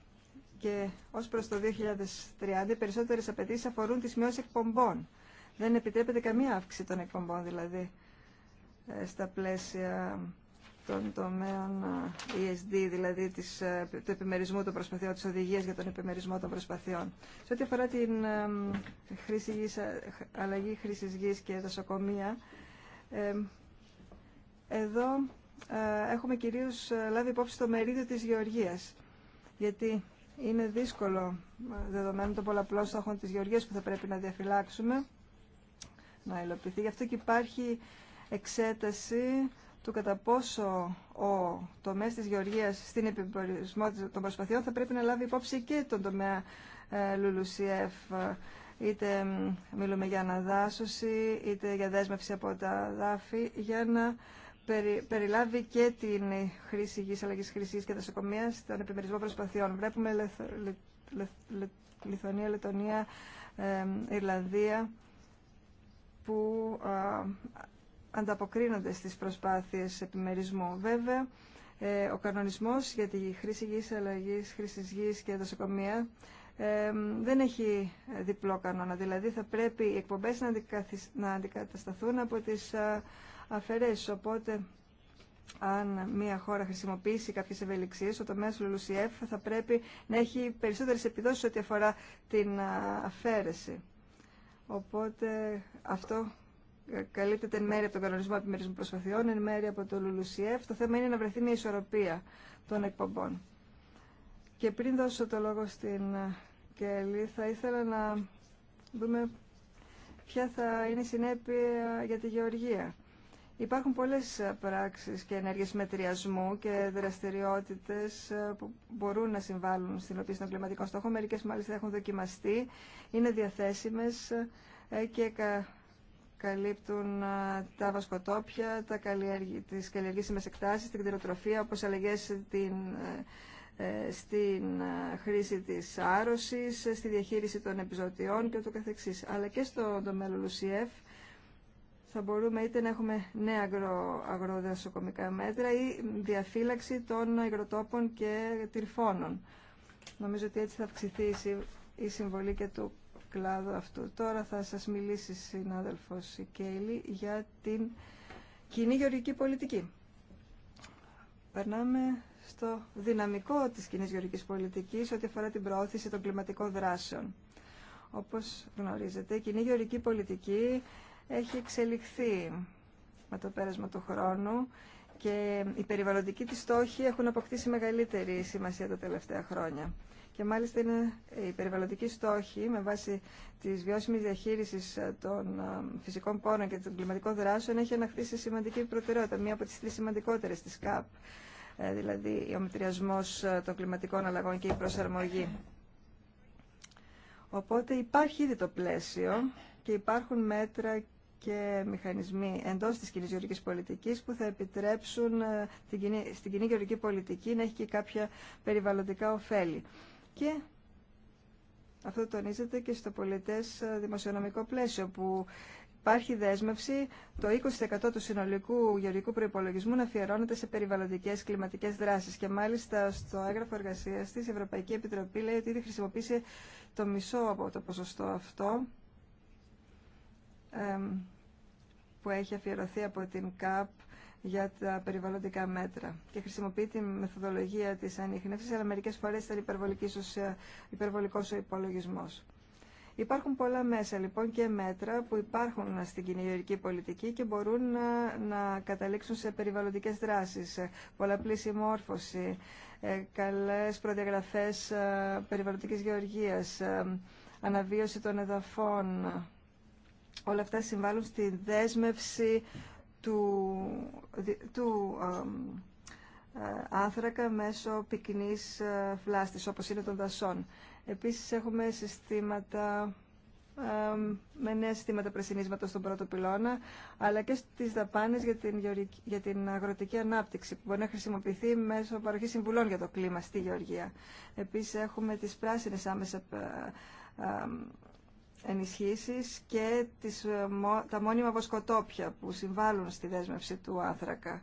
Και ως προς το 2030 οι περισσότερες απαιτήσει αφορούν τις μειώσεις εκπομπών. Δεν επιτρέπεται καμία αύξηση των εκπομπών δηλαδή στα πλαίσια των τομέων ESD, δηλαδή της, του επιμερισμού των προσπαθειών, της οδηγίας για τον επιμερισμό των προσπαθειών. Σε ό,τι αφορά την χρήση γης, αλλαγή χρήσης γης και δασοκομεία, ε, εδώ έχουμε κυρίως λάβει υπόψη το μερίδιο της γεωργίας, γιατί είναι δύσκολο, δεδομένου των πολλαπλών στόχων της γεωργίας που θα πρέπει να διαφυλάξουμε, να υλοποιηθεί. Γι' αυτό και υπάρχει εξέταση του κατά πόσο ο τομέας της γεωργίας στην επιμερισμό των προσπαθειών θα πρέπει να λάβει υπόψη και τον τομέα ε, Λουλουσιεφ, είτε μιλούμε για αναδάσωση, είτε για δέσμευση από τα δάφη, για να περιλάβει και την χρήση γης, αλλαγής χρήσης και δασοκομεία στον επιμερισμό προσπαθειών. Βλέπουμε Λιθωνία, Λετωνία, ε, Ιρλανδία που ανταποκρίνονται στις προσπάθειες επιμερισμού. Βέβαια, ε, ο κανονισμός για τη χρήση γης, αλλαγής, χρήσης γης και δοσοκομεία ε, δεν έχει διπλό κανόνα. Δηλαδή θα πρέπει οι εκπομπές να, αντικατασταθούν από τις ε, αφαιρέσεις. Οπότε αν μια χώρα χρησιμοποιήσει κάποιες ευελιξίες, ο τομέας Λουλουσιέφ θα πρέπει να έχει περισσότερες επιδόσεις ό,τι αφορά την αφαίρεση. Οπότε αυτό ε, καλύπτεται εν μέρη από τον κανονισμό επιμερισμού προσπαθειών, εν μέρη από το Λουλουσιέφ. Το θέμα είναι να βρεθεί μια ισορροπία των εκπομπών. Και πριν δώσω το λόγο στην ε, Κέλλη, θα ήθελα να δούμε ποια θα είναι η συνέπεια για τη γεωργία. Υπάρχουν πολλές πράξεις και ενέργειες μετριασμού και δραστηριότητες ε, που μπορούν να συμβάλλουν στην οποία των κλιματικών στόχων. Μερικές μάλιστα έχουν δοκιμαστεί, είναι διαθέσιμες και καλύπτουν τα βασκοτόπια, τα καλλιεργη... τις καλλιεργήσιμες εκτάσεις, την κτηροτροφία, όπως αλλαγές ε, ε, στην, ε, χρήση της άρρωσης, στη διαχείριση των επιζωτιών και ούτω καθεξής. Αλλά και στο τομέα Λουσιεύ θα μπορούμε είτε να έχουμε νέα αγρο, αγροδασοκομικά μέτρα ή διαφύλαξη των υγροτόπων και τυρφώνων. Νομίζω ότι έτσι θα αυξηθεί η συμβολή και του κλάδο αυτού. Τώρα θα σας μιλήσει συνάδελφος η Κέιλι για την κοινή γεωργική πολιτική. Περνάμε στο δυναμικό της κοινή γεωργικής πολιτικής ό,τι αφορά την προώθηση των κλιματικών δράσεων. Όπως γνωρίζετε, η κοινή γεωργική πολιτική έχει εξελιχθεί με το πέρασμα του χρόνου και οι περιβαλλοντικοί της στόχοι έχουν αποκτήσει μεγαλύτερη σημασία τα τελευταία χρόνια και μάλιστα είναι οι ε, περιβαλλοντικοί στόχοι με βάση τη βιώσιμη διαχείριση ε, των ε, φυσικών πόρων και των κλιματικών δράσεων έχει ανακτήσει σημαντική προτεραιότητα, μία από τι τρει σημαντικότερε τη ΚΑΠ, δηλαδή ο μετριασμό των κλιματικών αλλαγών και η προσαρμογή. Οπότε υπάρχει ήδη το πλαίσιο και υπάρχουν μέτρα και μηχανισμοί εντό τη κοινή γεωργική πολιτική που θα επιτρέψουν στην κοινή γεωργική πολιτική να έχει και κάποια περιβαλλοντικά ωφέλη. Και αυτό τονίζεται και στο πολιτές ε, δημοσιονομικό πλαίσιο που υπάρχει δέσμευση το 20% του συνολικού γεωργικού προϋπολογισμού να αφιερώνεται σε περιβαλλοντικές κλιματικές δράσεις. Και μάλιστα στο έγγραφο εργασίας της η Ευρωπαϊκή Επιτροπή λέει ότι ήδη χρησιμοποίησε το μισό από το ποσοστό αυτό που έχει αφιερωθεί από την ΚΑΠ για τα περιβαλλοντικά μέτρα και χρησιμοποιεί τη μεθοδολογία της ανείχνευσης, αλλά μερικές φορές ήταν υπερβολικός ο υπολογισμός. Υπάρχουν πολλά μέσα λοιπόν και μέτρα που υπάρχουν στην κοινωνική πολιτική και μπορούν να, να καταλήξουν σε περιβαλλοντικές δράσεις, πολλαπλή συμμόρφωση, ε, καλές προδιαγραφές ε, περιβαλλοντικής γεωργίας, ε, αναβίωση των εδαφών. Όλα αυτά συμβάλλουν στη δέσμευση του, του ε, άνθρακα μέσω πυκνής φλάστης, ε, όπως είναι των δασών. Επίσης έχουμε συστήματα με νέα συστήματα πρεσινίσματος στον πρώτο πυλώνα, αλλά και στις δαπάνες για την, για την αγροτική ανάπτυξη, που μπορεί να χρησιμοποιηθεί μέσω παροχής συμβουλών για το κλίμα στη Γεωργία. Επίσης έχουμε τις πράσινες άμεσα ε, ενισχύσεις και τις, ε, τα μόνιμα βοσκοτόπια που συμβάλλουν στη δέσμευση του άνθρακα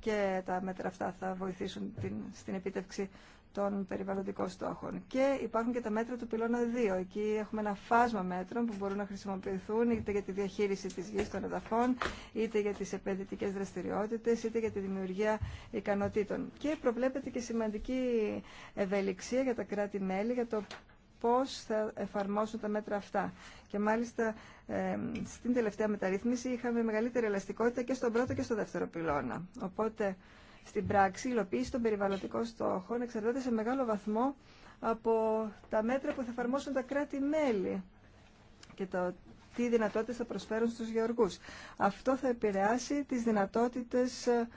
και τα μέτρα αυτά θα βοηθήσουν την, στην επίτευξη των περιβαλλοντικών στόχων. Και υπάρχουν και τα μέτρα του πυλώνα 2. Εκεί έχουμε ένα φάσμα μέτρων που μπορούν να χρησιμοποιηθούν είτε για τη διαχείριση της γης των εδαφών, είτε για τις επενδυτικές δραστηριότητες, είτε για τη δημιουργία ικανοτήτων. Και προβλέπεται και σημαντική ευελιξία για τα κράτη-μέλη για το πώς θα εφαρμόσουν τα μέτρα αυτά. Και μάλιστα ε, στην τελευταία μεταρρύθμιση είχαμε μεγαλύτερη ελαστικότητα και στον πρώτο και στο δεύτερο πυλώνα. Οπότε στην πράξη η υλοποίηση των περιβαλλοντικών στόχων εξαρτάται σε μεγάλο βαθμό από τα μέτρα που θα εφαρμόσουν τα κράτη-μέλη και το τι δυνατότητες θα προσφέρουν στους γεωργούς. Αυτό θα επηρεάσει τις δυνατότητες ε,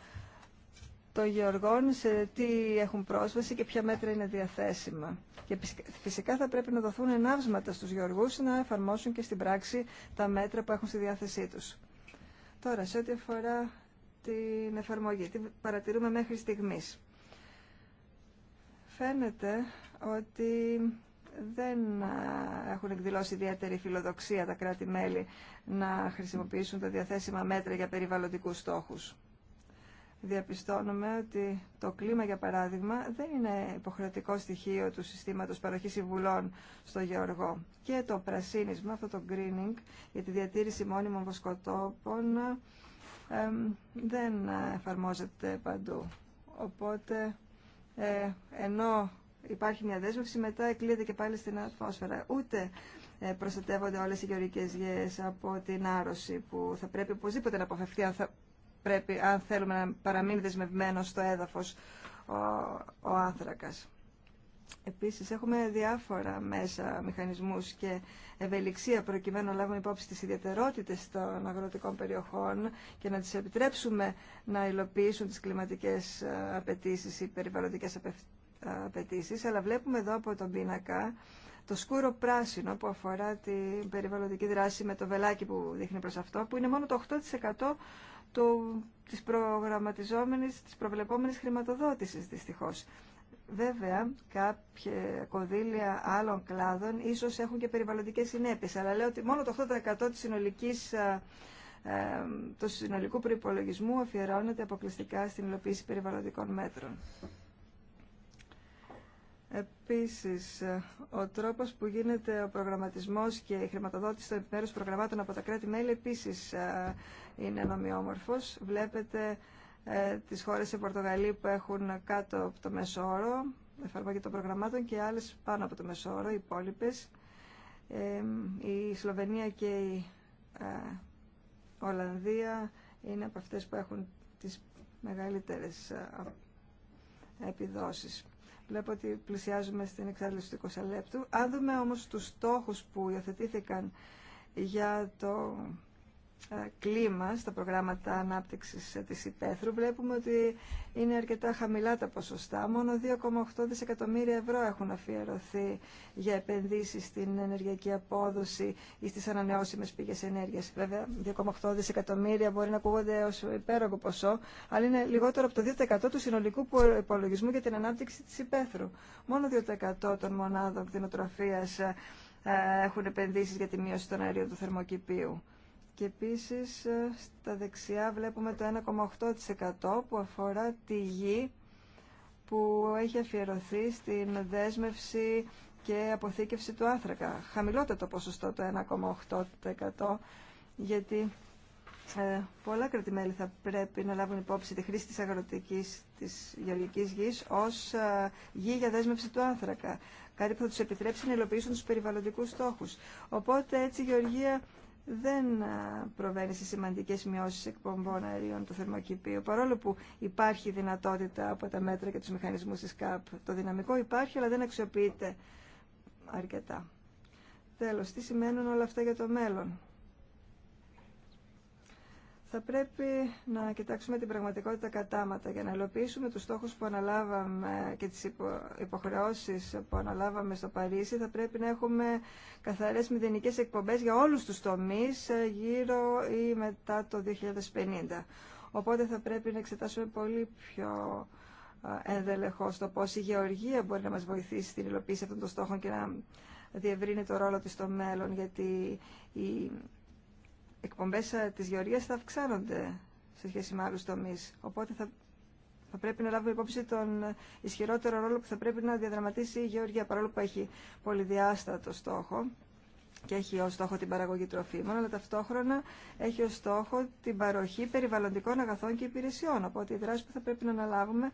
των γεωργών σε τι έχουν πρόσβαση και ποια μέτρα είναι διαθέσιμα. Και φυσικά θα πρέπει να δοθούν ενάυσματα στους γεωργούς να εφαρμόσουν και στην πράξη τα μέτρα που έχουν στη διάθεσή τους. Τώρα, σε ό,τι αφορά την εφαρμογή, την παρατηρούμε μέχρι στιγμής. Φαίνεται ότι δεν έχουν εκδηλώσει ιδιαίτερη φιλοδοξία τα κράτη-μέλη να χρησιμοποιήσουν τα διαθέσιμα μέτρα για περιβαλλοντικούς στόχους διαπιστώνουμε ότι το κλίμα, για παράδειγμα, δεν είναι υποχρεωτικό στοιχείο του συστήματος παροχής συμβουλών στο γεωργό. Και το πρασίνισμα, αυτό το greening, για τη διατήρηση μόνιμων βοσκοτόπων, δεν εφαρμόζεται παντού. Οπότε, ε, ενώ υπάρχει μια δέσμευση, μετά εκλείεται και πάλι στην ατμόσφαιρα. Ούτε ε, προστατεύονται όλες οι γεωργικές γέες από την άρρωση που θα πρέπει οπωσδήποτε να αποφευθεί αν θα πρέπει, αν θέλουμε να παραμείνει δεσμευμένο στο έδαφος ο, ο άνθρακας. Επίσης, έχουμε διάφορα μέσα, μηχανισμούς και ευελιξία προκειμένου να λάβουμε υπόψη τις ιδιαιτερότητες των αγροτικών περιοχών και να τις επιτρέψουμε να υλοποιήσουν τις κλιματικές ε, απαιτήσεις ή περιβαλλοντικές απαιτήσεις. Αλλά βλέπουμε εδώ από τον πίνακα το σκούρο πράσινο που αφορά την περιβαλλοντική δράση με το βελάκι που δείχνει προς αυτό, που είναι μόνο το 8% του, της προγραμματιζόμενης, της προβλεπόμενης χρηματοδότησης δυστυχώς. Βέβαια, κάποια κονδύλια άλλων κλάδων ίσως έχουν και περιβαλλοντικές συνέπειες, αλλά λέω ότι μόνο το 8% της συνολικής, ε, ε, του συνολικού προϋπολογισμού αφιερώνεται αποκλειστικά στην υλοποίηση περιβαλλοντικών μέτρων. Επίσης, ε, ο τρόπος που γίνεται ο προγραμματισμός και η χρηματοδότηση των επιμέρους προγραμμάτων από τα κράτη-μέλη επίσης ε, είναι νομιόμορφος. Βλέπετε ε, τις χώρες σε Πορτογαλία που έχουν κάτω από το μέσο όρο εφαρμογή των προγραμμάτων και άλλες πάνω από το μέσο όρο, οι υπόλοιπες. Ε, η Σλοβενία και η Ολλανδία είναι από αυτές που έχουν τις μεγαλύτερες επιδόσεις. Βλέπω ότι πλησιάζουμε στην εξάρτηση του 20 λεπτού. Αν δούμε όμως τους στόχους που υιοθετήθηκαν για το ε, κλίμα στα προγράμματα ανάπτυξης ε, της υπαίθρου βλέπουμε ότι είναι αρκετά χαμηλά τα ποσοστά. Μόνο 2,8 δισεκατομμύρια ευρώ έχουν αφιερωθεί για επενδύσεις στην ενεργειακή απόδοση ή στις ανανεώσιμες πηγές ενέργειας. Βέβαια, 2,8 δισεκατομμύρια μπορεί να ακούγονται ως υπέρογο ποσό, αλλά είναι λιγότερο από το 2% του συνολικού υπολογισμού για την ανάπτυξη της υπαίθρου. Μόνο 2% των μονάδων κτηνοτροφίας ε, έχουν επενδύσεις για τη μείωση των αερίων του θερμοκηπίου. Και επίσης ε, στα δεξιά βλέπουμε το 1,8% που αφορά τη γη που έχει αφιερωθεί στην δέσμευση και αποθήκευση του άνθρακα. Χαμηλότερο το ποσοστό το 1,8% γιατί ε, πολλά κρατημέλη θα πρέπει να λάβουν υπόψη τη χρήση της αγροτικής, της γεωργικής γης ως ε, γη για δέσμευση του άνθρακα. Κάτι που θα τους επιτρέψει να υλοποιήσουν τους περιβαλλοντικούς στόχους. Οπότε έτσι η γεωργία δεν προβαίνει σε σημαντικές μειώσεις εκπομπών αερίων του θερμοκηπίου, παρόλο που υπάρχει δυνατότητα από τα μέτρα και τους μηχανισμούς της ΚΑΠ. Το δυναμικό υπάρχει, αλλά δεν αξιοποιείται αρκετά. Τέλος, τι σημαίνουν όλα αυτά για το μέλλον. Θα πρέπει να κοιτάξουμε την πραγματικότητα κατάματα για να υλοποιήσουμε τους στόχους που αναλάβαμε και τις υποχρεώσεις που αναλάβαμε στο Παρίσι. Θα πρέπει να έχουμε καθαρές μηδενικές εκπομπές για όλους τους τομείς ε, γύρω ή μετά το 2050. Οπότε θα πρέπει να εξετάσουμε πολύ πιο ε, ενδελεχώς το πώς η γεωργία μπορεί να μας βοηθήσει στην υλοποίηση αυτών των στόχων και να διευρύνει το ρόλο της στο μέλλον, γιατί η εκπομπές ε, της γεωργίας θα αυξάνονται σε σχέση με άλλους τομείς. Οπότε θα, θα πρέπει να λάβουμε υπόψη τον ισχυρότερο ρόλο που θα πρέπει να διαδραματίσει η γεωργία, παρόλο που έχει πολυδιάστατο στόχο και έχει ως στόχο την παραγωγή τροφίμων, αλλά ταυτόχρονα έχει ως στόχο την παροχή περιβαλλοντικών αγαθών και υπηρεσιών. Οπότε η δράση που θα πρέπει να αναλάβουμε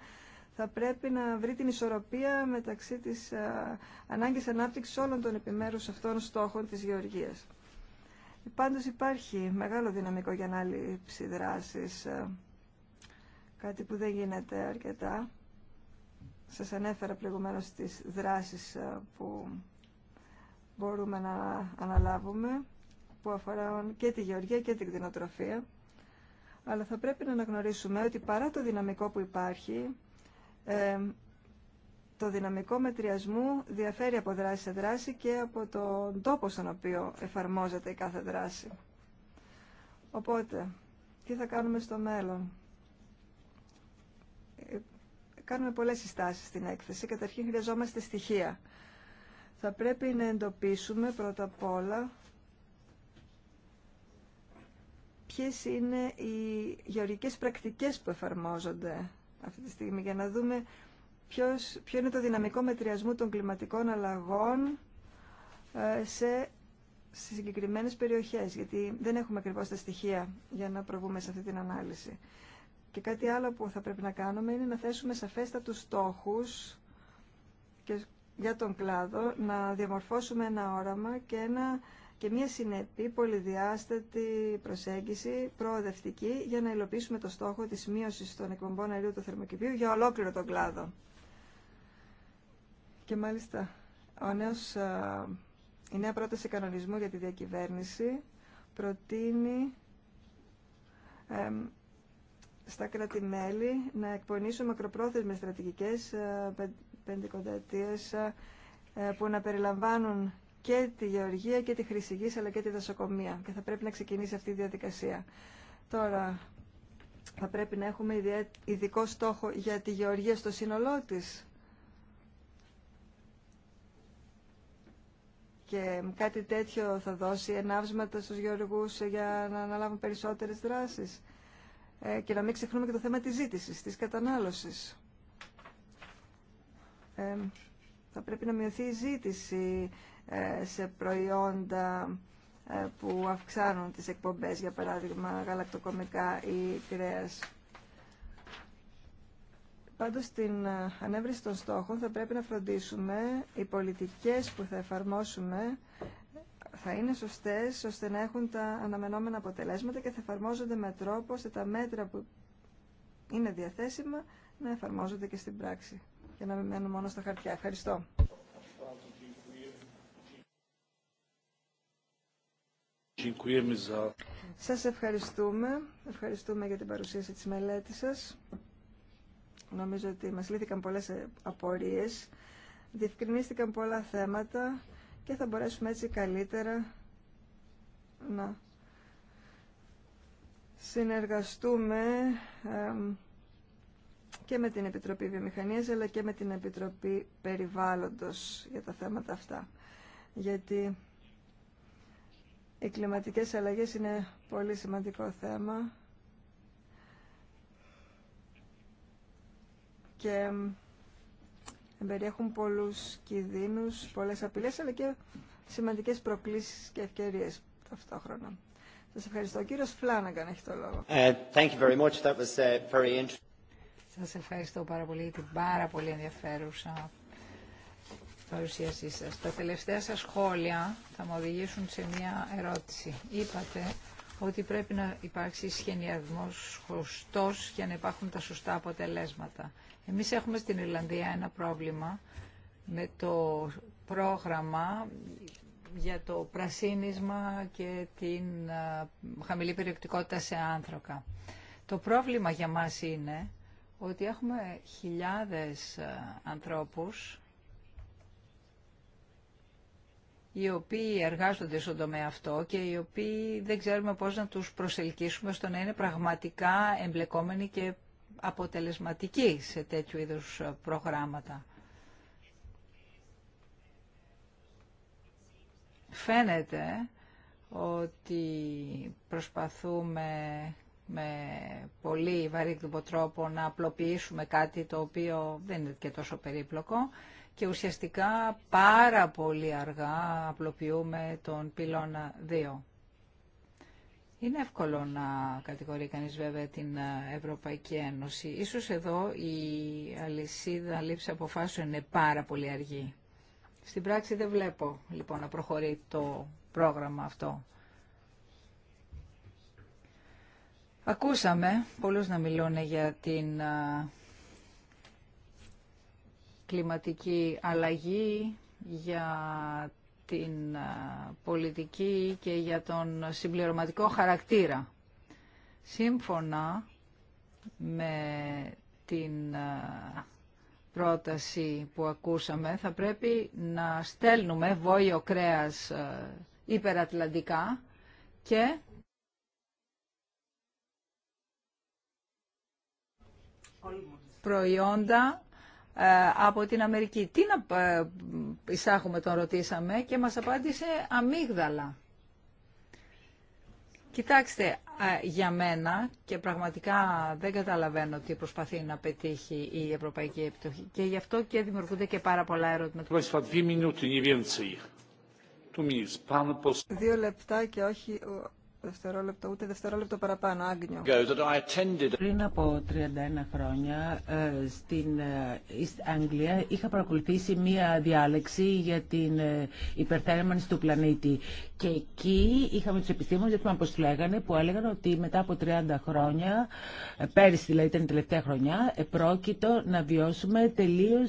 θα πρέπει να βρει την ισορροπία μεταξύ της ε, ανάγκης ανάπτυξης όλων των επιμέρους αυτών στόχων της γεωργίας. Πάντως υπάρχει μεγάλο δυναμικό για ανάληψη δράσης, ε, κάτι που δεν γίνεται αρκετά. Σας ανέφερα προηγουμένως τις δράσεις ε, που μπορούμε να αναλάβουμε, που αφορούν και τη γεωργία και την κτηνοτροφία. Αλλά θα πρέπει να αναγνωρίσουμε ότι παρά το δυναμικό που υπάρχει, ε, το δυναμικό μετριασμού διαφέρει από δράση σε δράση και από τον τόπο στον οποίο εφαρμόζεται η κάθε δράση. Οπότε, τι θα κάνουμε στο μέλλον. Ε, κάνουμε πολλές συστάσεις στην έκθεση. Καταρχήν χρειαζόμαστε στοιχεία. Θα πρέπει να εντοπίσουμε πρώτα απ' όλα ποιες είναι οι γεωργικές πρακτικές που εφαρμόζονται αυτή τη στιγμή για να δούμε ποιος, ποιο είναι το δυναμικό μετριασμό των κλιματικών αλλαγών ε, σε, συγκεκριμένε συγκεκριμένες περιοχές, γιατί δεν έχουμε ακριβώς τα στοιχεία για να προβούμε σε αυτή την ανάλυση. Και κάτι άλλο που θα πρέπει να κάνουμε είναι να θέσουμε σαφέστατους στόχους για τον κλάδο, να διαμορφώσουμε ένα όραμα και, και μια συνεπή πολυδιάστατη προσέγγιση προοδευτική για να υλοποιήσουμε το στόχο της μείωσης των εκπομπών αερίου του θερμοκηπίου για ολόκληρο τον κλάδο. Και μάλιστα ο νέος, η νέα πρόταση κανονισμού για τη διακυβέρνηση προτείνει στα κράτη-μέλη να εκπονήσουν μακροπρόθεσμες στρατηγικές πεντηκονταετίες ε, που να περιλαμβάνουν και τη γεωργία και τη χρησιγής αλλά και τη δασοκομεία και θα πρέπει να ξεκινήσει αυτή η διαδικασία. Τώρα θα πρέπει να έχουμε ειδικό στόχο για τη γεωργία στο σύνολό της Και κάτι τέτοιο θα δώσει ενάυσματα στους γεωργούς για να αναλάβουν περισσότερες δράσεις. Ε, και να μην ξεχνούμε και το θέμα της ζήτησης, της κατανάλωσης. Ε, θα πρέπει να μειωθεί η ζήτηση ε, σε προϊόντα που αυξάνουν τις εκπομπές, για παράδειγμα γαλακτοκομικά ή κρέας. Πάντω στην ε, ανέβριση των στόχων θα πρέπει να φροντίσουμε οι πολιτικές που θα εφαρμόσουμε θα είναι σωστές ώστε να έχουν τα αναμενόμενα αποτελέσματα και θα εφαρμόζονται με τρόπο ώστε τα μέτρα που είναι διαθέσιμα να εφαρμόζονται και στην πράξη και να μην μένουν μόνο στα χαρτιά. Ευχαριστώ. Σας ευχαριστούμε. Ευχαριστούμε για την παρουσίαση της μελέτης σας. Νομίζω ότι μας λύθηκαν πολλές ε, απορίες, διευκρινίστηκαν πολλά θέματα και θα μπορέσουμε έτσι καλύτερα να συνεργαστούμε και με την Επιτροπή Βιομηχανίας αλλά και με την Επιτροπή Περιβάλλοντος για τα θέματα αυτά. Γιατί οι κλιματικές αλλαγές είναι πολύ σημαντικό θέμα και περιέχουν πολλούς κινδύνους, πολλές απειλές, αλλά και σημαντικές προκλήσεις και ευκαιρίες ταυτόχρονα. Σας ευχαριστώ. Ο κύριος Φλάναγκαν έχει το λόγο. Ε, thank was, ε, Σας ευχαριστώ πάρα πολύ για την πάρα πολύ ενδιαφέρουσα παρουσίασή σας. Τα τελευταία σας σχόλια θα μου οδηγήσουν σε μια ερώτηση. Είπατε ότι πρέπει να υπάρξει σχεδιασμός χωστός για να υπάρχουν τα σωστά αποτελέσματα. Εμείς έχουμε στην Ιρλανδία ένα πρόβλημα με το πρόγραμμα για το πρασίνισμα και την χαμηλή περιεκτικότητα σε άνθρωκα. Το πρόβλημα για μας είναι ότι έχουμε χιλιάδες ανθρώπους οι οποίοι εργάζονται στον τομέα αυτό και οι οποίοι δεν ξέρουμε πώς να τους προσελκύσουμε στο να είναι πραγματικά εμπλεκόμενοι και αποτελεσματική σε τέτοιου είδους ε, προγράμματα. Φαίνεται ότι προσπαθούμε με πολύ βαρύκτυπο τρόπο να απλοποιήσουμε κάτι το οποίο δεν είναι και τόσο περίπλοκο και ουσιαστικά πάρα πολύ αργά απλοποιούμε τον πυλώνα 2. Είναι εύκολο να κατηγορεί βέβαια την Ευρωπαϊκή Ένωση. Ίσως εδώ η αλυσίδα λήψη αποφάσεων είναι πάρα πολύ αργή. Στην πράξη δεν βλέπω λοιπόν να προχωρεί το πρόγραμμα αυτό. Ακούσαμε πολλούς να μιλούν για την κλιματική αλλαγή, για την πολιτική και για τον συμπληρωματικό χαρακτήρα. Σύμφωνα με την πρόταση που ακούσαμε, θα πρέπει να στέλνουμε βόλιο κρέας υπερατλαντικά και προϊόντα ε, από την Αμερική. Τι να ε, εισάγουμε, τον ρωτήσαμε και μας απάντησε αμύγδαλα. Κοιτάξτε, ε, για μένα και πραγματικά δεν καταλαβαίνω τι προσπαθεί να πετύχει η Ευρωπαϊκή Επιτροπή και γι' αυτό και δημιουργούνται και πάρα πολλά ερωτήματα. Δύο λεπτά και όχι δευτερόλεπτο, ούτε δευτερόλεπτο παραπάνω. Άγνιο. Πριν από 31 χρόνια ε, στην Αγγλία ε, είχα παρακολουθήσει μία διάλεξη για την ε, υπερθέρμανση του πλανήτη. Και εκεί είχαμε του επιστήμονε, γιατί μου λέγανε, που έλεγαν ότι μετά από 30 χρόνια, πέρυσι δηλαδή ήταν η τελευταία χρονιά, πρόκειτο να βιώσουμε τελείω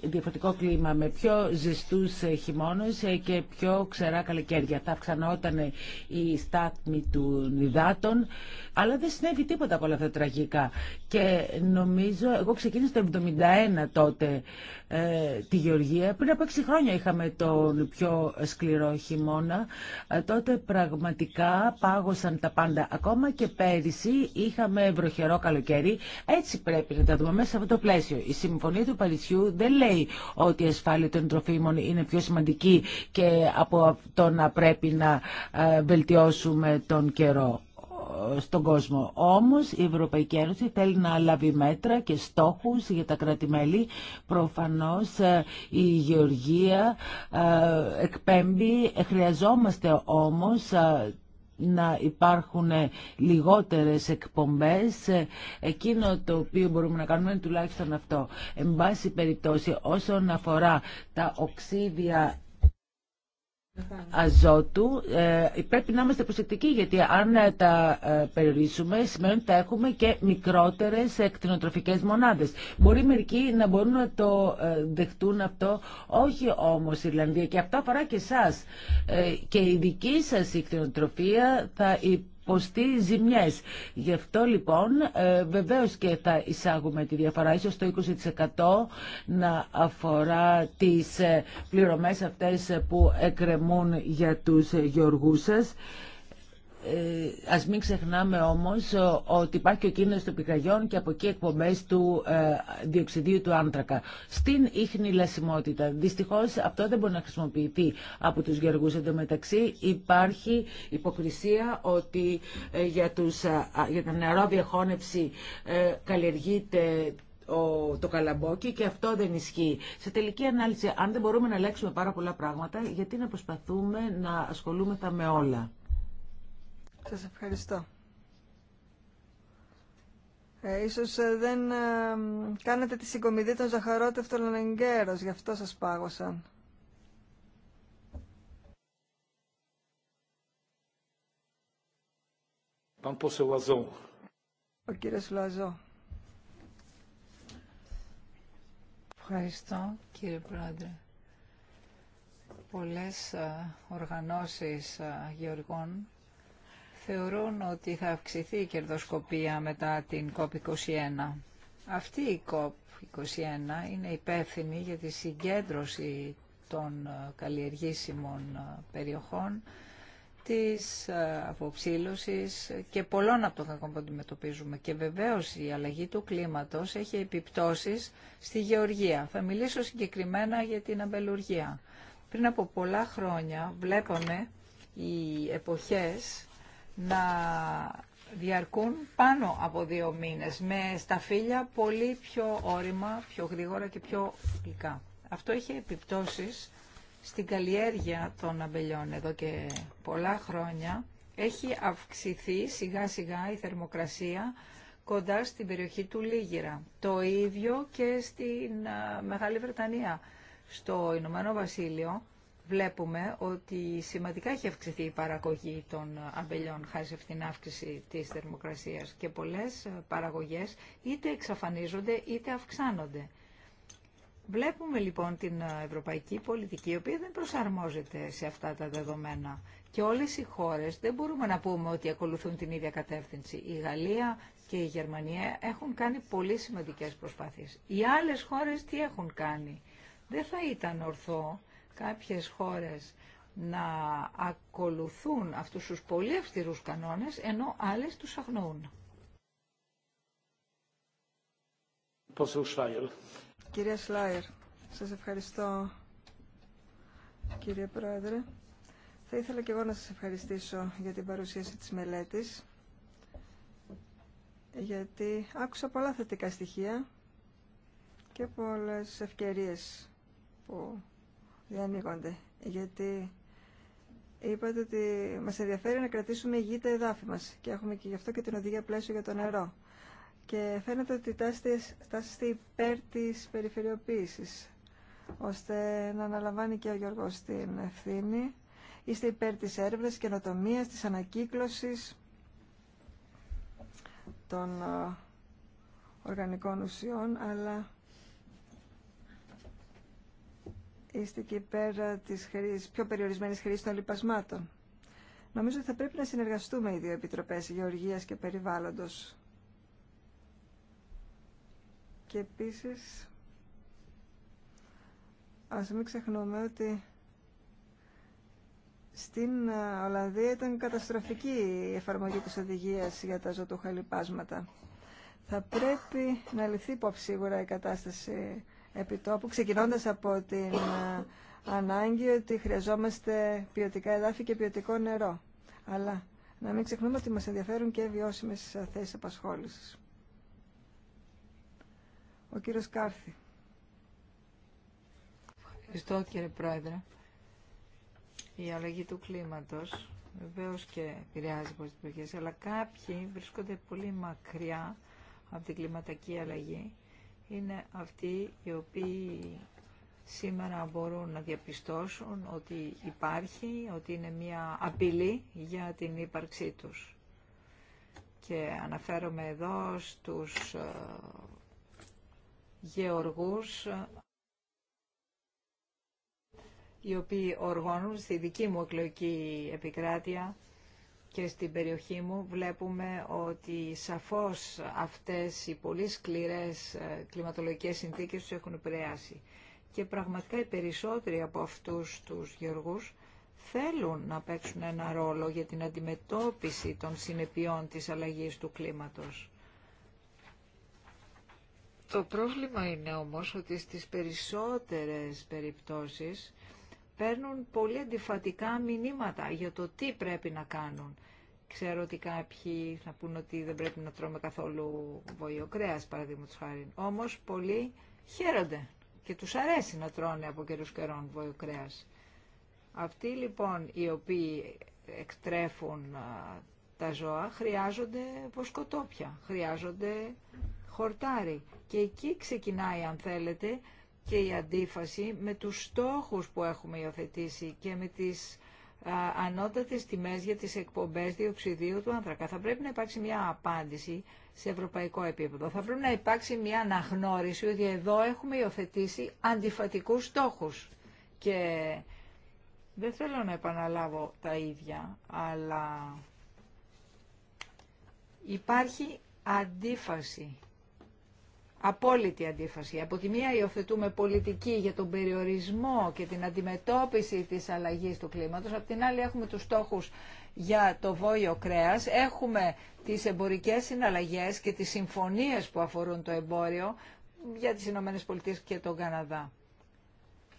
διαφορετικό κλίμα με πιο ζεστούς χειμώνε και πιο ξερά καλοκαίρια. Θα αυξανόταν γινόταν η στάθμη του υδάτων, αλλά δεν συνέβη τίποτα από όλα αυτά τραγικά. Και νομίζω, εγώ ξεκίνησα το 1971 τότε ε, τη Γεωργία, πριν από έξι χρόνια είχαμε τον πιο σκληρό χειμώνα, ε, τότε πραγματικά πάγωσαν τα πάντα. Ακόμα και πέρυσι είχαμε βροχερό καλοκαίρι, έτσι πρέπει να τα δούμε μέσα σε αυτό το πλαίσιο. Η Συμφωνία του Παρισιού δεν λέει ότι η ασφάλεια των τροφίμων είναι πιο σημαντική και από το να πρέπει να ε, βελτιώσουμε τον καιρό ε, στον κόσμο. Όμως η Ευρωπαϊκή Ένωση θέλει να λάβει μέτρα και στόχους για τα κράτη-μέλη. Προφανώς ε, η Γεωργία εκπέμπει. Χρειαζόμαστε όμως να υπάρχουν λιγότερες εκπομπές εκείνο το οποίο μπορούμε να κάνουμε είναι τουλάχιστον αυτό εν πάση περιπτώσει όσον αφορά τα οξύδια αζότου ε, πρέπει να είμαστε προσεκτικοί γιατί αν ε, τα ε, περιορίσουμε σημαίνει ότι θα έχουμε και μικρότερες εκτινοτροφικές μονάδες. Μπορεί μερικοί να μπορούν να το δεχτούν αυτό, όχι όμως η Ιρλανδία και αυτά αφορά και εσά. και η δική σας εκτινοτροφία θα υπάρχει υποστεί ζημιές. Γι' αυτό λοιπόν ε, βεβαίως και θα εισάγουμε τη διαφορά. Ίσως το 20% να αφορά τις ε, πληρωμές αυτές που εκκρεμούν για τους γεωργούς ε, ας μην ξεχνάμε όμως ότι υπάρχει ο κίνδυνος των πυκαγιών και από εκεί εκπομπές του ε, διοξιδίου του άνθρακα. Στην ίχνη λασιμότητα. Δυστυχώς αυτό δεν μπορεί να χρησιμοποιηθεί από τους γεωργούς. Εν μεταξύ υπάρχει υποκρισία ότι ε, για, τους, για την νερό διαχώνευση καλλιεργείται το καλαμπόκι και αυτό δεν ισχύει. Σε τελική ανάλυση, αν δεν μπορούμε να αλλάξουμε πάρα πολλά πράγματα, γιατί να προσπαθούμε να ασχολούμεθα με όλα. Σας ευχαριστώ. Ε, ίσως ε, δεν ε, κάνετε τη συγκομιδή των ζαχαρότευτων εγκαίρος, γι' αυτό σας πάγωσαν. Ο κύριος Λαζό. Ευχαριστώ κύριε Πρόεδρε. Πολλές ε, οργανώσεις ε, γεωργών θεωρούν ότι θα αυξηθεί η κερδοσκοπία μετά την COP21. Αυτή η COP21 είναι υπεύθυνη για τη συγκέντρωση των ε, καλλιεργήσιμων ε, περιοχών, της ε, αποψήλωσης και πολλών από τον κακό που αντιμετωπίζουμε. Και βεβαίως η αλλαγή του κλίματος έχει επιπτώσεις στη γεωργία. Θα μιλήσω συγκεκριμένα για την αμπελουργία. Πριν από πολλά χρόνια βλέπαμε οι εποχές να διαρκούν πάνω από δύο μήνες με σταφύλια πολύ πιο όρημα, πιο γρήγορα και πιο γλυκά. Αυτό είχε επιπτώσεις στην καλλιέργεια των αμπελιών εδώ και πολλά χρόνια. Έχει αυξηθεί σιγά σιγά η θερμοκρασία κοντά στην περιοχή του Λίγυρα. Το ίδιο και στην Μεγάλη Βρετανία. Στο Ηνωμένο Βασίλειο βλέπουμε ότι σημαντικά έχει αυξηθεί η παραγωγή των αμπελιών χάρη σε αυτήν την αύξηση της θερμοκρασίας και πολλές παραγωγές είτε εξαφανίζονται είτε αυξάνονται. Βλέπουμε λοιπόν την ευρωπαϊκή πολιτική η οποία δεν προσαρμόζεται σε αυτά τα δεδομένα και όλες οι χώρες δεν μπορούμε να πούμε ότι ακολουθούν την ίδια κατεύθυνση. Η Γαλλία και η Γερμανία έχουν κάνει πολύ σημαντικές προσπάθειες. Οι άλλες χώρες τι έχουν κάνει. Δεν θα ήταν ορθό κάποιες χώρες να ακολουθούν αυτούς τους πολύ αυστηρούς κανόνες, ενώ άλλες τους αγνοούν. Κυρία Σλάιερ, σας ευχαριστώ κύριε Πρόεδρε. Θα ήθελα και εγώ να σας ευχαριστήσω για την παρουσίαση της μελέτης, γιατί άκουσα πολλά θετικά στοιχεία και πολλές ευκαιρίες που διανοίγονται. Γιατί είπατε ότι μας ενδιαφέρει να κρατήσουμε υγιή τα εδάφη μας και έχουμε και γι' αυτό και την οδηγία πλαίσιο για το νερό. Και φαίνεται ότι τάσσεστε υπέρ τη περιφερειοποίησης, ώστε να αναλαμβάνει και ο Γιώργος την ευθύνη. Είστε υπέρ της έρευνας, της καινοτομίας, της ανακύκλωσης των ε, οργανικών ουσιών, αλλά είστε και πέρα της πιο περιορισμένης χρήσης των λοιπασμάτων. Νομίζω ότι θα πρέπει να συνεργαστούμε οι δύο επιτροπές γεωργίας και περιβάλλοντος. Και επίσης, ας μην ξεχνούμε ότι στην Ολλανδία ήταν καταστροφική η εφαρμογή της οδηγίας για τα ζωτούχα λοιπάσματα. Θα πρέπει να ληφθεί υπόψη σίγουρα η κατάσταση επιτόπου, ξεκινώντας από την ε, ανάγκη ότι χρειαζόμαστε ποιοτικά εδάφη και ποιοτικό νερό. Αλλά να μην ξεχνούμε ότι μας ενδιαφέρουν και βιώσιμες ε, θέσεις απασχόλησης. Ο κύριος Κάρθη. Ευχαριστώ κύριε Πρόεδρε. Η αλλαγή του κλίματος βεβαίως και επηρεάζει πολλές περιοχές, αλλά κάποιοι βρίσκονται πολύ μακριά από την κλιματική αλλαγή είναι αυτοί οι οποίοι σήμερα μπορούν να διαπιστώσουν ότι υπάρχει, ότι είναι μια απειλή για την ύπαρξή τους. Και αναφέρομαι εδώ στους ε, γεωργούς οι οποίοι οργώνουν στη δική μου εκλογική επικράτεια και στην περιοχή μου βλέπουμε ότι σαφώς αυτές οι πολύ σκληρές ε, κλιματολογικές συνθήκες τους έχουν επηρεάσει. Και πραγματικά οι περισσότεροι από αυτούς τους γεωργούς θέλουν να παίξουν ένα ρόλο για την αντιμετώπιση των συνεπειών της αλλαγής του κλίματος. Το πρόβλημα είναι όμως ότι στις περισσότερες περιπτώσεις παίρνουν πολύ αντιφατικά μηνύματα για το τι πρέπει να κάνουν. Ξέρω ότι κάποιοι θα πούν ότι δεν πρέπει να τρώμε καθόλου παραδείγμα παραδείγματος χάρη. Όμως πολλοί χαίρονται και τους αρέσει να τρώνε από καιρούς καιρών βοηοκρέας. Αυτοί λοιπόν οι οποίοι εκτρέφουν τα ζώα χρειάζονται βοσκοτόπια, χρειάζονται χορτάρι. Και εκεί ξεκινάει αν θέλετε και η αντίφαση με τους στόχους που έχουμε υιοθετήσει και με τις ανώτατες τιμές για τις εκπομπές διοξιδίου του άνθρακα. Θα πρέπει να υπάρξει μια απάντηση σε ευρωπαϊκό επίπεδο. Θα πρέπει να υπάρξει μια αναγνώριση ότι εδώ έχουμε υιοθετήσει αντιφατικούς στόχους. Και δεν θέλω να επαναλάβω τα ίδια, αλλά υπάρχει αντίφαση απόλυτη αντίφαση. Από τη μία υιοθετούμε πολιτική για τον περιορισμό και την αντιμετώπιση της αλλαγής του κλίματος, από την άλλη έχουμε τους στόχους για το βόλιο κρέας, έχουμε τις εμπορικές συναλλαγές και τις συμφωνίες που αφορούν το εμπόριο για τις Ηνωμένες Πολιτείες και τον Καναδά.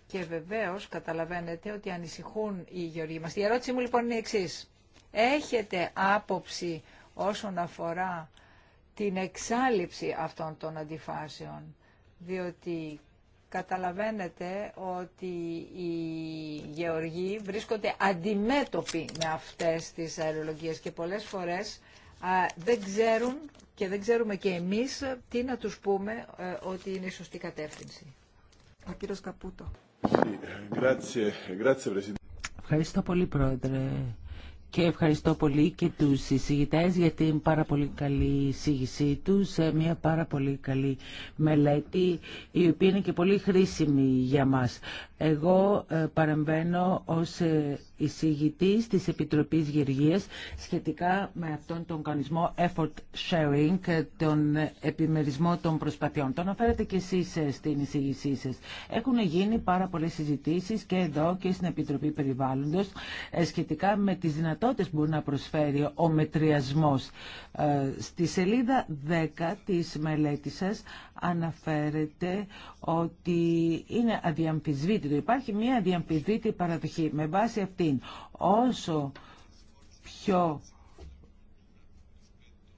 Και βεβαίως καταλαβαίνετε ότι ανησυχούν οι γεωργοί μας. Η ερώτησή μου λοιπόν είναι η εξής. Έχετε άποψη όσον αφορά την εξάλληψη αυτών των αντιφάσεων, διότι καταλαβαίνετε ότι οι γεωργοί βρίσκονται αντιμέτωποι με αυτές τις αερολογίες και πολλές φορές δεν ξέρουν και δεν ξέρουμε και εμείς τι να τους πούμε ε, ότι είναι η σωστή κατεύθυνση. Ο ε, ε, Ευχαριστώ πολύ πρόεδρε και ευχαριστώ πολύ και τους εισηγητές για την πάρα πολύ καλή εισήγησή τους, μια πάρα πολύ καλή μελέτη, η οποία είναι και πολύ χρήσιμη για μας. Εγώ ε, παρεμβαίνω ως ε, εισηγητής της Επιτροπής Γεργίας σχετικά με αυτόν τον κανονισμό effort sharing, ε, τον επιμερισμό των προσπαθειών. Τον αναφέρετε και εσείς ε, στην εισηγησή σα. Έχουν γίνει πάρα πολλές συζητήσεις και εδώ και στην Επιτροπή Περιβάλλοντος ε, σχετικά με τις δυνατότητες που μπορεί να προσφέρει ο μετριασμός. Στη σελίδα 10 της μελέτης σας αναφέρεται ότι είναι αδιαμφισβήτητο. Υπάρχει μια αδιαμφισβήτητη παραδοχή. Με βάση αυτή Όσο πιο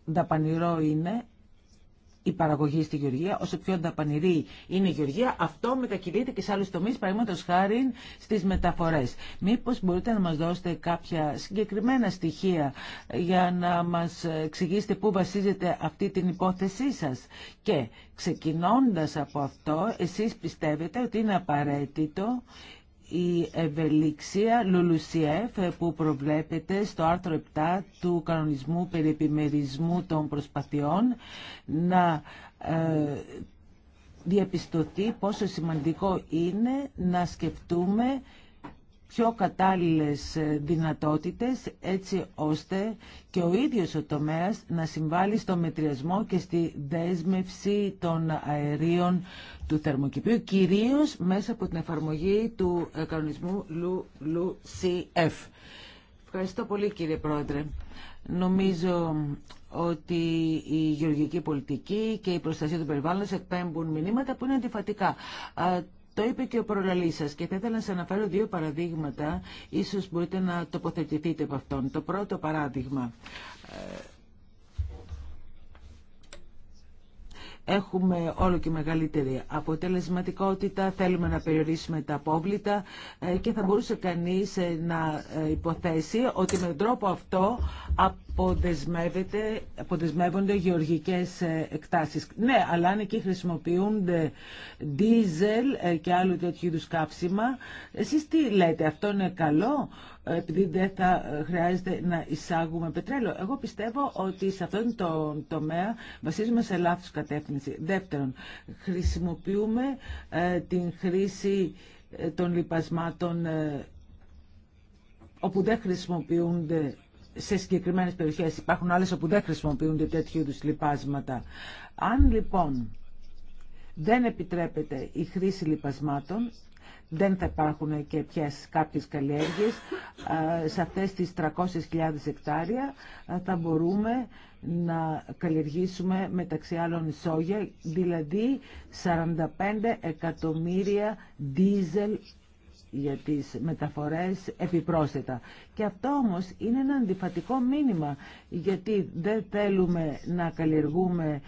δαπανηρό είναι η παραγωγή στη Γεωργία, όσο πιο δαπανηρή είναι η Γεωργία, αυτό μετακυλείται και σε άλλου τομεί, παραδείγματο χάρη στι μεταφορέ. Μήπω μπορείτε να μα δώσετε κάποια συγκεκριμένα στοιχεία για να μα εξηγήσετε πού βασίζεται αυτή την υπόθεσή σα. Και ξεκινώντα από αυτό, εσεί πιστεύετε ότι είναι απαραίτητο η ευελιξία Λουλουσιέφ ε, που προβλέπεται στο άρθρο 7 του κανονισμού περί επιμερισμού των προσπαθειών να ε, διαπιστωθεί πόσο σημαντικό είναι να σκεφτούμε πιο κατάλληλες ε, δυνατότητες έτσι ώστε και ο ίδιος ο τομέας να συμβάλλει στο μετριασμό και στη δέσμευση των αερίων του θερμοκηπίου κυρίως μέσα από την εφαρμογή του ε, κανονισμού LULUCF. Ευχαριστώ πολύ κύριε Πρόεδρε. Νομίζω ότι η γεωργική πολιτική και η προστασία του περιβάλλοντος εκπέμπουν μηνύματα που είναι αντιφατικά. Το είπε και ο προλαλής σας και θα ήθελα να σας αναφέρω δύο παραδείγματα. Ίσως μπορείτε να τοποθετηθείτε από αυτόν. Το πρώτο παράδειγμα ε, έχουμε όλο και μεγαλύτερη αποτελεσματικότητα, θέλουμε να περιορίσουμε τα απόβλητα ε, και θα μπορούσε κανείς ε, να ε, υποθέσει ότι με τον τρόπο αυτό αποδεσμεύονται γεωργικές εκτάσεις. Ναι, αλλά αν εκεί χρησιμοποιούνται δίζελ και άλλου τέτοιου είδους καύσιμα, εσείς τι λέτε, αυτό είναι καλό, επειδή δεν θα ε, χρειάζεται να εισάγουμε πετρέλαιο. Εγώ πιστεύω ότι σε αυτόν τον τομέα βασίζουμε σε λάθος κατεύθυνση. Δεύτερον, χρησιμοποιούμε ε, την χρήση ε, των λοιπασμάτων όπου δεν χρησιμοποιούνται σε συγκεκριμένες περιοχές. Υπάρχουν άλλες όπου δεν χρησιμοποιούνται τέτοιου είδους λοιπάσματα. Αν λοιπόν δεν επιτρέπεται η χρήση λοιπασμάτων, δεν θα υπάρχουν και πια κάποιες καλλιέργειες. Σε αυτές τις 300.000 εκτάρια θα μπορούμε να καλλιεργήσουμε μεταξύ άλλων σόγια, δηλαδή 45 εκατομμύρια δίζελ για τις μεταφορές επιπρόσθετα. Και αυτό όμως είναι ένα αντιφατικό μήνυμα, γιατί δεν θέλουμε να καλλιεργούμε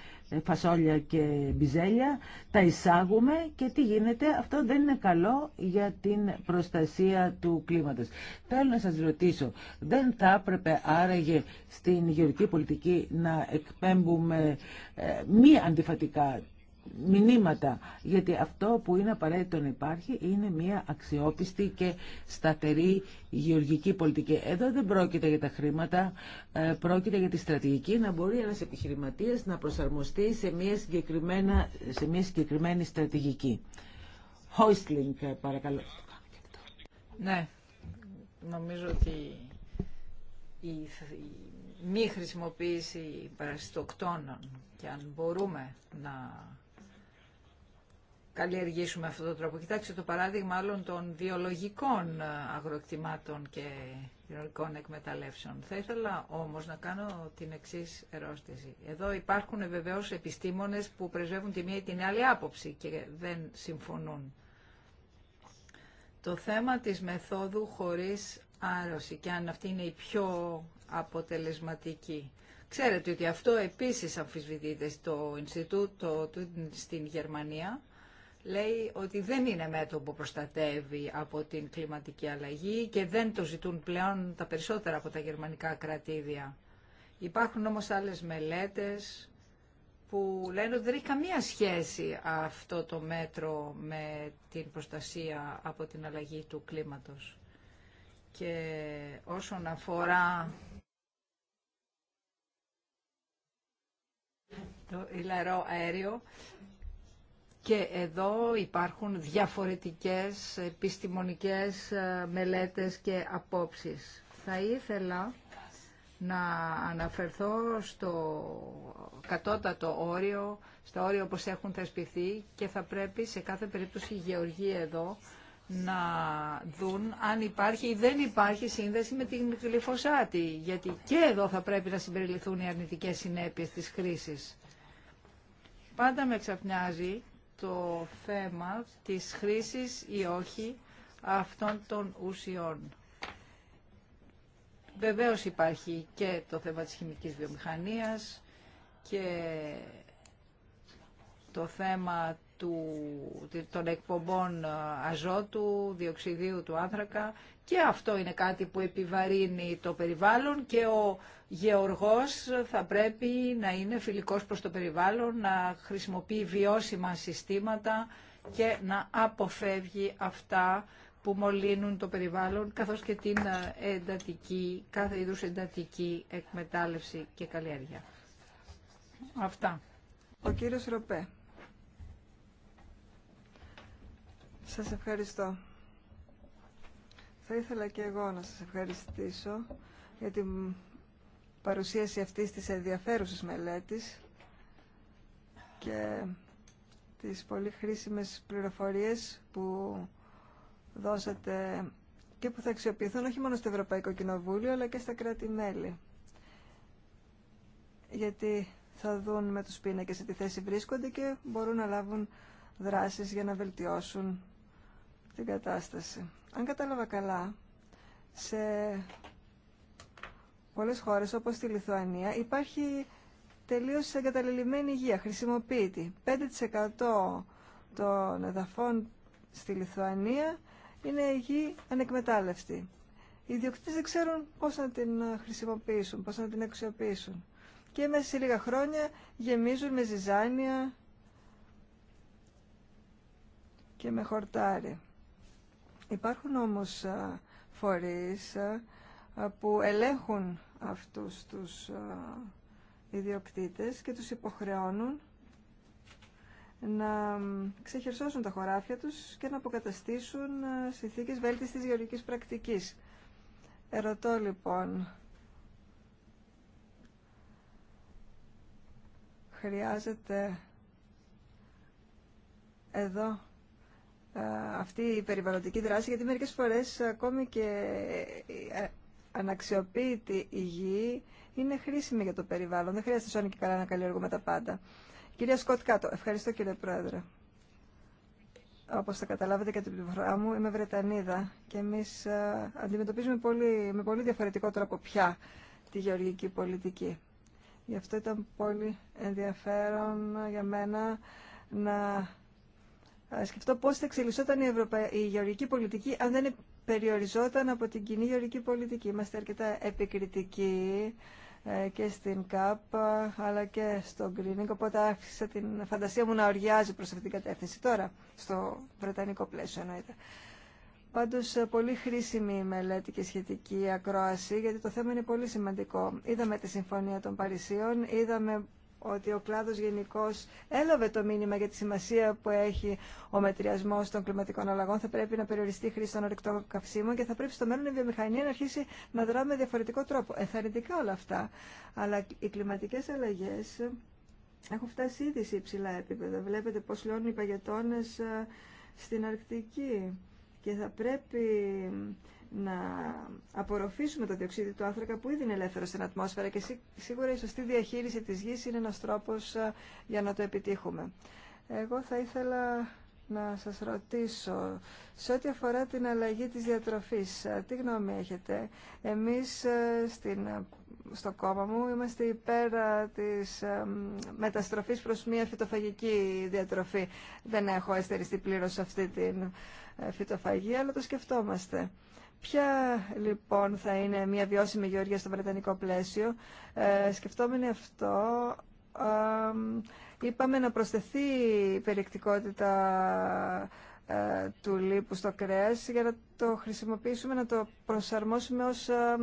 φασόλια και μπιζέλια, τα εισάγουμε και τι γίνεται, αυτό δεν είναι καλό για την προστασία του κλίματος. Θέλω να σας ρωτήσω, δεν θα έπρεπε άραγε στην γεωργική πολιτική να εκπέμπουμε ε, μη αντιφατικά μηνύματα. Γιατί αυτό που είναι απαραίτητο να υπάρχει είναι μια αξιόπιστη και σταθερή γεωργική πολιτική. Εδώ δεν πρόκειται για τα χρήματα, ε, πρόκειται για τη στρατηγική να μπορεί ένας επιχειρηματίας να προσαρμοστεί σε μια, σε μια συγκεκριμένη στρατηγική. παρακαλώ. Ναι, νομίζω ότι η μη χρησιμοποίηση παραστοκτώνων και αν μπορούμε να καλλιεργήσουμε αυτόν τον τρόπο. Κοιτάξτε το παράδειγμα άλλων των βιολογικών ε, αγροκτημάτων και γεωργικών εκμεταλλεύσεων. Θα ήθελα όμως να κάνω την εξή ερώτηση. Εδώ υπάρχουν βεβαίως επιστήμονες που πρεσβεύουν τη μία ή την άλλη άποψη και δεν συμφωνούν. Το θέμα της μεθόδου χωρίς άρρωση και αν αυτή είναι η πιο αποτελεσματική. Ξέρετε ότι αυτό επίσης αμφισβητείται στο Ινστιτούτο στην Γερμανία λέει ότι δεν είναι μέτωπο που προστατεύει από την κλιματική αλλαγή και δεν το ζητούν πλέον τα περισσότερα από τα γερμανικά κρατήδια. Υπάρχουν όμως άλλες μελέτες που λένε ότι δεν έχει καμία σχέση αυτό το μέτρο με την προστασία από την αλλαγή του κλίματος. Και όσον αφορά το ηλαρό αέριο, και εδώ υπάρχουν διαφορετικές επιστημονικές ε, μελέτες και απόψεις. Θα ήθελα να αναφερθώ στο κατώτατο όριο, στα όρια όπως έχουν θεσπιθεί και θα πρέπει σε κάθε περίπτωση οι γεωργοί εδώ να δουν αν υπάρχει ή δεν υπάρχει σύνδεση με την γλυφοσάτη, γιατί και εδώ θα πρέπει να συμπεριληφθούν οι αρνητικές συνέπειες της χρήσης. Πάντα με ξαφνιάζει το θέμα της χρήσης ή όχι αυτών των ουσιών. Βεβαίως υπάρχει και το θέμα της χημικής βιομηχανίας και το θέμα του, των εκπομπών αζότου, διοξιδίου του άνθρακα και αυτό είναι κάτι που επιβαρύνει το περιβάλλον και ο γεωργός θα πρέπει να είναι φιλικός προς το περιβάλλον, να χρησιμοποιεί βιώσιμα συστήματα και να αποφεύγει αυτά που μολύνουν το περιβάλλον, καθώς και την ε, εντατική, κάθε είδους εντατική εκμετάλλευση και καλλιέργεια. Αυτά. Ο κύριος Ροπέ. Σας ευχαριστώ. Θα ήθελα και εγώ να σας ευχαριστήσω για την παρουσίαση αυτής της ενδιαφέρουσας μελέτης και τις πολύ χρήσιμες πληροφορίες που δώσατε και που θα αξιοποιηθούν όχι μόνο στο Ευρωπαϊκό Κοινοβούλιο αλλά και στα κράτη-μέλη. Γιατί θα δουν με τους πίνακες σε τι θέση βρίσκονται και μπορούν να λάβουν δράσεις για να βελτιώσουν την κατάσταση. Αν κατάλαβα καλά, σε πολλές χώρες όπως τη Λιθουανία υπάρχει τελείως εγκαταλελειμμένη υγεία, χρησιμοποίητη. 5% των εδαφών στη Λιθουανία είναι γη ανεκμετάλλευτη. Οι ιδιοκτήτες δεν ξέρουν πώς να την χρησιμοποιήσουν, πώς να την αξιοποιήσουν. Και μέσα σε λίγα χρόνια γεμίζουν με ζυζάνια και με χορτάρι. Υπάρχουν όμως φορείς που ελέγχουν αυτούς τους ιδιοκτήτες και τους υποχρεώνουν να ξεχερσώσουν τα χωράφια τους και να αποκαταστήσουν συνθήκες βέλτιστης γεωργικής πρακτικής. Ερωτώ λοιπόν, χρειάζεται εδώ αυτή η περιβαλλοντική δράση, γιατί μερικές φορές ακόμη και ε, ε, αναξιοποίητη η γη είναι χρήσιμη για το περιβάλλον. Δεν χρειάζεται σαν και καλά να καλλιεργούμε τα πάντα. Κυρία Σκότ Κάτω, ευχαριστώ κύριε Πρόεδρε. Όπως θα καταλάβετε και την πληροφορά μου, είμαι Βρετανίδα και εμείς ε, αντιμετωπίζουμε πολύ, με πολύ διαφορετικό τρόπο πια τη γεωργική πολιτική. Γι' αυτό ήταν πολύ ενδιαφέρον για μένα να σκεφτώ πώς θα εξελισσόταν η, Ευρωπα... γεωργική πολιτική αν δεν περιοριζόταν από την κοινή γεωργική πολιτική. Είμαστε αρκετά επικριτικοί ε, και στην ΚΑΠ αλλά και στο Greening, οπότε άφησα την φαντασία μου να οριάζει προς αυτήν την κατεύθυνση τώρα, στο βρετανικό πλαίσιο εννοείται. Πάντως ε, πολύ χρήσιμη η μελέτη και σχετική ακρόαση, γιατί το θέμα είναι πολύ σημαντικό. Είδαμε τη Συμφωνία των Παρισίων, είδαμε ότι ο κλάδος γενικώ έλαβε το μήνυμα για τη σημασία που έχει ο μετριασμός των κλιματικών αλλαγών. Θα πρέπει να περιοριστεί η χρήση των ορεικτών καυσίμων και θα πρέπει στο μέλλον η βιομηχανία να αρχίσει να δρά με διαφορετικό τρόπο. Εθαρρυντικά όλα αυτά. Αλλά οι κλιματικές αλλαγές έχουν φτάσει ήδη σε υψηλά επίπεδα. Βλέπετε πώς λιώνουν οι παγετώνες ε, στην Αρκτική. Και θα πρέπει να απορροφήσουμε το διοξείδιο του άνθρακα που ήδη είναι ελεύθερο στην ατμόσφαιρα και σίγουρα η σωστή διαχείριση της γης είναι ένας τρόπος για να το επιτύχουμε. Εγώ θα ήθελα να σας ρωτήσω, σε ό,τι αφορά την αλλαγή της διατροφής, τι γνώμη έχετε. Εμείς στην, στο κόμμα μου είμαστε υπέρ της μεταστροφής προς μια φυτοφαγική διατροφή. Δεν έχω εστεριστεί πλήρως αυτή την ε, φυτοφαγία, αλλά το σκεφτόμαστε. Ποια λοιπόν θα είναι μια βιώσιμη γεωργία στο βρετανικό πλαίσιο. Ε, σκεφτόμενοι αυτό, είπαμε να προσθεθεί η περιεκτικότητα ε, του λίπου στο κρέας για να το χρησιμοποιήσουμε, να το προσαρμόσουμε ως, ε,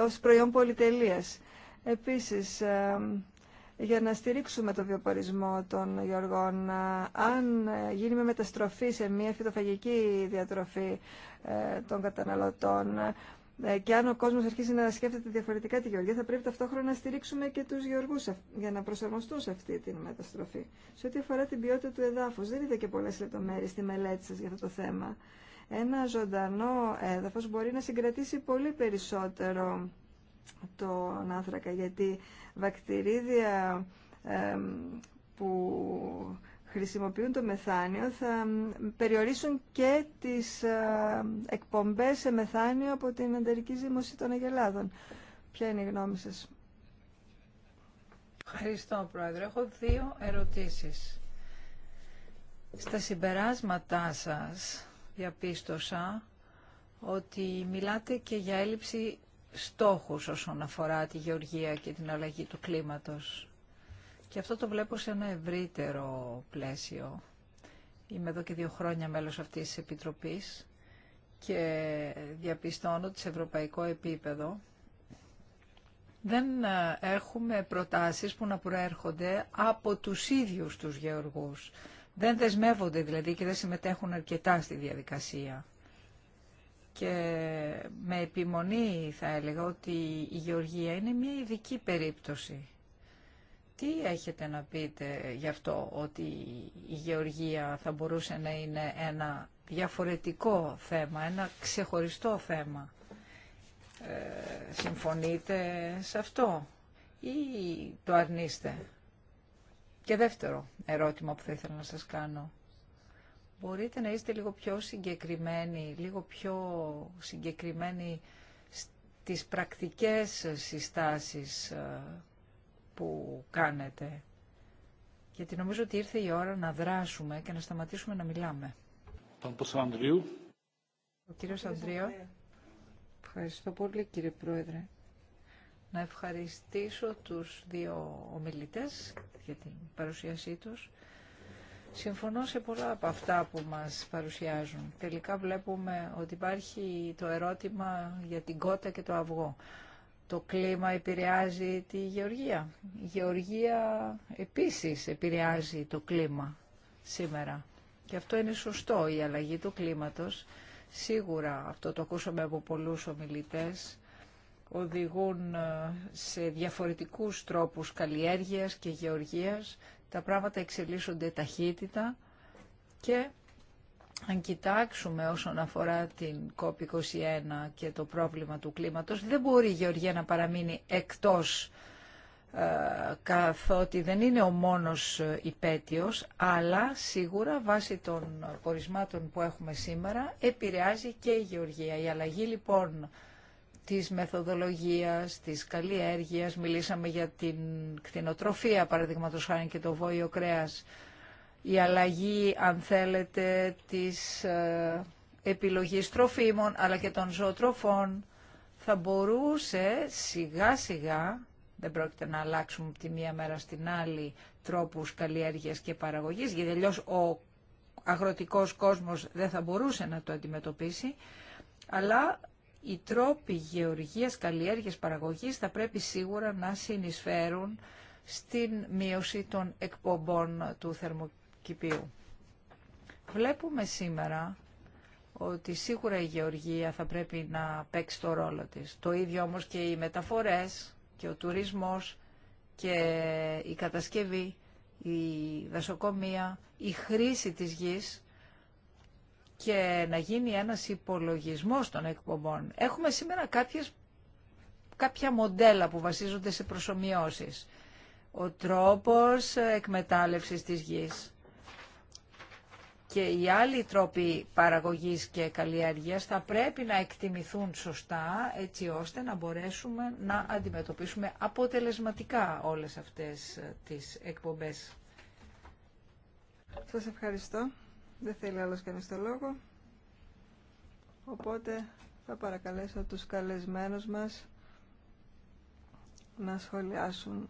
ως προϊόν πολυτελείας. Επίσης, για να στηρίξουμε το βιοπορισμό των γεωργών. Αν γίνει με μεταστροφή σε μια φυτοφαγική διατροφή ε, των καταναλωτών ε, και αν ο κόσμος αρχίσει να σκέφτεται διαφορετικά τη γεωργία, θα πρέπει ταυτόχρονα να στηρίξουμε και τους γεωργούς για να προσαρμοστούν σε αυτή τη μεταστροφή. Σε ό,τι αφορά την ποιότητα του εδάφους, δεν είδα και πολλές λεπτομέρειες στη μελέτη σας για αυτό το θέμα. Ένα ζωντανό έδαφος μπορεί να συγκρατήσει πολύ περισσότερο τον άνθρακα, γιατί βακτηρίδια που χρησιμοποιούν το μεθάνιο θα περιορίσουν και τις ε, εκπομπές σε μεθάνιο από την εντερική ζήμωση των αγελάδων. Ποια είναι η γνώμη σας. Ευχαριστώ, Πρόεδρε. Έχω δύο ερωτήσεις. Στα συμπεράσματά σας διαπίστωσα ότι μιλάτε και για έλλειψη στόχους όσον αφορά τη γεωργία και την αλλαγή του κλίματος. Και αυτό το βλέπω σε ένα ευρύτερο πλαίσιο. Είμαι εδώ και δύο χρόνια μέλος αυτής της Επιτροπής και διαπιστώνω ότι σε ευρωπαϊκό επίπεδο δεν ε, έχουμε προτάσεις που να προέρχονται από τους ίδιους τους γεωργούς. Δεν δεσμεύονται δηλαδή και δεν συμμετέχουν αρκετά στη διαδικασία και με επιμονή θα έλεγα ότι η Γεωργία είναι μια ειδική περίπτωση. Τι έχετε να πείτε γι' αυτό ότι η Γεωργία θα μπορούσε να είναι ένα διαφορετικό θέμα, ένα ξεχωριστό θέμα. Ε, συμφωνείτε σε αυτό ή το αρνείστε. Και δεύτερο ερώτημα που θα ήθελα να σας κάνω. Μπορείτε να είστε λίγο πιο συγκεκριμένοι, λίγο πιο συγκεκριμένοι στις πρακτικές συστάσεις ε, που κάνετε. Γιατί νομίζω ότι ήρθε η ώρα να δράσουμε και να σταματήσουμε να μιλάμε. Ο κύριος Ανδρίου. Ευχαριστώ πολύ κύριε Πρόεδρε. Να ευχαριστήσω τους δύο ομιλητές για την παρουσίασή τους. Συμφωνώ σε πολλά από αυτά που μας παρουσιάζουν. Τελικά βλέπουμε ότι υπάρχει το ερώτημα για την κότα και το αυγό. Το κλίμα επηρεάζει τη γεωργία. Η γεωργία επίσης επηρεάζει το κλίμα σήμερα. Και αυτό είναι σωστό, η αλλαγή του κλίματος. Σίγουρα, αυτό το ακούσαμε από πολλούς ομιλητές, οδηγούν ε, σε διαφορετικούς τρόπους καλλιέργειας και γεωργίας τα πράγματα εξελίσσονται ταχύτητα και αν κοιτάξουμε όσον αφορά την COP21 και το πρόβλημα του κλίματος, δεν μπορεί η Γεωργία να παραμείνει εκτός ε, καθότι δεν είναι ο μόνος ε, υπέτειος, αλλά σίγουρα βάσει των πορισμάτων που έχουμε σήμερα επηρεάζει και η γεωργία. Η αλλαγή λοιπόν της μεθοδολογίας, της καλλιέργειας. Μιλήσαμε για την κτηνοτροφία, παραδείγματος χάρη και το βόλιο κρέας. Η αλλαγή, αν θέλετε, της ε, επιλογής τροφίμων, αλλά και των ζωοτροφών, θα μπορούσε σιγά σιγά, δεν πρόκειται να αλλάξουμε από τη μία μέρα στην άλλη τρόπους καλλιέργειας και παραγωγής, γιατί αλλιώ ο αγροτικός κόσμος δεν θα μπορούσε να το αντιμετωπίσει, αλλά οι τρόποι γεωργίας, καλλιέργειας, παραγωγής θα πρέπει σίγουρα να συνεισφέρουν στην μείωση των εκπομπών του θερμοκηπίου. Βλέπουμε σήμερα ότι σίγουρα η γεωργία θα πρέπει να παίξει το ρόλο της. Το ίδιο όμως και οι μεταφορές και ο τουρισμός και η κατασκευή, η δασοκομεία, η χρήση της γης και να γίνει ένας υπολογισμός των εκπομπών. Έχουμε σήμερα κάποιες, κάποια μοντέλα που βασίζονται σε προσωμιώσεις. Ο τρόπος εκμετάλλευσης της γης και οι άλλοι τρόποι παραγωγής και καλλιέργειας θα πρέπει να εκτιμηθούν σωστά έτσι ώστε να μπορέσουμε να αντιμετωπίσουμε αποτελεσματικά όλες αυτές τις εκπομπές. Σας ευχαριστώ. Δεν θέλει άλλος κανείς το λόγο. Οπότε θα παρακαλέσω τους καλεσμένους μας να σχολιάσουν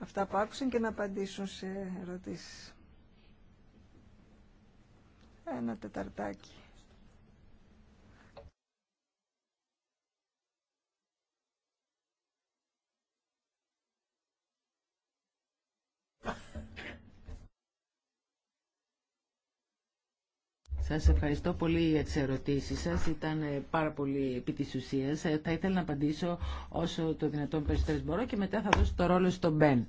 αυτά που άκουσαν και να απαντήσουν σε ερωτήσεις. Ένα τεταρτάκι. Σας ευχαριστώ πολύ για τις ερωτήσεις σας. Ήταν ε, πάρα πολύ επί της ουσίας. Ε, θα ήθελα να απαντήσω όσο το δυνατόν περισσότερες μπορώ και μετά θα δώσω το ρόλο στον Μπεν.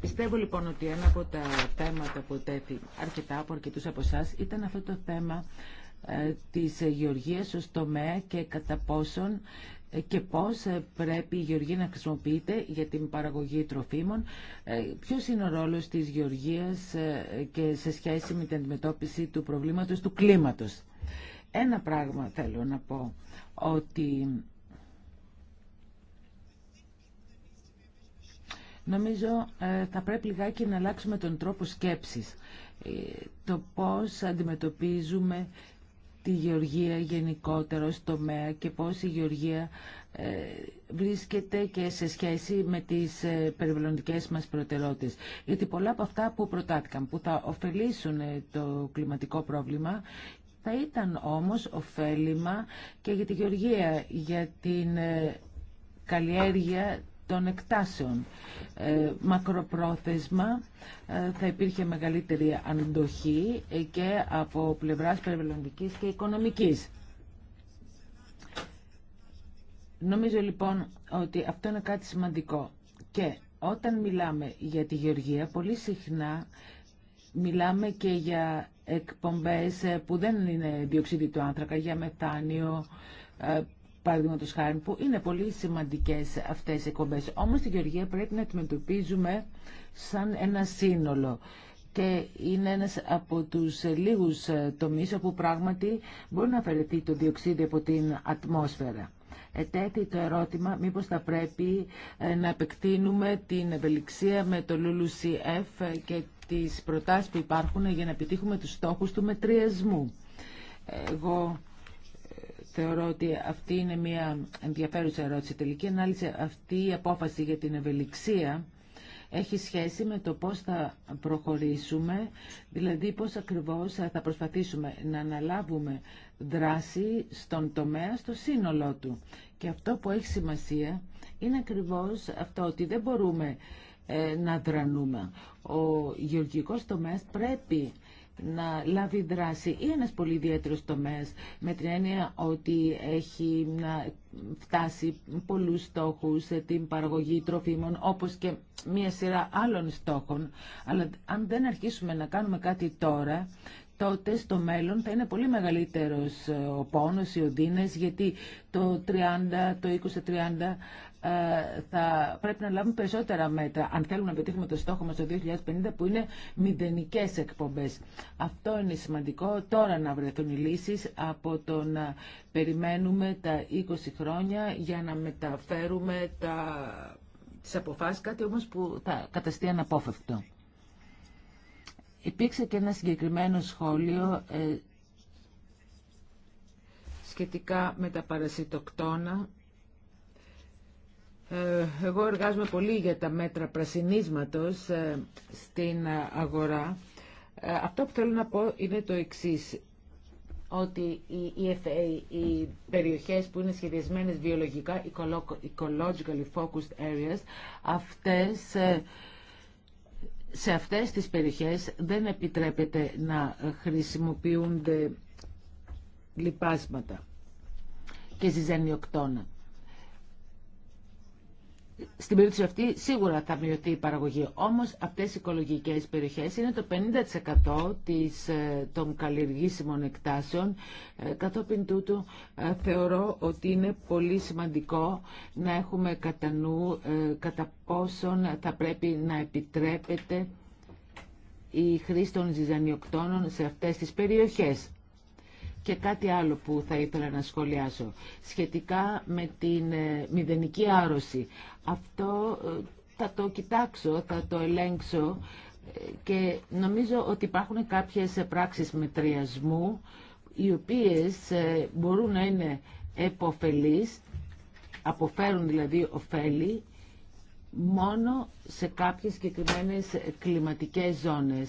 Πιστεύω λοιπόν ότι ένα από τα θέματα που τέθη αρκετά από αρκετούς από εσά ήταν αυτό το θέμα ε, της γεωργίας ως τομέα και κατά πόσον ε, και πώς ε, πρέπει η γεωργία να χρησιμοποιείται για την παραγωγή τροφίμων. Ε, ποιος είναι ο ρόλος της γεωργίας και σε σχέση με την αντιμετώπιση του προβλήματος του κλίματος. Ένα πράγμα θέλω να πω, ότι νομίζω θα πρέπει λιγάκι να αλλάξουμε τον τρόπο σκέψης. Το πώς αντιμετωπίζουμε τη γεωργία γενικότερο στο τομέα και πώς η γεωργία ε, βρίσκεται και σε σχέση με τις ε, περιβαλλοντικές μας προτεραιότητες. Γιατί πολλά από αυτά που προτάθηκαν, που θα ωφελήσουν ε, το κλιματικό πρόβλημα, θα ήταν όμως ωφέλιμα και για τη γεωργία, για την καλλιέργεια των εκτάσεων. Ε, μακροπρόθεσμα ε, θα υπήρχε μεγαλύτερη αντοχή ε, και από πλευράς περιβαλλοντικής και οικονομικής. Νομίζω λοιπόν ότι αυτό είναι κάτι σημαντικό. Και όταν μιλάμε για τη γεωργία, πολύ συχνά μιλάμε και για εκπομπές που δεν είναι διοξίδι του άνθρακα, για μεθάνιο, παραδείγματο χάρη, που είναι πολύ σημαντικές αυτές οι εκπομπέ. Όμω τη Γεωργία πρέπει να αντιμετωπίζουμε σαν ένα σύνολο και είναι ένα από τους λίγους ε, τομεί όπου πράγματι μπορεί να αφαιρεθεί το διοξίδιο από την ατμόσφαιρα. Ετέθη το ερώτημα μήπως θα πρέπει ε, να επεκτείνουμε την ευελιξία με το LULUCF και τις προτάσεις που υπάρχουν για να επιτύχουμε τους στόχους του μετριασμού. Εγώ θεωρώ ότι αυτή είναι μια ενδιαφέρουσα ερώτηση. Τελική ανάλυση αυτή η απόφαση για την ευελιξία έχει σχέση με το πώς θα προχωρήσουμε, δηλαδή πώς ακριβώς θα προσπαθήσουμε να αναλάβουμε δράση στον τομέα, στο σύνολό του. Και αυτό που έχει σημασία είναι ακριβώς αυτό ότι δεν μπορούμε ε, να δρανούμε. Ο γεωργικός τομέας πρέπει να λάβει δράση ή ένας πολύ ιδιαίτερος τομέας με την έννοια ότι έχει να φτάσει πολλούς στόχους σε την παραγωγή τροφίμων όπως και μία σειρά άλλων στόχων αλλά αν δεν αρχίσουμε να κάνουμε κάτι τώρα τότε στο μέλλον θα είναι πολύ μεγαλύτερος ο πόνος, οι οδύνες, γιατί το 30, το 20-30 ε, θα πρέπει να λάβουμε περισσότερα μέτρα αν θέλουμε να πετύχουμε το στόχο μας το 2050 που είναι μηδενικές εκπομπές. Αυτό είναι σημαντικό τώρα να βρεθούν οι λύσεις από το να περιμένουμε τα 20 χρόνια για να μεταφέρουμε τα... τις αποφάσεις, κάτι όμως που θα καταστεί αναπόφευκτο. Υπήρξε και ένα συγκεκριμένο σχόλιο ε, σχετικά με τα παρασιτοκτόνα ε, εγώ εργάζομαι πολύ για τα μέτρα πρασινίσματος ε, στην αγορά. Ε, αυτό που θέλω να πω είναι το εξής, ότι οι EFA, οι περιοχές που είναι σχεδιασμένες βιολογικά, ecologically focused areas, αυτές, σε αυτές τις περιοχές δεν επιτρέπεται να χρησιμοποιούνται λιπάσματα και ζυζανιοκτώνα στην περίπτωση αυτή σίγουρα θα μειωθεί η παραγωγή. Όμως αυτές οι οικολογικές περιοχές είναι το 50% της, ε, των καλλιεργήσιμων εκτάσεων. Ε, κατόπιν τούτου ε, θεωρώ ότι είναι πολύ σημαντικό να έχουμε κατά νου κατά πόσον θα πρέπει να επιτρέπεται η χρήση των ζυζανιοκτώνων σε αυτές τις περιοχές. Και κάτι άλλο που θα ήθελα να σχολιάσω, σχετικά με την ε, μηδενική άρρωση. Αυτό ε, θα το κοιτάξω, θα το ελέγξω ε, και νομίζω ότι υπάρχουν κάποιες πράξεις μετριασμού οι οποίες μπορούν να είναι εποφελείς, αποφέρουν δηλαδή ωφέλη μόνο σε κάποιες συγκεκριμένε κλιματικές ζώνες.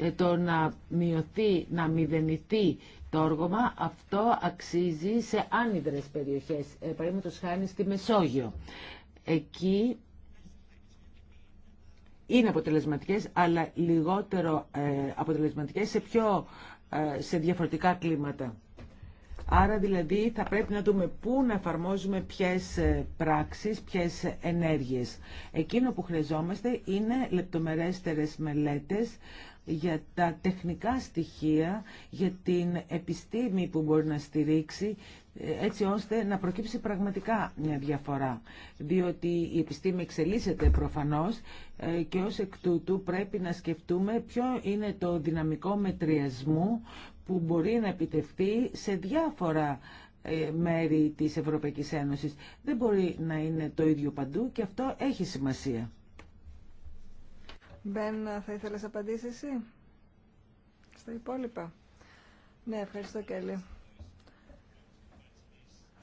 Ε, το να μειωθεί, να μηδενηθεί το όργωμα, αυτό αξίζει σε άνυδρες περιοχές, ε, παραδείγματος χάνει στη Μεσόγειο. Εκεί είναι αποτελεσματικές, αλλά λιγότερο ε, αποτελεσματικές σε, πιο, σε διαφορετικά κλίματα. Άρα δηλαδή θα πρέπει να δούμε πού να εφαρμόζουμε ποιες πράξεις, ποιες ενέργειες. Εκείνο που χρειαζόμαστε είναι λεπτομερέστερες μελέτες για τα τεχνικά στοιχεία, για την επιστήμη που μπορεί να στηρίξει, έτσι ώστε να προκύψει πραγματικά μια διαφορά. Διότι η επιστήμη εξελίσσεται προφανώς ε, και ως εκ τούτου πρέπει να σκεφτούμε ποιο είναι το δυναμικό μετριασμού που μπορεί να επιτευχθεί σε διάφορα ε, μέρη της Ευρωπαϊκής Ένωσης. Δεν μπορεί να είναι το ίδιο παντού και αυτό έχει σημασία. Μπεν, θα ήθελες απαντήσεις εσύ στα υπόλοιπα. Ναι, ευχαριστώ Κέλλη.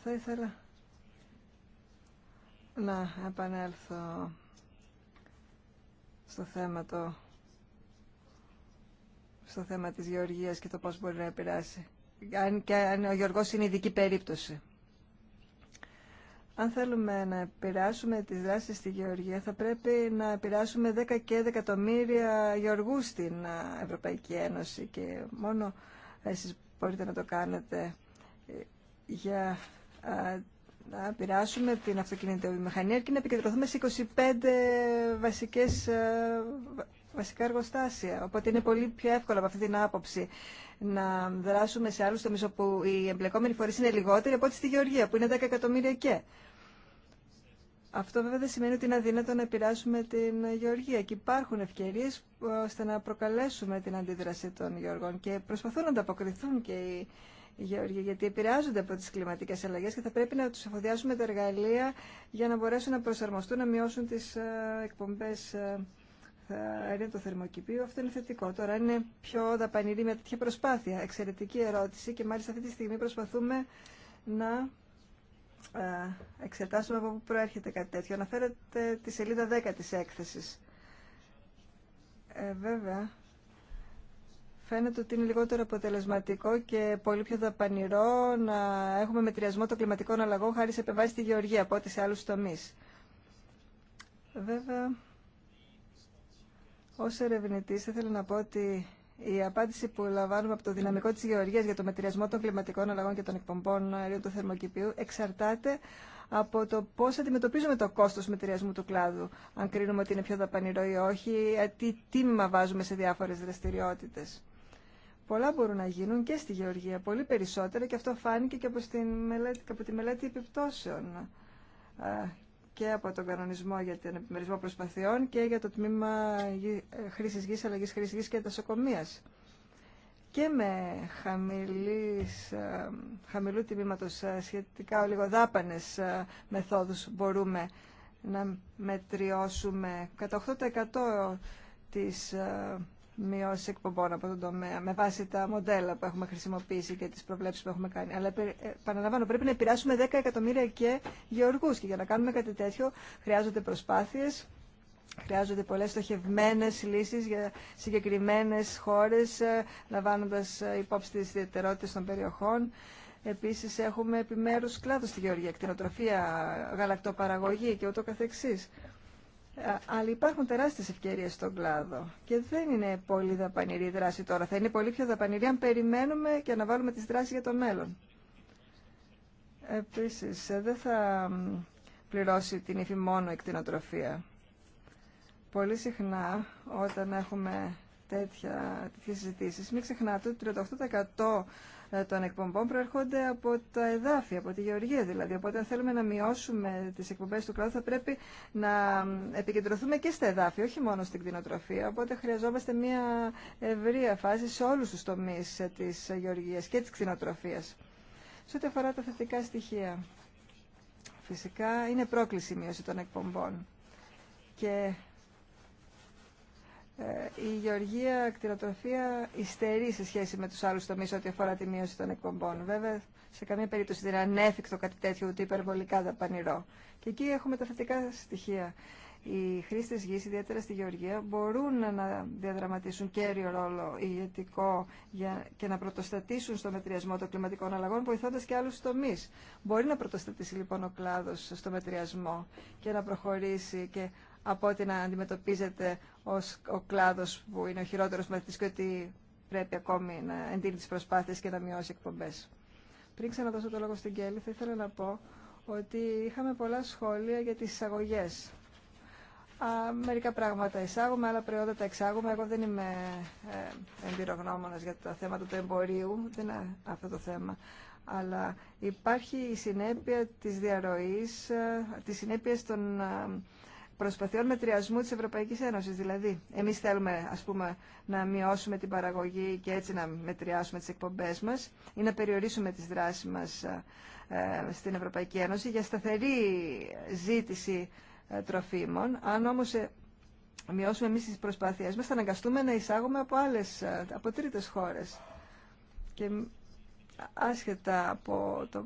Θα ήθελα να επανέλθω στο θέμα το στο θέμα της γεωργίας και το πώς μπορεί να επηρεάσει. Αν και αν ο Γιώργος είναι ειδική περίπτωση αν θέλουμε να επηρεάσουμε τις δράσεις στη Γεωργία, θα πρέπει να επηρεάσουμε 10 και 10 εκατομμύρια γεωργούς στην Ευρωπαϊκή Ένωση και μόνο εσείς μπορείτε να το κάνετε ε, για να πειράσουμε την αυτοκινητοβιομηχανία και να επικεντρωθούμε σε 25 βασικές, βασικά εργοστάσια. Οπότε είναι πολύ πιο εύκολο από αυτή την άποψη να δράσουμε σε άλλους τομείς όπου οι εμπλεκόμενοι φορείς είναι λιγότεροι από ό,τι στη Γεωργία που είναι 10 εκατομμύρια και. Αυτό βέβαια δεν σημαίνει ότι είναι αδύνατο να επηρεάσουμε την γεωργία και υπάρχουν ευκαιρίε ε, ώστε να προκαλέσουμε την αντίδραση των γεωργών και προσπαθούν να ανταποκριθούν και οι γεωργοί γιατί επηρεάζονται από τι κλιματικέ αλλαγέ και θα πρέπει να του εφοδιάσουμε τα εργαλεία για να μπορέσουν να προσαρμοστούν, να μειώσουν τι ε, εκπομπέ ε, αερίων του θερμοκηπίου. Αυτό είναι θετικό. Τώρα είναι πιο δαπανηρή μια τέτοια προσπάθεια. Εξαιρετική ερώτηση και μάλιστα αυτή τη στιγμή προσπαθούμε να ε, εξετάσουμε από πού προέρχεται κάτι τέτοιο. Αναφέρεται τη σελίδα 10 της έκθεσης. Ε, βέβαια, φαίνεται ότι είναι λιγότερο αποτελεσματικό και πολύ πιο δαπανηρό να έχουμε μετριασμό των κλιματικών αλλαγών χάρη σε επεμβάσει στη γεωργία από ό,τι σε άλλους τομείς. Βέβαια, ως ερευνητής θα ήθελα να πω ότι η απάντηση που λαμβάνουμε από το δυναμικό της γεωργίας για το μετριασμό των κλιματικών αλλαγών και των εκπομπών αερίου του θερμοκηπίου εξαρτάται από το πώ αντιμετωπίζουμε το κόστος μετριασμού του κλάδου, αν κρίνουμε ότι είναι πιο δαπανηρό ή όχι, ε, τι τίμημα βάζουμε σε διάφορες δραστηριότητες. Πολλά μπορούν να γίνουν και στη γεωργία, πολύ περισσότερα και αυτό φάνηκε και από, τη μελέτη επιπτώσεων ε, και από τον κανονισμό για τον επιμερισμό προσπαθειών και για το τμήμα χρήση γη, ε, αλλαγή χρήση γη και τασοκομεία. Και με χαμηλής, ε, χαμηλού τιμήματο ε, σχετικά ολιγοδάπανε μεθόδου μπορούμε να μετριώσουμε κατά 8% της μειώσει εκπομπών από τον τομέα με βάση τα μοντέλα που έχουμε χρησιμοποιήσει και τις προβλέψεις που έχουμε κάνει. Αλλά ε, παραλαμβάνω, πρέπει να επηρεάσουμε 10 εκατομμύρια και γεωργούς και για να κάνουμε κάτι τέτοιο χρειάζονται προσπάθειες, χρειάζονται πολλές στοχευμένες λύσεις για συγκεκριμένες χώρες, ε, λαμβάνοντα ε, υπόψη τις ιδιαιτερότητες των περιοχών. Επίσης έχουμε επιμέρους κλάδους στη γεωργία, κτηνοτροφία, γαλακτοπαραγωγή και ούτω καθεξής. Αλλά υπάρχουν τεράστιες ευκαιρίες στον κλάδο και δεν είναι πολύ δαπανηρή η δράση τώρα. Θα είναι πολύ πιο δαπανηρή αν περιμένουμε και αναβάλουμε τις δράσεις για το μέλλον. Επίσης, ε, δεν θα πληρώσει την ύφη μόνο η κτηνοτροφία. Πολύ συχνά όταν έχουμε τέτοια, τέτοιες συζητήσεις, μην ξεχνάτε ότι 38% ε, των εκπομπών προερχόνται από τα εδάφη, από τη γεωργία δηλαδή. Οπότε αν θέλουμε να μειώσουμε τις εκπομπές του κλάδου θα πρέπει να επικεντρωθούμε και στα εδάφη, όχι μόνο στην κτηνοτροφία. Οπότε χρειαζόμαστε μια ευρεία φάση σε όλους τους τομείς ε, της γεωργίας και της κτηνοτροφίας. Σε ό,τι αφορά τα θετικά στοιχεία, φυσικά είναι πρόκληση η μείωση των εκπομπών. Και ε, η γεωργία κτηνοτροφία υστερεί σε σχέση με του άλλου τομεί ό,τι αφορά τη μείωση των εκπομπών. Βέβαια, σε καμία περίπτωση δεν είναι ανέφικτο κάτι τέτοιο ούτε υπερβολικά δαπανηρό. Και εκεί έχουμε τα θετικά στοιχεία. Οι χρήστε γη, ιδιαίτερα στη γεωργία, μπορούν να διαδραματίσουν κέριο ρόλο ηγετικό και να πρωτοστατήσουν στο μετριασμό των κλιματικών αλλαγών, βοηθώντα και άλλου τομεί. Μπορεί να πρωτοστατήσει λοιπόν ο κλάδο στο μετριασμό και να προχωρήσει και από ότι να αντιμετωπίζεται ως ο κλάδος που είναι ο χειρότερος μαθητής και ότι πρέπει ακόμη να εντείνει τις προσπάθειες και να μειώσει εκπομπές. Πριν ξαναδώσω το λόγο στην Κέλλη, θα ήθελα να πω ότι είχαμε πολλά σχόλια για τις εισαγωγές. μερικά πράγματα εισάγουμε, άλλα προϊόντα τα εξάγουμε. Εγώ δεν είμαι ε, εμπειρογνώμονας για τα θέματα του εμπορίου, δεν είναι αυτό το θέμα. Αλλά υπάρχει η συνέπεια της διαρροής, ε, της συνέπειας των ε, προσπαθειών μετριασμού της Ευρωπαϊκής Ένωσης. Δηλαδή, εμείς θέλουμε, ας πούμε, να μειώσουμε την παραγωγή και έτσι να μετριάσουμε τις εκπομπές μας ή να περιορίσουμε τις δράσεις μας ε, στην Ευρωπαϊκή Ένωση για σταθερή ζήτηση ε, τροφίμων. Αν όμως ε, μειώσουμε εμείς τις προσπάθειές μας, θα αναγκαστούμε να εισάγουμε από άλλες, από τρίτες χώρες. Και άσχετα από το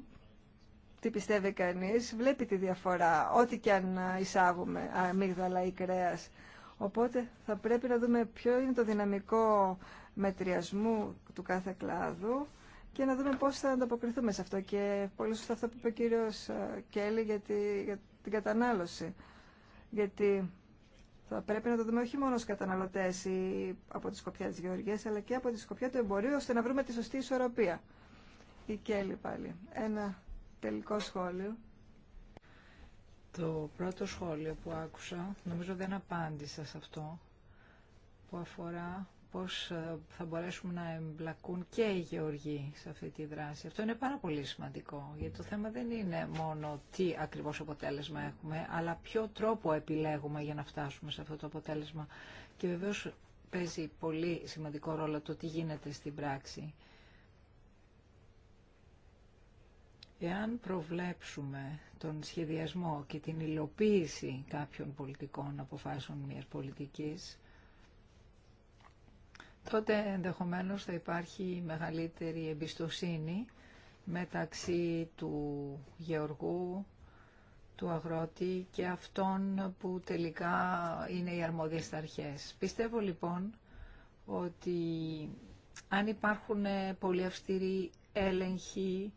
τι πιστεύει κανείς, βλέπει τη διαφορά, ό,τι και αν εισάγουμε αμύγδαλα ή κρέας. Οπότε θα πρέπει να δούμε ποιο είναι το δυναμικό μετριασμού του κάθε κλάδου και να δούμε πώς θα ανταποκριθούμε σε αυτό. Και πολύ σωστά αυτό που είπε ο κύριος ε, Κέλλη για, την κατανάλωση. Γιατί θα πρέπει να το δούμε όχι μόνο ως καταναλωτές ή από τη σκοπιά της Γεωργίας, αλλά και από τη σκοπιά του εμπορίου, ώστε να βρούμε τη σωστή ισορροπία. Η Κέλλη πάλι. Ένα τελικό σχόλιο. Το πρώτο σχόλιο που άκουσα, νομίζω δεν απάντησα σε αυτό, που αφορά πώς ε, θα μπορέσουμε να εμπλακούν και οι γεωργοί σε αυτή τη δράση. Αυτό είναι πάρα πολύ σημαντικό, γιατί το θέμα δεν είναι μόνο τι ακριβώς αποτέλεσμα έχουμε, αλλά ποιο τρόπο επιλέγουμε για να φτάσουμε σε αυτό το αποτέλεσμα. Και βεβαίως παίζει πολύ σημαντικό ρόλο το τι γίνεται στην πράξη. Εάν προβλέψουμε τον σχεδιασμό και την υλοποίηση κάποιων πολιτικών αποφάσεων μιας πολιτικής, τότε ενδεχομένως θα υπάρχει μεγαλύτερη εμπιστοσύνη μεταξύ του γεωργού, του αγρότη και αυτών που τελικά είναι οι αρμόδιες αρχές. Πιστεύω λοιπόν ότι αν υπάρχουν πολύ αυστηροί έλεγχοι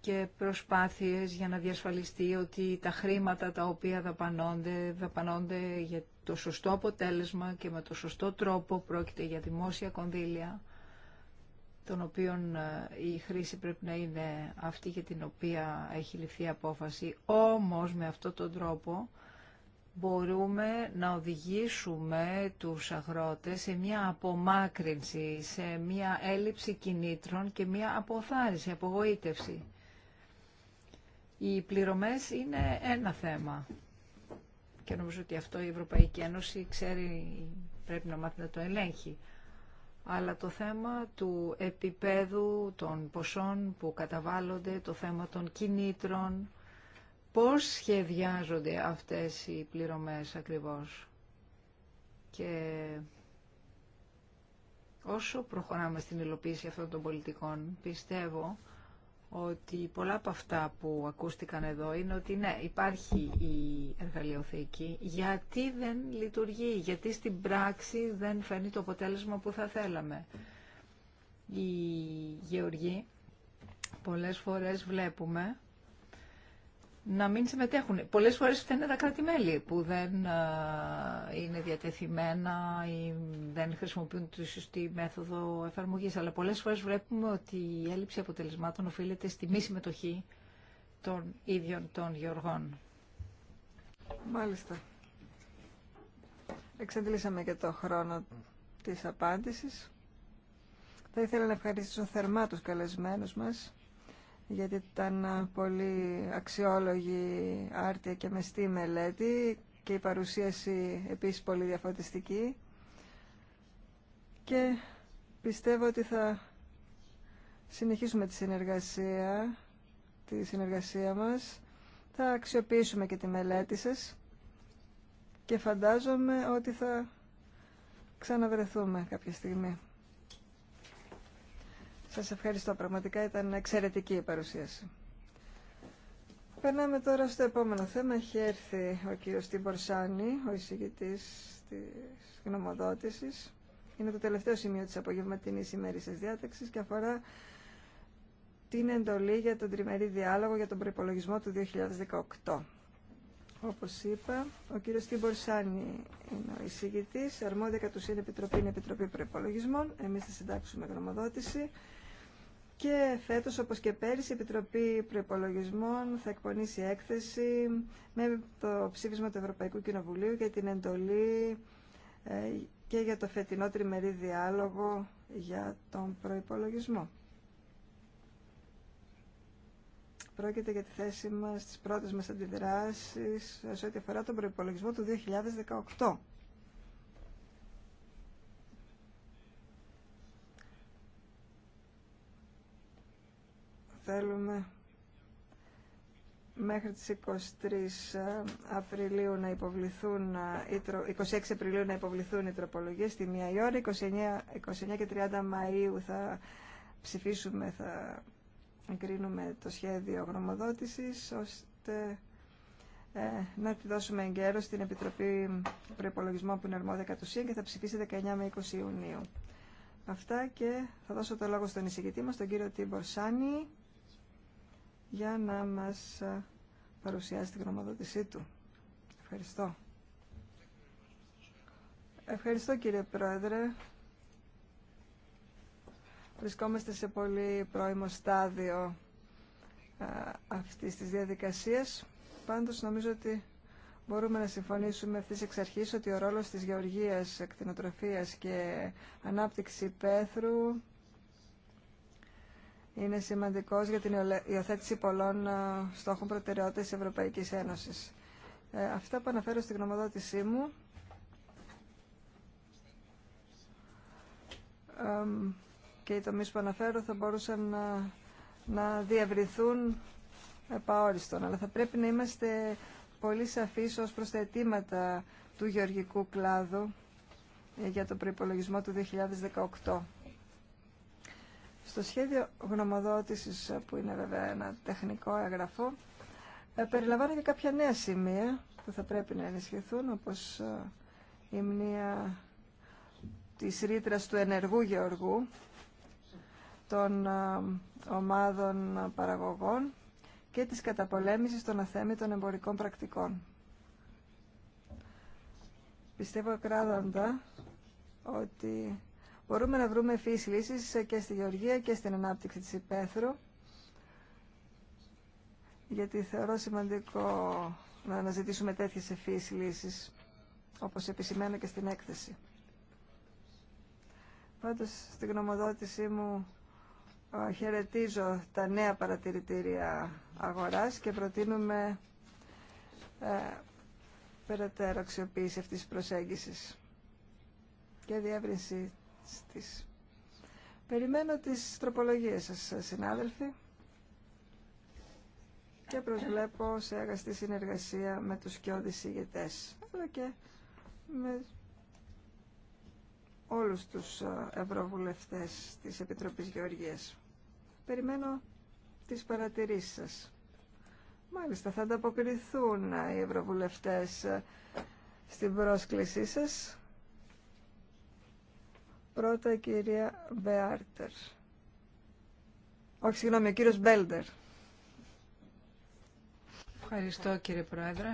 και προσπάθειες για να διασφαλιστεί ότι τα χρήματα τα οποία δαπανώνται, δαπανώνται για το σωστό αποτέλεσμα και με το σωστό τρόπο πρόκειται για δημόσια κονδύλια, των οποίων ε, η χρήση πρέπει να είναι αυτή για την οποία έχει ληφθεί απόφαση. Όμως με αυτόν τον τρόπο μπορούμε να οδηγήσουμε τους αγρότες σε μια απομάκρυνση, σε μια έλλειψη κινήτρων και μια αποθάριση, απογοήτευση. Οι πληρωμές είναι ένα θέμα και νομίζω ότι αυτό η Ευρωπαϊκή Ένωση ξέρει, πρέπει να μάθει να το ελέγχει. Αλλά το θέμα του επίπεδου των ποσών που καταβάλλονται, το θέμα των κινήτρων, πώς σχεδιάζονται αυτές οι πληρωμές ακριβώς. Και όσο προχωράμε στην υλοποίηση αυτών των πολιτικών, πιστεύω ότι πολλά από αυτά που ακούστηκαν εδώ είναι ότι ναι, υπάρχει η εργαλειοθήκη, γιατί δεν λειτουργεί, γιατί στην πράξη δεν φαίνει το αποτέλεσμα που θα θέλαμε. Οι γεωργοί πολλές φορές βλέπουμε να μην συμμετέχουν. Πολλές φορές φταίνε τα κράτη-μέλη που δεν είναι διατεθειμένα ή δεν χρησιμοποιούν τη σωστή μέθοδο εφαρμογής. Αλλά πολλές φορές βλέπουμε ότι η έλλειψη αποτελεσμάτων οφείλεται στη μη συμμετοχή των ίδιων των γεωργών. Μάλιστα. Εξαντλήσαμε και το χρόνο της απάντησης. Θα ήθελα να ευχαριστήσω θερμά τους καλεσμένους μας γιατί ήταν πολύ αξιόλογη, άρτια και μεστή μελέτη και η παρουσίαση επίσης πολύ διαφωτιστική και πιστεύω ότι θα συνεχίσουμε τη συνεργασία, τη συνεργασία μας. Θα αξιοποιήσουμε και τη μελέτη σας και φαντάζομαι ότι θα ξαναβρεθούμε κάποια στιγμή. Σας ευχαριστώ. Πραγματικά ήταν εξαιρετική η παρουσίαση. Περνάμε τώρα στο επόμενο θέμα. Έχει έρθει ο κύριος Τιμπορσάνη, ο εισηγητής της γνωμοδότησης. Είναι το τελευταίο σημείο της απογευματινής ημέρησης διάταξης και αφορά την εντολή για τον τριμερή διάλογο για τον προϋπολογισμό του 2018. Όπως είπα, ο κύριος Τιμπορσάνη είναι ο εισηγητής, αρμόδια κατ' ουσίαν επιτροπή είναι Επιτροπή Προϋπολογισμών. Εμείς θα συντάξουμε γνωμοδότηση. Και φέτος, όπως και πέρυσι, η Επιτροπή Προϋπολογισμών θα εκπονήσει έκθεση με το ψήφισμα του Ευρωπαϊκού Κοινοβουλίου για την εντολή ε, και για το φετινό τριμερή διάλογο για τον προϋπολογισμό. Πρόκειται για τη θέση μας, τις πρώτες μας αντιδράσεις σε ό,τι αφορά τον προϋπολογισμό του 2018. θέλουμε μέχρι τις 23 ε, Απριλίου να υποβληθούν, 26 ε, Απριλίου να υποβληθούν οι τροπολογίες στη μία η ώρα, 29, 29 και 30 Μαΐου θα ψηφίσουμε, θα εγκρίνουμε το σχέδιο γνωμοδότησης, ώστε ε, να τη δώσουμε εγκαίρως στην Επιτροπή Προϋπολογισμών που είναι αρμόδια κατ' και θα ψηφίσει 19 με 20 Ιουνίου. Αυτά και θα δώσω το λόγο στον εισηγητή μας, τον κύριο Τίμπορ Σάνι για να μας ε, παρουσιάσει την γνωμοδότησή του. Ευχαριστώ. Ευχαριστώ κύριε Πρόεδρε. Βρισκόμαστε σε πολύ πρώιμο στάδιο ε, αυτής της διαδικασίας. Πάντως νομίζω ότι μπορούμε να συμφωνήσουμε αυτής εξ αρχής ότι ο ρόλος της γεωργίας, εκτινοτροφίας και ανάπτυξη πέθρου είναι σημαντικό για την υιοθέτηση πολλών ε, στόχων προτεραιότητας της Ευρωπαϊκής Ένωσης. Ε, αυτά που αναφέρω στην γνωμοδότησή μου και οι τομεί που αναφέρω θα μπορούσαν να, ε, να διευρυθούν επαόριστον. Αλλά θα πρέπει να είμαστε πολύ σαφείς ως προς τα αιτήματα του γεωργικού κλάδου για τον προϋπολογισμό του 2018. Στο σχέδιο γνωμοδότησης, που είναι βέβαια ένα τεχνικό έγγραφο, ε, περιλαμβάνω και κάποια νέα σημεία που θα πρέπει να ενισχυθούν, όπως ε, η μνήμα της ρήτρας του ενεργού γεωργού των ε, ομάδων παραγωγών και της καταπολέμησης των αθέμητων εμπορικών πρακτικών. Πιστεύω κράτοντα ότι μπορούμε να βρούμε ευφύης λύσεις και στη γεωργία και στην ανάπτυξη της υπαίθρου, γιατί θεωρώ σημαντικό να αναζητήσουμε τέτοιες ευφύης λύσεις, όπως επισημαίνω και στην έκθεση. Πάντως, στην γνωμοδότησή μου χαιρετίζω τα νέα παρατηρητήρια αγοράς και προτείνουμε ε, περαιτέρω αξιοποίηση αυτής της προσέγγισης και διεύρυνση στις... Περιμένω τις τροπολογίες σας, συνάδελφοι, και προσβλέπω σε αγαστή συνεργασία με τους κοιόδης ηγετές, αλλά και με όλους τους ε, ευρωβουλευτές της Επιτροπής Γεωργίας. Περιμένω τις παρατηρήσεις σας. Μάλιστα, θα ανταποκριθούν ε, οι ευρωβουλευτές ε, στην πρόσκλησή σας Πρώτα η κυρία Μπεάρτερ. Όχι, συγγνώμη, ο κύριος Μπέλτερ. Ευχαριστώ κύριε Πρόεδρε.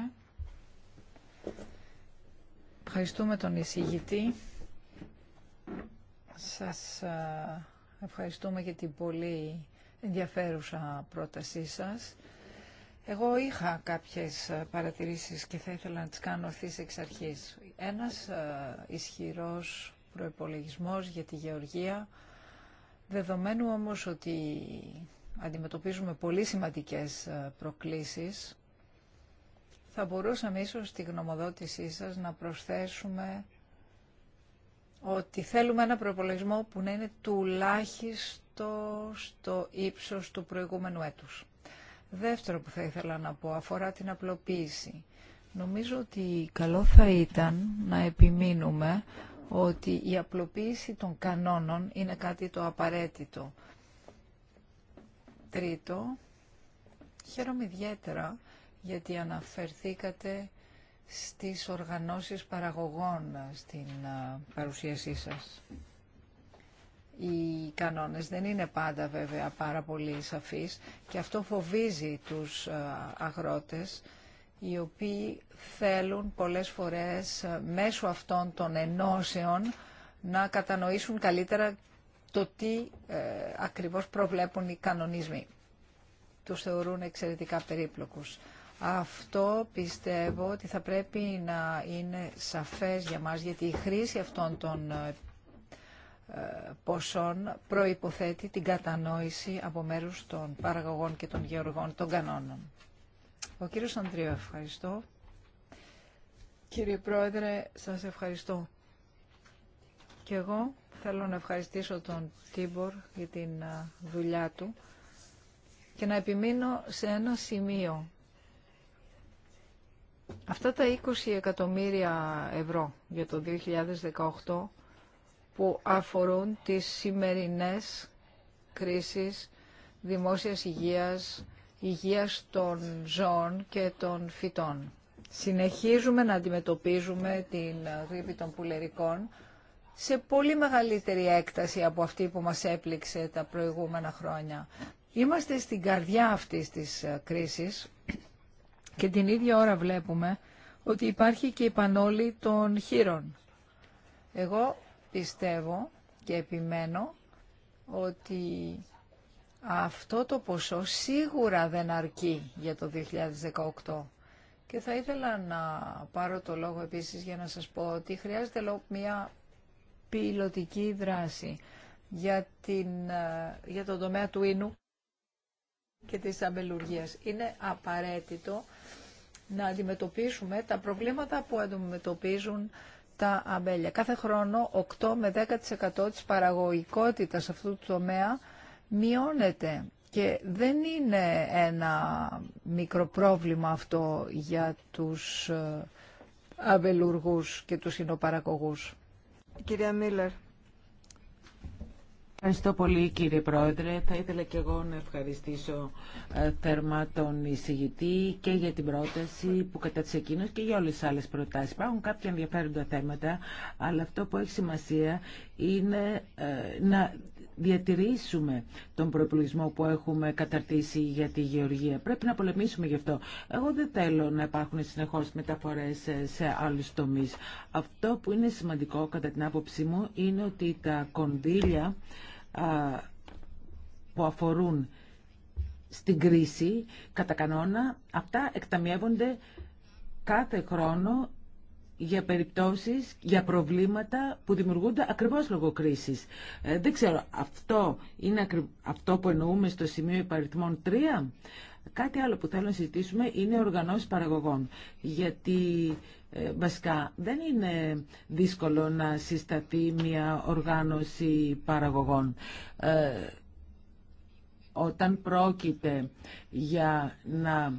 Ευχαριστούμε τον εισηγητή. Σας ευχαριστούμε για την πολύ ενδιαφέρουσα πρότασή σας. Εγώ είχα κάποιες παρατηρήσεις και θα ήθελα να τις κάνω αυτής εξ αρχής. Ένας ισχυρός προϋπολογισμός για τη γεωργία. Δεδομένου όμως ότι αντιμετωπίζουμε πολύ σημαντικές ε, προκλήσεις, θα μπορούσαμε ίσως στη γνωμοδότησή σας να προσθέσουμε ότι θέλουμε ένα προπολογισμό που να είναι τουλάχιστον στο ύψος του προηγούμενου έτους. Δεύτερο που θα ήθελα να πω αφορά την απλοποίηση. Νομίζω ότι καλό θα ήταν να επιμείνουμε ότι η απλοποίηση των κανόνων είναι κάτι το απαραίτητο. Τρίτο, χαίρομαι ιδιαίτερα γιατί αναφερθήκατε στις οργανώσεις παραγωγών στην παρουσίασή σας. Οι κανόνες δεν είναι πάντα βέβαια πάρα πολύ σαφείς και αυτό φοβίζει τους αγρότες οι οποίοι θέλουν πολλές φορές ε, μέσω αυτών των ενώσεων να κατανοήσουν καλύτερα το τι ε, ακριβώς προβλέπουν οι κανονισμοί. Τους θεωρούν εξαιρετικά περίπλοκους. Αυτό πιστεύω ότι θα πρέπει να είναι σαφές για μας, γιατί η χρήση αυτών των ε, ε, ποσών προϋποθέτει την κατανόηση από μέρους των παραγωγών και των γεωργών των κανόνων. Ο κύριος Ανδρέα, ευχαριστώ. Κύριε Πρόεδρε, σας ευχαριστώ. Και εγώ θέλω να ευχαριστήσω τον Τίμπορ για την δουλειά του και να επιμείνω σε ένα σημείο. Αυτά τα 20 εκατομμύρια ευρώ για το 2018 που αφορούν τις σημερινές κρίσεις δημόσιας υγείας, υγείας των ζώων και των φυτών. Συνεχίζουμε να αντιμετωπίζουμε την γρήπη των πουλερικών σε πολύ μεγαλύτερη έκταση από αυτή που μας έπληξε τα προηγούμενα χρόνια. Είμαστε στην καρδιά αυτής της κρίσης και την ίδια ώρα βλέπουμε ότι υπάρχει και η πανόλη των χείρων. Εγώ πιστεύω και επιμένω ότι αυτό το ποσό σίγουρα δεν αρκεί για το 2018. Και θα ήθελα να πάρω το λόγο επίσης για να σας πω ότι χρειάζεται λόγω μια πιλωτική δράση για, την, ε, για τον τομέα του ίνου και της αμπελουργίας. Είναι απαραίτητο να αντιμετωπίσουμε τα προβλήματα που αντιμετωπίζουν τα αμπέλια. Κάθε χρόνο 8 με 10% της παραγωγικότητας αυτού του τομέα μειώνεται. Και δεν είναι ένα μικρό πρόβλημα αυτό για τους ε, αβελουργούς και τους συνοπαρακογούς. Κυρία Μίλλερ. Ευχαριστώ πολύ κύριε Πρόεδρε. Θα ήθελα και εγώ να ευχαριστήσω ε, θερμά τον εισηγητή και για την πρόταση που κατά τη εκείνος και για όλες τις άλλες προτάσεις. Υπάρχουν κάποια ενδιαφέροντα θέματα, αλλά αυτό που έχει σημασία είναι ε, να διατηρήσουμε τον προπολογισμό που έχουμε καταρτήσει για τη γεωργία. Πρέπει να πολεμήσουμε γι' αυτό. Εγώ δεν θέλω να υπάρχουν συνεχώς μεταφορές σε άλλους τομείς. Αυτό που είναι σημαντικό κατά την άποψή μου είναι ότι τα κονδύλια που αφορούν στην κρίση, κατά κανόνα, αυτά εκταμιεύονται κάθε χρόνο για περιπτώσεις, για προβλήματα που δημιουργούνται ακριβώς λόγω κρίσης. Ε, δεν ξέρω, αυτό είναι αυτό που εννοούμε στο σημείο υπαριθμών 3. Κάτι άλλο που θέλω να συζητήσουμε είναι οργανώσεις παραγωγών. Γιατί ε, βασικά δεν είναι δύσκολο να συσταθεί μια οργάνωση παραγωγών. Ε, όταν πρόκειται για να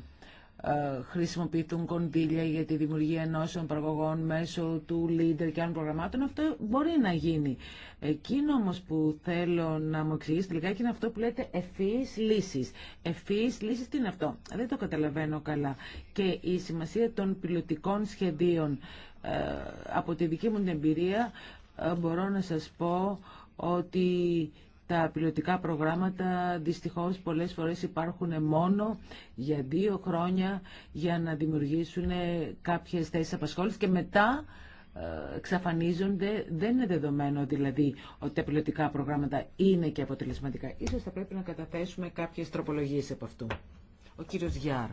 ε, χρησιμοποιηθούν κονδύλια για τη δημιουργία ενώσεων παραγωγών μέσω του leader και άλλων προγραμμάτων, αυτό μπορεί να γίνει. Εκείνο όμω που θέλω να μου εξηγήσει τελικά, είναι αυτό που λέτε ευφυεί λύσει. Ευφυεί λύσει τι είναι αυτό, δεν το καταλαβαίνω καλά. Και η σημασία των πιλωτικών σχεδίων. Ε, από τη δική μου εμπειρία ε, μπορώ να σας πω ότι τα πιλωτικά προγράμματα δυστυχώς πολλές φορές υπάρχουν μόνο για δύο χρόνια για να δημιουργήσουν κάποιες θέσεις απασχόλησης και μετά ε, εξαφανίζονται. Δεν είναι δεδομένο δηλαδή ότι τα πιλωτικά προγράμματα είναι και αποτελεσματικά. Ίσως θα πρέπει να καταθέσουμε κάποιες τροπολογίες από αυτού. Ο κύριος Γιάρ.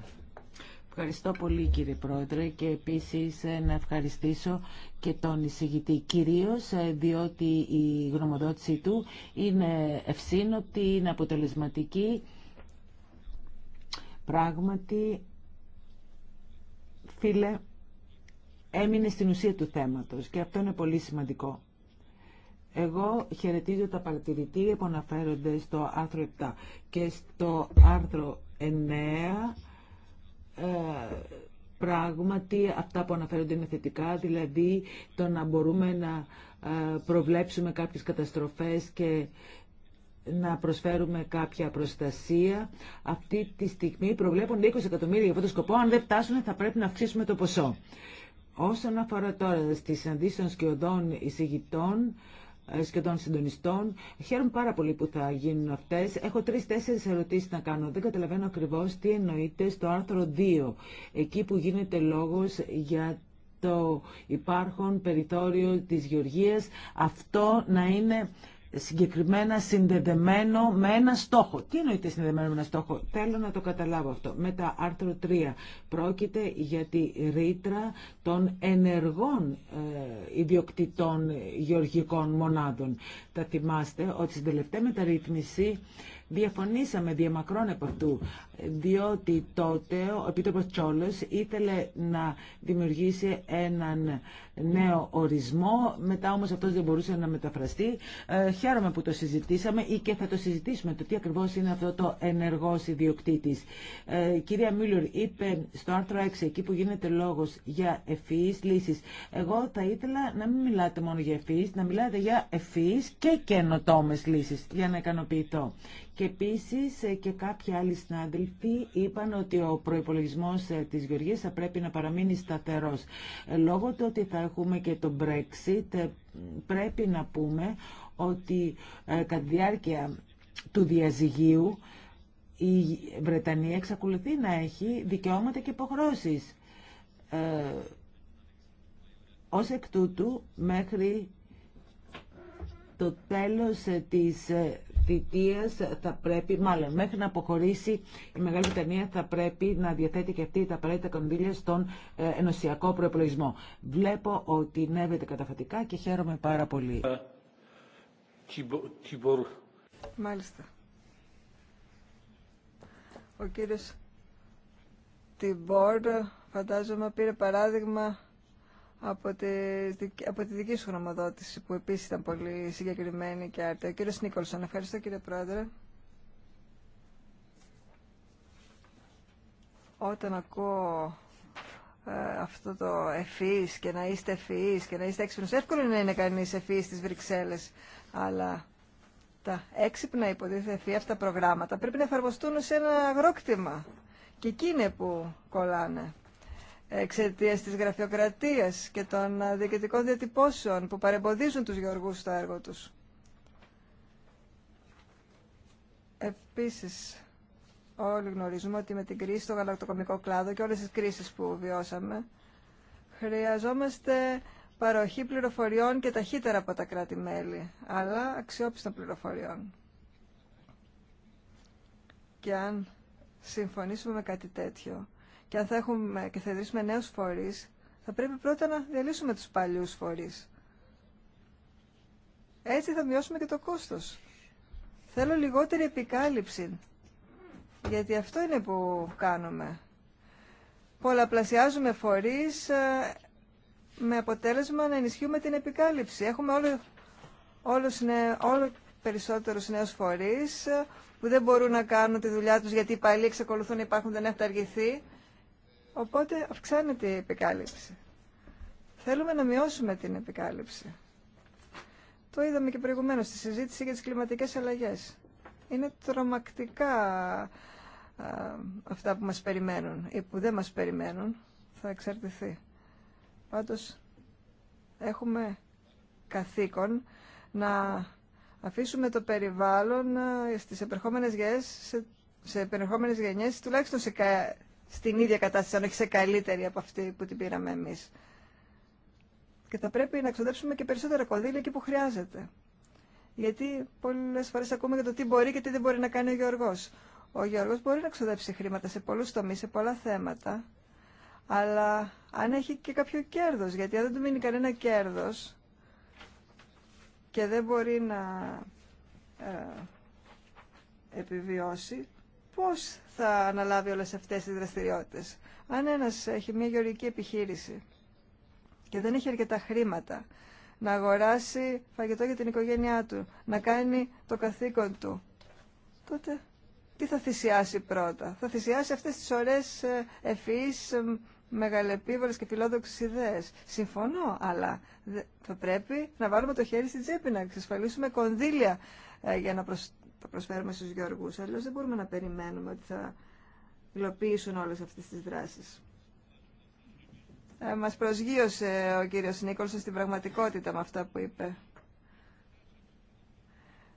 Ευχαριστώ πολύ κύριε Πρόεδρε και επίσης ε, να ευχαριστήσω και τον εισηγητή κυρίως ε, διότι η γνωμοδότησή του είναι ευσύνοπτη, είναι αποτελεσματική. Πράγματι, φίλε, έμεινε στην ουσία του θέματος και αυτό είναι πολύ σημαντικό. Εγώ χαιρετίζω τα παρατηρητήρια που αναφέρονται στο άρθρο 7 και στο άρθρο 9 ε, πράγματι αυτά που αναφέρονται είναι θετικά, δηλαδή το να μπορούμε να ε, προβλέψουμε κάποιες καταστροφές και να προσφέρουμε κάποια προστασία. Αυτή τη στιγμή προβλέπουν 20 εκατομμύρια για αυτόν τον σκοπό. Αν δεν φτάσουν θα πρέπει να αυξήσουμε το ποσό. Όσον αφορά τώρα στις αντίστοιχες και οδών εισηγητών, ε, σχεδόν συντονιστών. Χαίρομαι πάρα πολύ που θα γίνουν αυτές. Έχω τρει-τέσσερι ερωτήσεις να κάνω. Δεν καταλαβαίνω ακριβώς τι εννοείται στο άρθρο 2, εκεί που γίνεται λόγος για το υπάρχον περιθώριο της γεωργίας, αυτό να είναι συγκεκριμένα συνδεδεμένο με ένα στόχο. Τι εννοείται συνδεδεμένο με ένα στόχο, θέλω να το καταλάβω αυτό. Με τα άρθρο 3 πρόκειται για τη ρήτρα των ενεργών ε, ιδιοκτητών γεωργικών μονάδων. Θα θυμάστε ότι στην τελευταία μεταρρύθμιση Διαφωνήσαμε διαμακρών από αυτού, διότι τότε ο Επίτροπος Τσόλος ήθελε να δημιουργήσει έναν νέο ορισμό. Μετά όμως αυτός δεν μπορούσε να μεταφραστεί. Ε, χαίρομαι που το συζητήσαμε ή και θα το συζητήσουμε το τι ακριβώς είναι αυτό το ενεργός ιδιοκτήτης. Ε, κυρία Μίλλουρ είπε στο άρθρο 6 εκεί που γίνεται λόγος για ευφυείς λύσεις. Εγώ θα ήθελα να μην μιλάτε μόνο για ευφυείς, να μιλάτε για ευφυείς και καινοτόμες λύσεις για να ικανοποιηθώ. Και επίση ε, και κάποιοι άλλοι συνάδελφοι είπαν ότι ο προπολογισμό ε, τη Γεωργία θα πρέπει να παραμείνει σταθερό Λόγω του ότι θα έχουμε και το Brexit, ε, πρέπει να πούμε ότι ε, κατά τη διάρκεια του διαζυγίου η Βρετανία εξακολουθεί να έχει δικαιώματα και υποχρώσεις. Ε, ως εκ τούτου, μέχρι το τέλος ε, της θητείας θα πρέπει, μάλλον μέχρι να αποχωρήσει η Μεγάλη Βρετανία θα πρέπει να διαθέτει και αυτή τα απαραίτητα κονδύλια στον ε, ενωσιακό προεπλογισμό. Βλέπω ότι νεύεται καταφατικά και χαίρομαι πάρα πολύ. Ε, Μάλιστα. Ο κύριος Τιμπόρ φαντάζομαι πήρε παράδειγμα από τη, από δική σου γνωμοδότηση που επίσης ήταν πολύ συγκεκριμένη και άρτη. Ο κύριος Νίκολσον, ευχαριστώ κύριε Πρόεδρε. Όταν ακούω ε, αυτό το εφής και να είστε εφής και να είστε έξυπνος, εύκολο είναι να είναι κανείς εφής στις Βρυξέλλες, αλλά τα έξυπνα υποτίθεται εφή, αυτά τα προγράμματα πρέπει να εφαρμοστούν σε ένα αγρόκτημα. Και εκεί είναι που κολλάνε εξαιτία της γραφειοκρατίας και των ε, διοικητικών διατυπώσεων που παρεμποδίζουν τους γεωργού στο έργο του. Επίση, όλοι γνωρίζουμε ότι με την κρίση στο γαλακτοκομικό κλάδο και όλε τι κρίσει που βιώσαμε, χρειαζόμαστε παροχή πληροφοριών και ταχύτερα από τα κράτη-μέλη, αλλά αξιόπιστων πληροφοριών. Και αν συμφωνήσουμε με κάτι τέτοιο, και αν θα έχουμε και θα ιδρύσουμε νέους φορείς, θα πρέπει πρώτα να διαλύσουμε τους παλιούς φορείς. Έτσι θα μειώσουμε και το κόστος. Θέλω λιγότερη επικάλυψη, γιατί αυτό είναι που κάνουμε. Πολλαπλασιάζουμε φορείς ε, με αποτέλεσμα να ενισχύουμε την επικάλυψη. Έχουμε όλο, περισσότερου όλο περισσότερους νέους φορείς ε, που δεν μπορούν να κάνουν τη δουλειά τους γιατί οι παλιοί εξακολουθούν να υπάρχουν, δεν έχουν αργηθεί. Οπότε αυξάνεται η επικάλυψη. Θέλουμε να μειώσουμε την επικάλυψη. Το είδαμε και προηγουμένως στη συζήτηση για τις κλιματικές αλλαγές. Είναι τρομακτικά αυτά που μας περιμένουν ή που δεν μας περιμένουν. Θα εξαρτηθεί. Πάντως έχουμε καθήκον να αφήσουμε το περιβάλλον ε, στις επερχόμενες γενιές, σε, σε επερχόμενες γενιές τουλάχιστον σε, στην ίδια κατάσταση, αν όχι σε καλύτερη από αυτή που την πήραμε εμείς. Και θα πρέπει να ξοδέψουμε και περισσότερα κονδύλια εκεί που χρειάζεται. Γιατί πολλέ φορέ ακούμε για το τι μπορεί και τι δεν μπορεί να κάνει ο Γιώργος. Ο Γιώργος μπορεί να ξοδέψει χρήματα σε πολλούς τομείς, σε πολλά θέματα, αλλά αν έχει και κάποιο κέρδο. γιατί αν δεν του μείνει κανένα κέρδο και δεν μπορεί να ε, επιβιώσει, πώς θα αναλάβει όλες αυτές τις δραστηριότητες. Αν ένας έχει μια γεωργική επιχείρηση και δεν έχει αρκετά χρήματα να αγοράσει φαγητό για την οικογένειά του, να κάνει το καθήκον του, τότε τι θα θυσιάσει πρώτα. Θα θυσιάσει αυτές τις ώρες ε, ευφυείς, ε, μεγαλεπίβολες και φιλόδοξες ιδέες. Συμφωνώ, αλλά θα πρέπει να βάλουμε το χέρι στην τσέπη, να εξασφαλίσουμε κονδύλια ε, για να προσ... Θα προσφέρουμε στους γεωργούς. Αλλιώς δεν μπορούμε να περιμένουμε ότι θα υλοποιήσουν όλες αυτές τις δράσεις. Ε, μας προσγείωσε ο κύριος Νίκολσον στην πραγματικότητα με αυτά που είπε.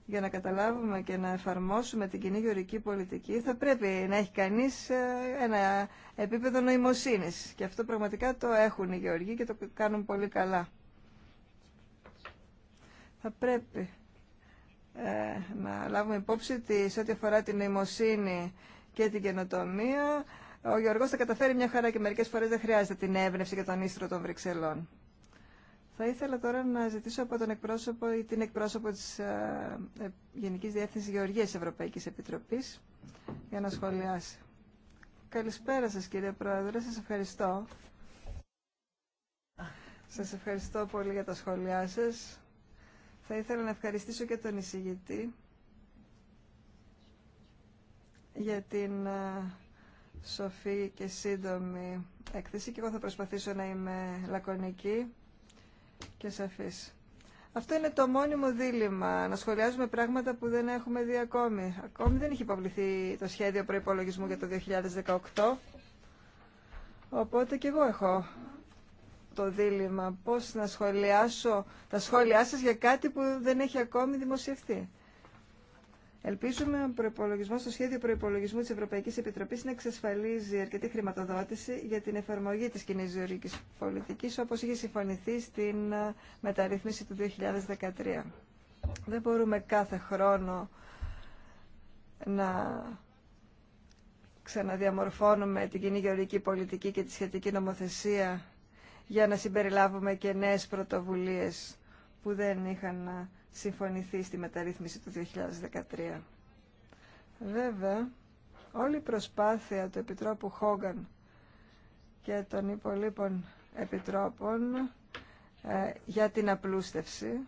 Για να καταλάβουμε και να εφαρμόσουμε την κοινή γεωρική πολιτική θα πρέπει να έχει κανείς ε, ένα επίπεδο νοημοσύνης. Και αυτό πραγματικά το έχουν οι γεωργοί και το κάνουν πολύ καλά. Θα πρέπει ε, να λάβουμε υπόψη ότι σε ό,τι αφορά την νοημοσύνη και την καινοτομία, ο Γιώργος θα καταφέρει μια χαρά και μερικές φορές δεν χρειάζεται την έμπνευση και τον ίστρο των Βρυξελών. Θα ήθελα τώρα να ζητήσω από τον εκπρόσωπο ή την εκπρόσωπο της ε, ε, Γενικής Διεύθυνσης Γεωργίας Ευρωπαϊκής Επιτροπής για να σχολιάσει. Καλησπέρα σας κύριε Πρόεδρε, σας ευχαριστώ. Σας ευχαριστώ πολύ για τα σχόλιά σας. Θα ήθελα να ευχαριστήσω και τον εισηγητή για την σοφή και σύντομη έκθεση και εγώ θα προσπαθήσω να είμαι λακωνική και σαφής. Αυτό είναι το μόνιμο δίλημα, να σχολιάζουμε πράγματα που δεν έχουμε δει ακόμη. Ακόμη δεν έχει υποβληθεί το σχέδιο προϋπολογισμού για το 2018, οπότε και εγώ έχω το δίλημα πώς να σχολιάσω τα σχόλιά σας για κάτι που δεν έχει ακόμη δημοσιευτεί. Ελπίζουμε ο προπολογισμό, το σχέδιο προπολογισμού τη Ευρωπαϊκή Επιτροπή να εξασφαλίζει αρκετή χρηματοδότηση για την εφαρμογή τη κοινή ζωρική πολιτική, όπω είχε συμφωνηθεί στην ε, μεταρρύθμιση του 2013. Δεν μπορούμε κάθε χρόνο να ξαναδιαμορφώνουμε την κοινή γεωργική πολιτική και τη σχετική νομοθεσία για να συμπεριλάβουμε και νέες πρωτοβουλίες που δεν είχαν συμφωνηθεί στη μεταρρύθμιση του 2013. Βέβαια, όλη η προσπάθεια του Επιτρόπου Χόγκαν και των υπολείπων επιτρόπων ε, για την απλούστευση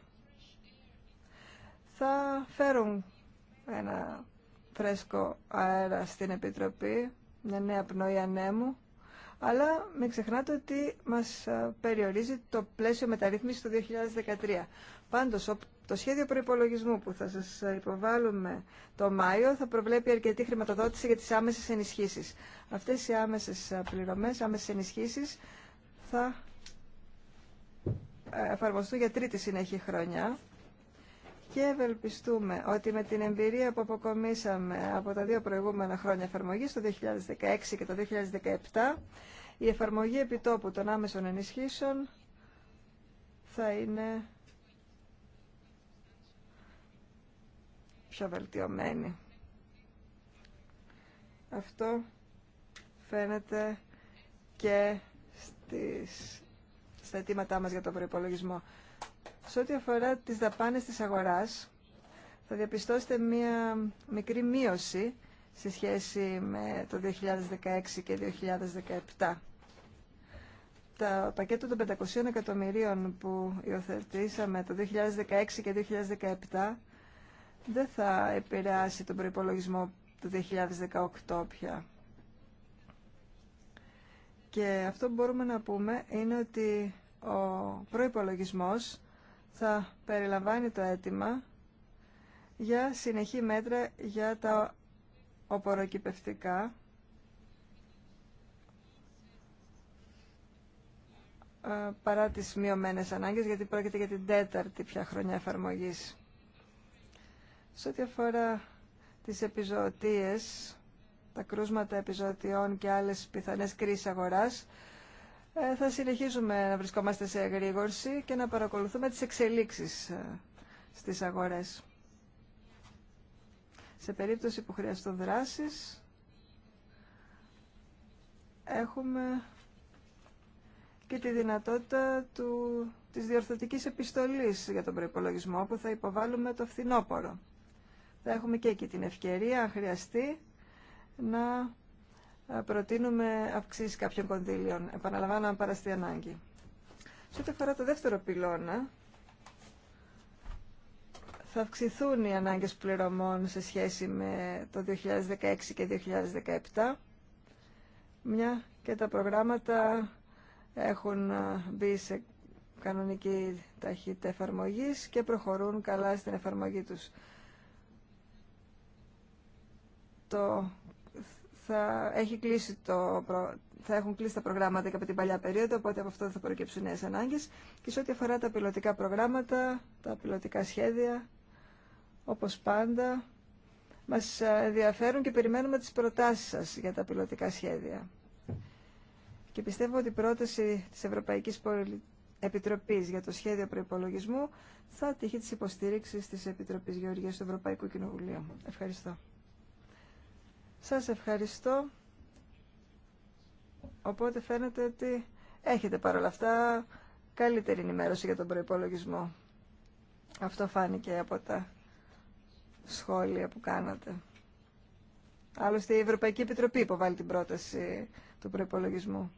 θα φέρουν ένα φρέσκο αέρα στην Επιτροπή, μια νέα πνοή ανέμου αλλά μην ξεχνάτε ότι μας ε, περιορίζει το πλαίσιο μεταρρύθμισης του 2013. Πάντως, το σχέδιο προϋπολογισμού που θα σας ε, υποβάλουμε το Μάιο θα προβλέπει αρκετή χρηματοδότηση για τις άμεσες ενισχύσεις. Αυτές οι άμεσες ε, πληρωμές, άμεσες ενισχύσεις θα εφαρμοστούν για τρίτη συνέχεια χρονιά και ευελπιστούμε ότι με την εμπειρία που αποκομίσαμε από τα δύο προηγούμενα χρόνια εφαρμογής, το 2016 και το 2017, η εφαρμογή επιτόπου των άμεσων ενισχύσεων θα είναι πιο βελτιωμένη. Αυτό φαίνεται και στις, στα αιτήματά μας για τον προϋπολογισμό. Σε ό,τι αφορά τις δαπάνες της αγοράς, θα διαπιστώσετε μία μικρή μείωση σε σχέση με το 2016 και 2017. Τα πακέτο των 500 εκατομμυρίων που υιοθετήσαμε το 2016 και 2017 δεν θα επηρεάσει τον προϋπολογισμό του 2018 πια. Και αυτό που μπορούμε να πούμε είναι ότι ο προϋπολογισμός θα περιλαμβάνει το αίτημα για συνεχή μέτρα για τα οποροκυπευτικά ε, παρά τις μειωμένες ανάγκες, γιατί πρόκειται για την τέταρτη πια χρονιά εφαρμογής. Σε ό,τι αφορά τις επιζωτίες, τα κρούσματα επιζωτιών και άλλες πιθανές κρίσεις αγοράς, ε, θα συνεχίζουμε να βρισκόμαστε σε εγρήγορση και να παρακολουθούμε τις εξελίξεις ε, στις αγορές. Σε περίπτωση που χρειαστούν δράσεις, έχουμε και τη δυνατότητα του, της διορθωτικής επιστολής για τον προϋπολογισμό που θα υποβάλουμε το φθινόπωρο. Θα έχουμε και εκεί την ευκαιρία, αν χρειαστεί, να ε, προτείνουμε αυξήσει κάποιων κονδύλιων. Επαναλαμβάνω, αν παραστεί ανάγκη. Σε ό,τι αφορά το δεύτερο πυλώνα, θα αυξηθούν οι ανάγκες πληρωμών σε σχέση με το 2016 και 2017, μια και τα προγράμματα έχουν ε, μπει σε κανονική ταχύτητα εφαρμογής και προχωρούν καλά στην εφαρμογή τους. Το θα, έχει κλείσει το, θα έχουν κλείσει τα προγράμματα και από την παλιά περίοδο, οπότε από αυτό θα προκύψουν νέε ανάγκε. Και σε ό,τι αφορά τα πιλωτικά προγράμματα, τα πιλωτικά σχέδια, όπω πάντα, μα ε, ενδιαφέρουν και περιμένουμε τι προτάσει σα για τα πιλωτικά σχέδια. Και πιστεύω ότι η πρόταση της Ευρωπαϊκής Επιτροπής για το σχέδιο προϋπολογισμού θα τύχει της υποστήριξης της Επιτροπής Γεωργίας του Ευρωπαϊκού Κοινοβουλίου. Ευχαριστώ. Σας ευχαριστώ. Οπότε φαίνεται ότι έχετε παρόλα αυτά καλύτερη ενημέρωση για τον προϋπολογισμό. Αυτό φάνηκε από τα σχόλια που κάνατε. Άλλωστε η Ευρωπαϊκή Επιτροπή υποβάλλει την πρόταση του προϋπολογισμού.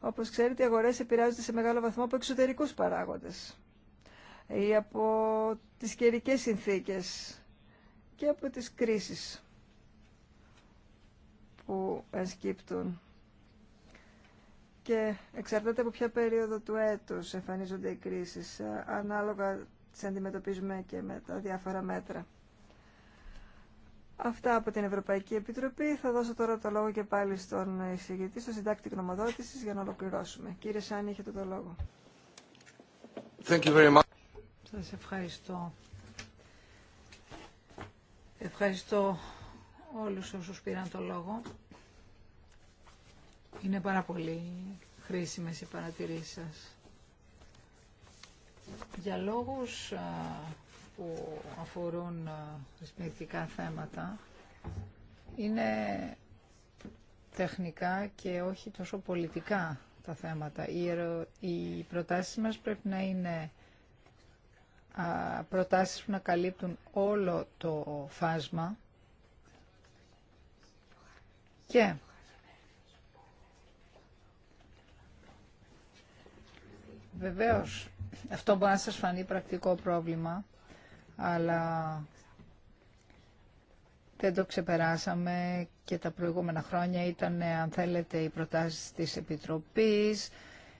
Όπως ξέρετε, οι αγορές επηρεάζονται σε μεγάλο βαθμό από εξωτερικούς παράγοντες ή από τις καιρικέ συνθήκες και από τις κρίσεις που ενσκύπτουν και εξαρτάται από ποια περίοδο του έτους εμφανίζονται οι κρίσεις. Ε, ανάλογα τις αντιμετωπίζουμε και με τα διάφορα μέτρα. Αυτά από την Ευρωπαϊκή Επιτροπή. Θα δώσω τώρα το λόγο και πάλι στον εισηγητή, στον συντάκτη γνωμοδότησης, για να ολοκληρώσουμε. Κύριε Σάνι, έχετε το λόγο. Thank you very much. Σας ευχαριστώ. Ευχαριστώ όλους όσους πήραν το λόγο. Είναι πάρα πολύ χρήσιμες οι παρατηρήσεις σας. Για λόγους που αφορούν ρυθμιστικά θέματα, είναι τεχνικά και όχι τόσο πολιτικά τα θέματα. Οι, ερω... οι προτάσεις μας πρέπει να είναι προτάσεις που να καλύπτουν όλο το φάσμα και βεβαίως αυτό μπορεί να σας φανεί πρακτικό πρόβλημα, αλλά δεν το ξεπεράσαμε και τα προηγούμενα χρόνια ήταν, αν θέλετε, οι προτάσεις της Επιτροπής,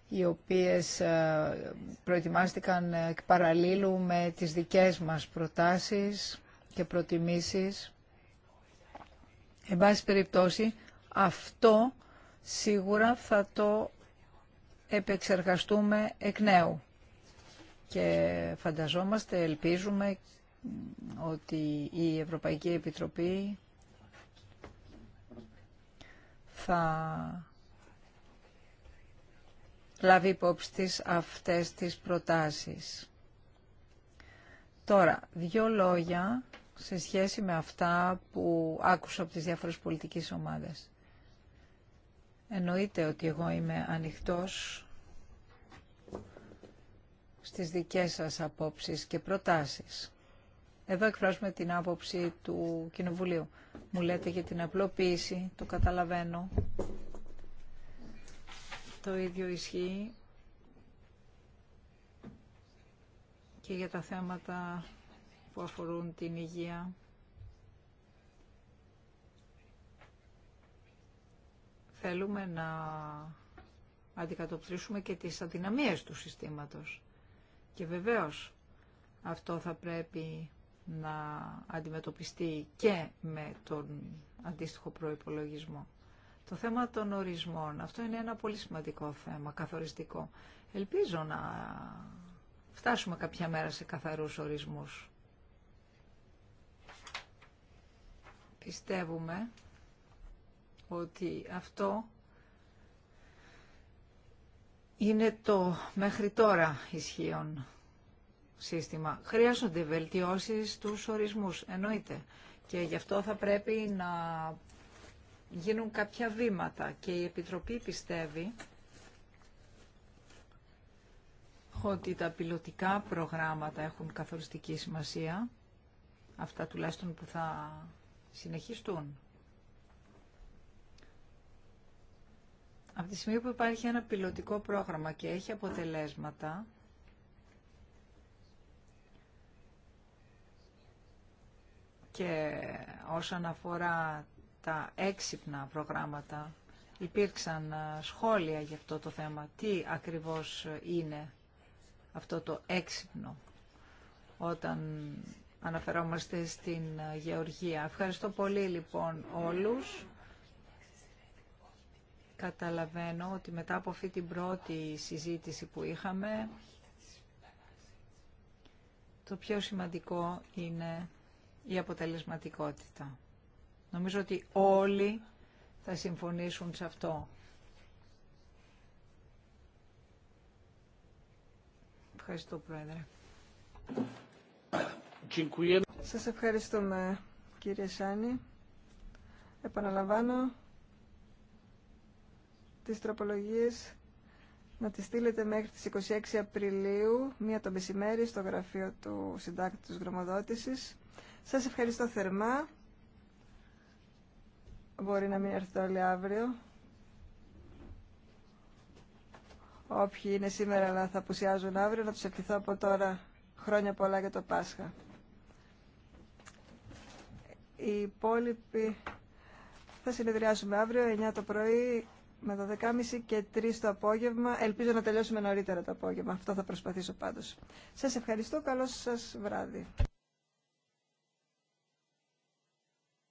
οι οποίες ε, προετοιμάστηκαν εκ παραλίλου με τις δικές μας προτάσεις και προτιμήσεις. Εν πάση περιπτώσει, αυτό σίγουρα θα το επεξεργαστούμε εκ νέου. Και φανταζόμαστε, ελπίζουμε ότι η Ευρωπαϊκή Επιτροπή θα λάβει υπόψη της αυτές τις προτάσεις. Τώρα, δύο λόγια σε σχέση με αυτά που άκουσα από τις διάφορες πολιτικές ομάδες. Εννοείται ότι εγώ είμαι ανοιχτός στις δικές σας απόψεις και προτάσεις. Εδώ εκφράζουμε την άποψη του Κοινοβουλίου. Μου λέτε για την απλοποίηση, το καταλαβαίνω. Το ίδιο ισχύει και για τα θέματα που αφορούν την υγεία. Θέλουμε να αντικατοπτρίσουμε και τις αδυναμίες του συστήματος. Και βεβαίως αυτό θα πρέπει να αντιμετωπιστεί και με τον αντίστοιχο προϋπολογισμό. Το θέμα των ορισμών, αυτό είναι ένα πολύ σημαντικό θέμα, καθοριστικό. Ελπίζω να φτάσουμε κάποια μέρα σε καθαρούς ορισμούς. Πιστεύουμε ότι αυτό είναι το μέχρι τώρα ισχύον σύστημα. Χρειάζονται βελτιώσεις στους ορισμούς, εννοείται. Και γι' αυτό θα πρέπει να γίνουν κάποια βήματα. Και η Επιτροπή πιστεύει ότι τα πιλωτικά προγράμματα έχουν καθοριστική σημασία. Αυτά τουλάχιστον που θα συνεχιστούν. Από τη στιγμή που υπάρχει ένα πιλωτικό πρόγραμμα και έχει αποτελέσματα, και όσον αφορά τα έξυπνα προγράμματα, υπήρξαν σχόλια για αυτό το θέμα. Τι ακριβώς είναι αυτό το έξυπνο όταν αναφερόμαστε στην ε, Γεωργία. Ευχαριστώ πολύ λοιπόν όλους. Καταλαβαίνω ότι μετά από αυτή την πρώτη συζήτηση που είχαμε, το πιο σημαντικό είναι η αποτελεσματικότητα. Νομίζω ότι όλοι θα συμφωνήσουν σε αυτό. Ευχαριστώ, Πρόεδρε. Σας ευχαριστούμε κύριε Σάνι. Επαναλαμβάνω τις τροπολογίες να τις στείλετε μέχρι τις 26 Απριλίου, μία το μεσημέρι, στο γραφείο του συντάκτη της Γρομοδότησης. Σας ευχαριστώ θερμά. Μπορεί να μην έρθετε όλοι αύριο. Όποιοι είναι σήμερα αλλά θα απουσιάζουν αύριο, να τους ευχηθώ από τώρα χρόνια πολλά για το Πάσχα. Οι υπόλοιποι θα συνεδριάσουμε αύριο 9 το πρωί με 12.30 και 3 το απόγευμα. Ελπίζω να τελειώσουμε νωρίτερα το απόγευμα. Αυτό θα προσπαθήσω πάντως. Σας ευχαριστώ. Καλό σας βράδυ.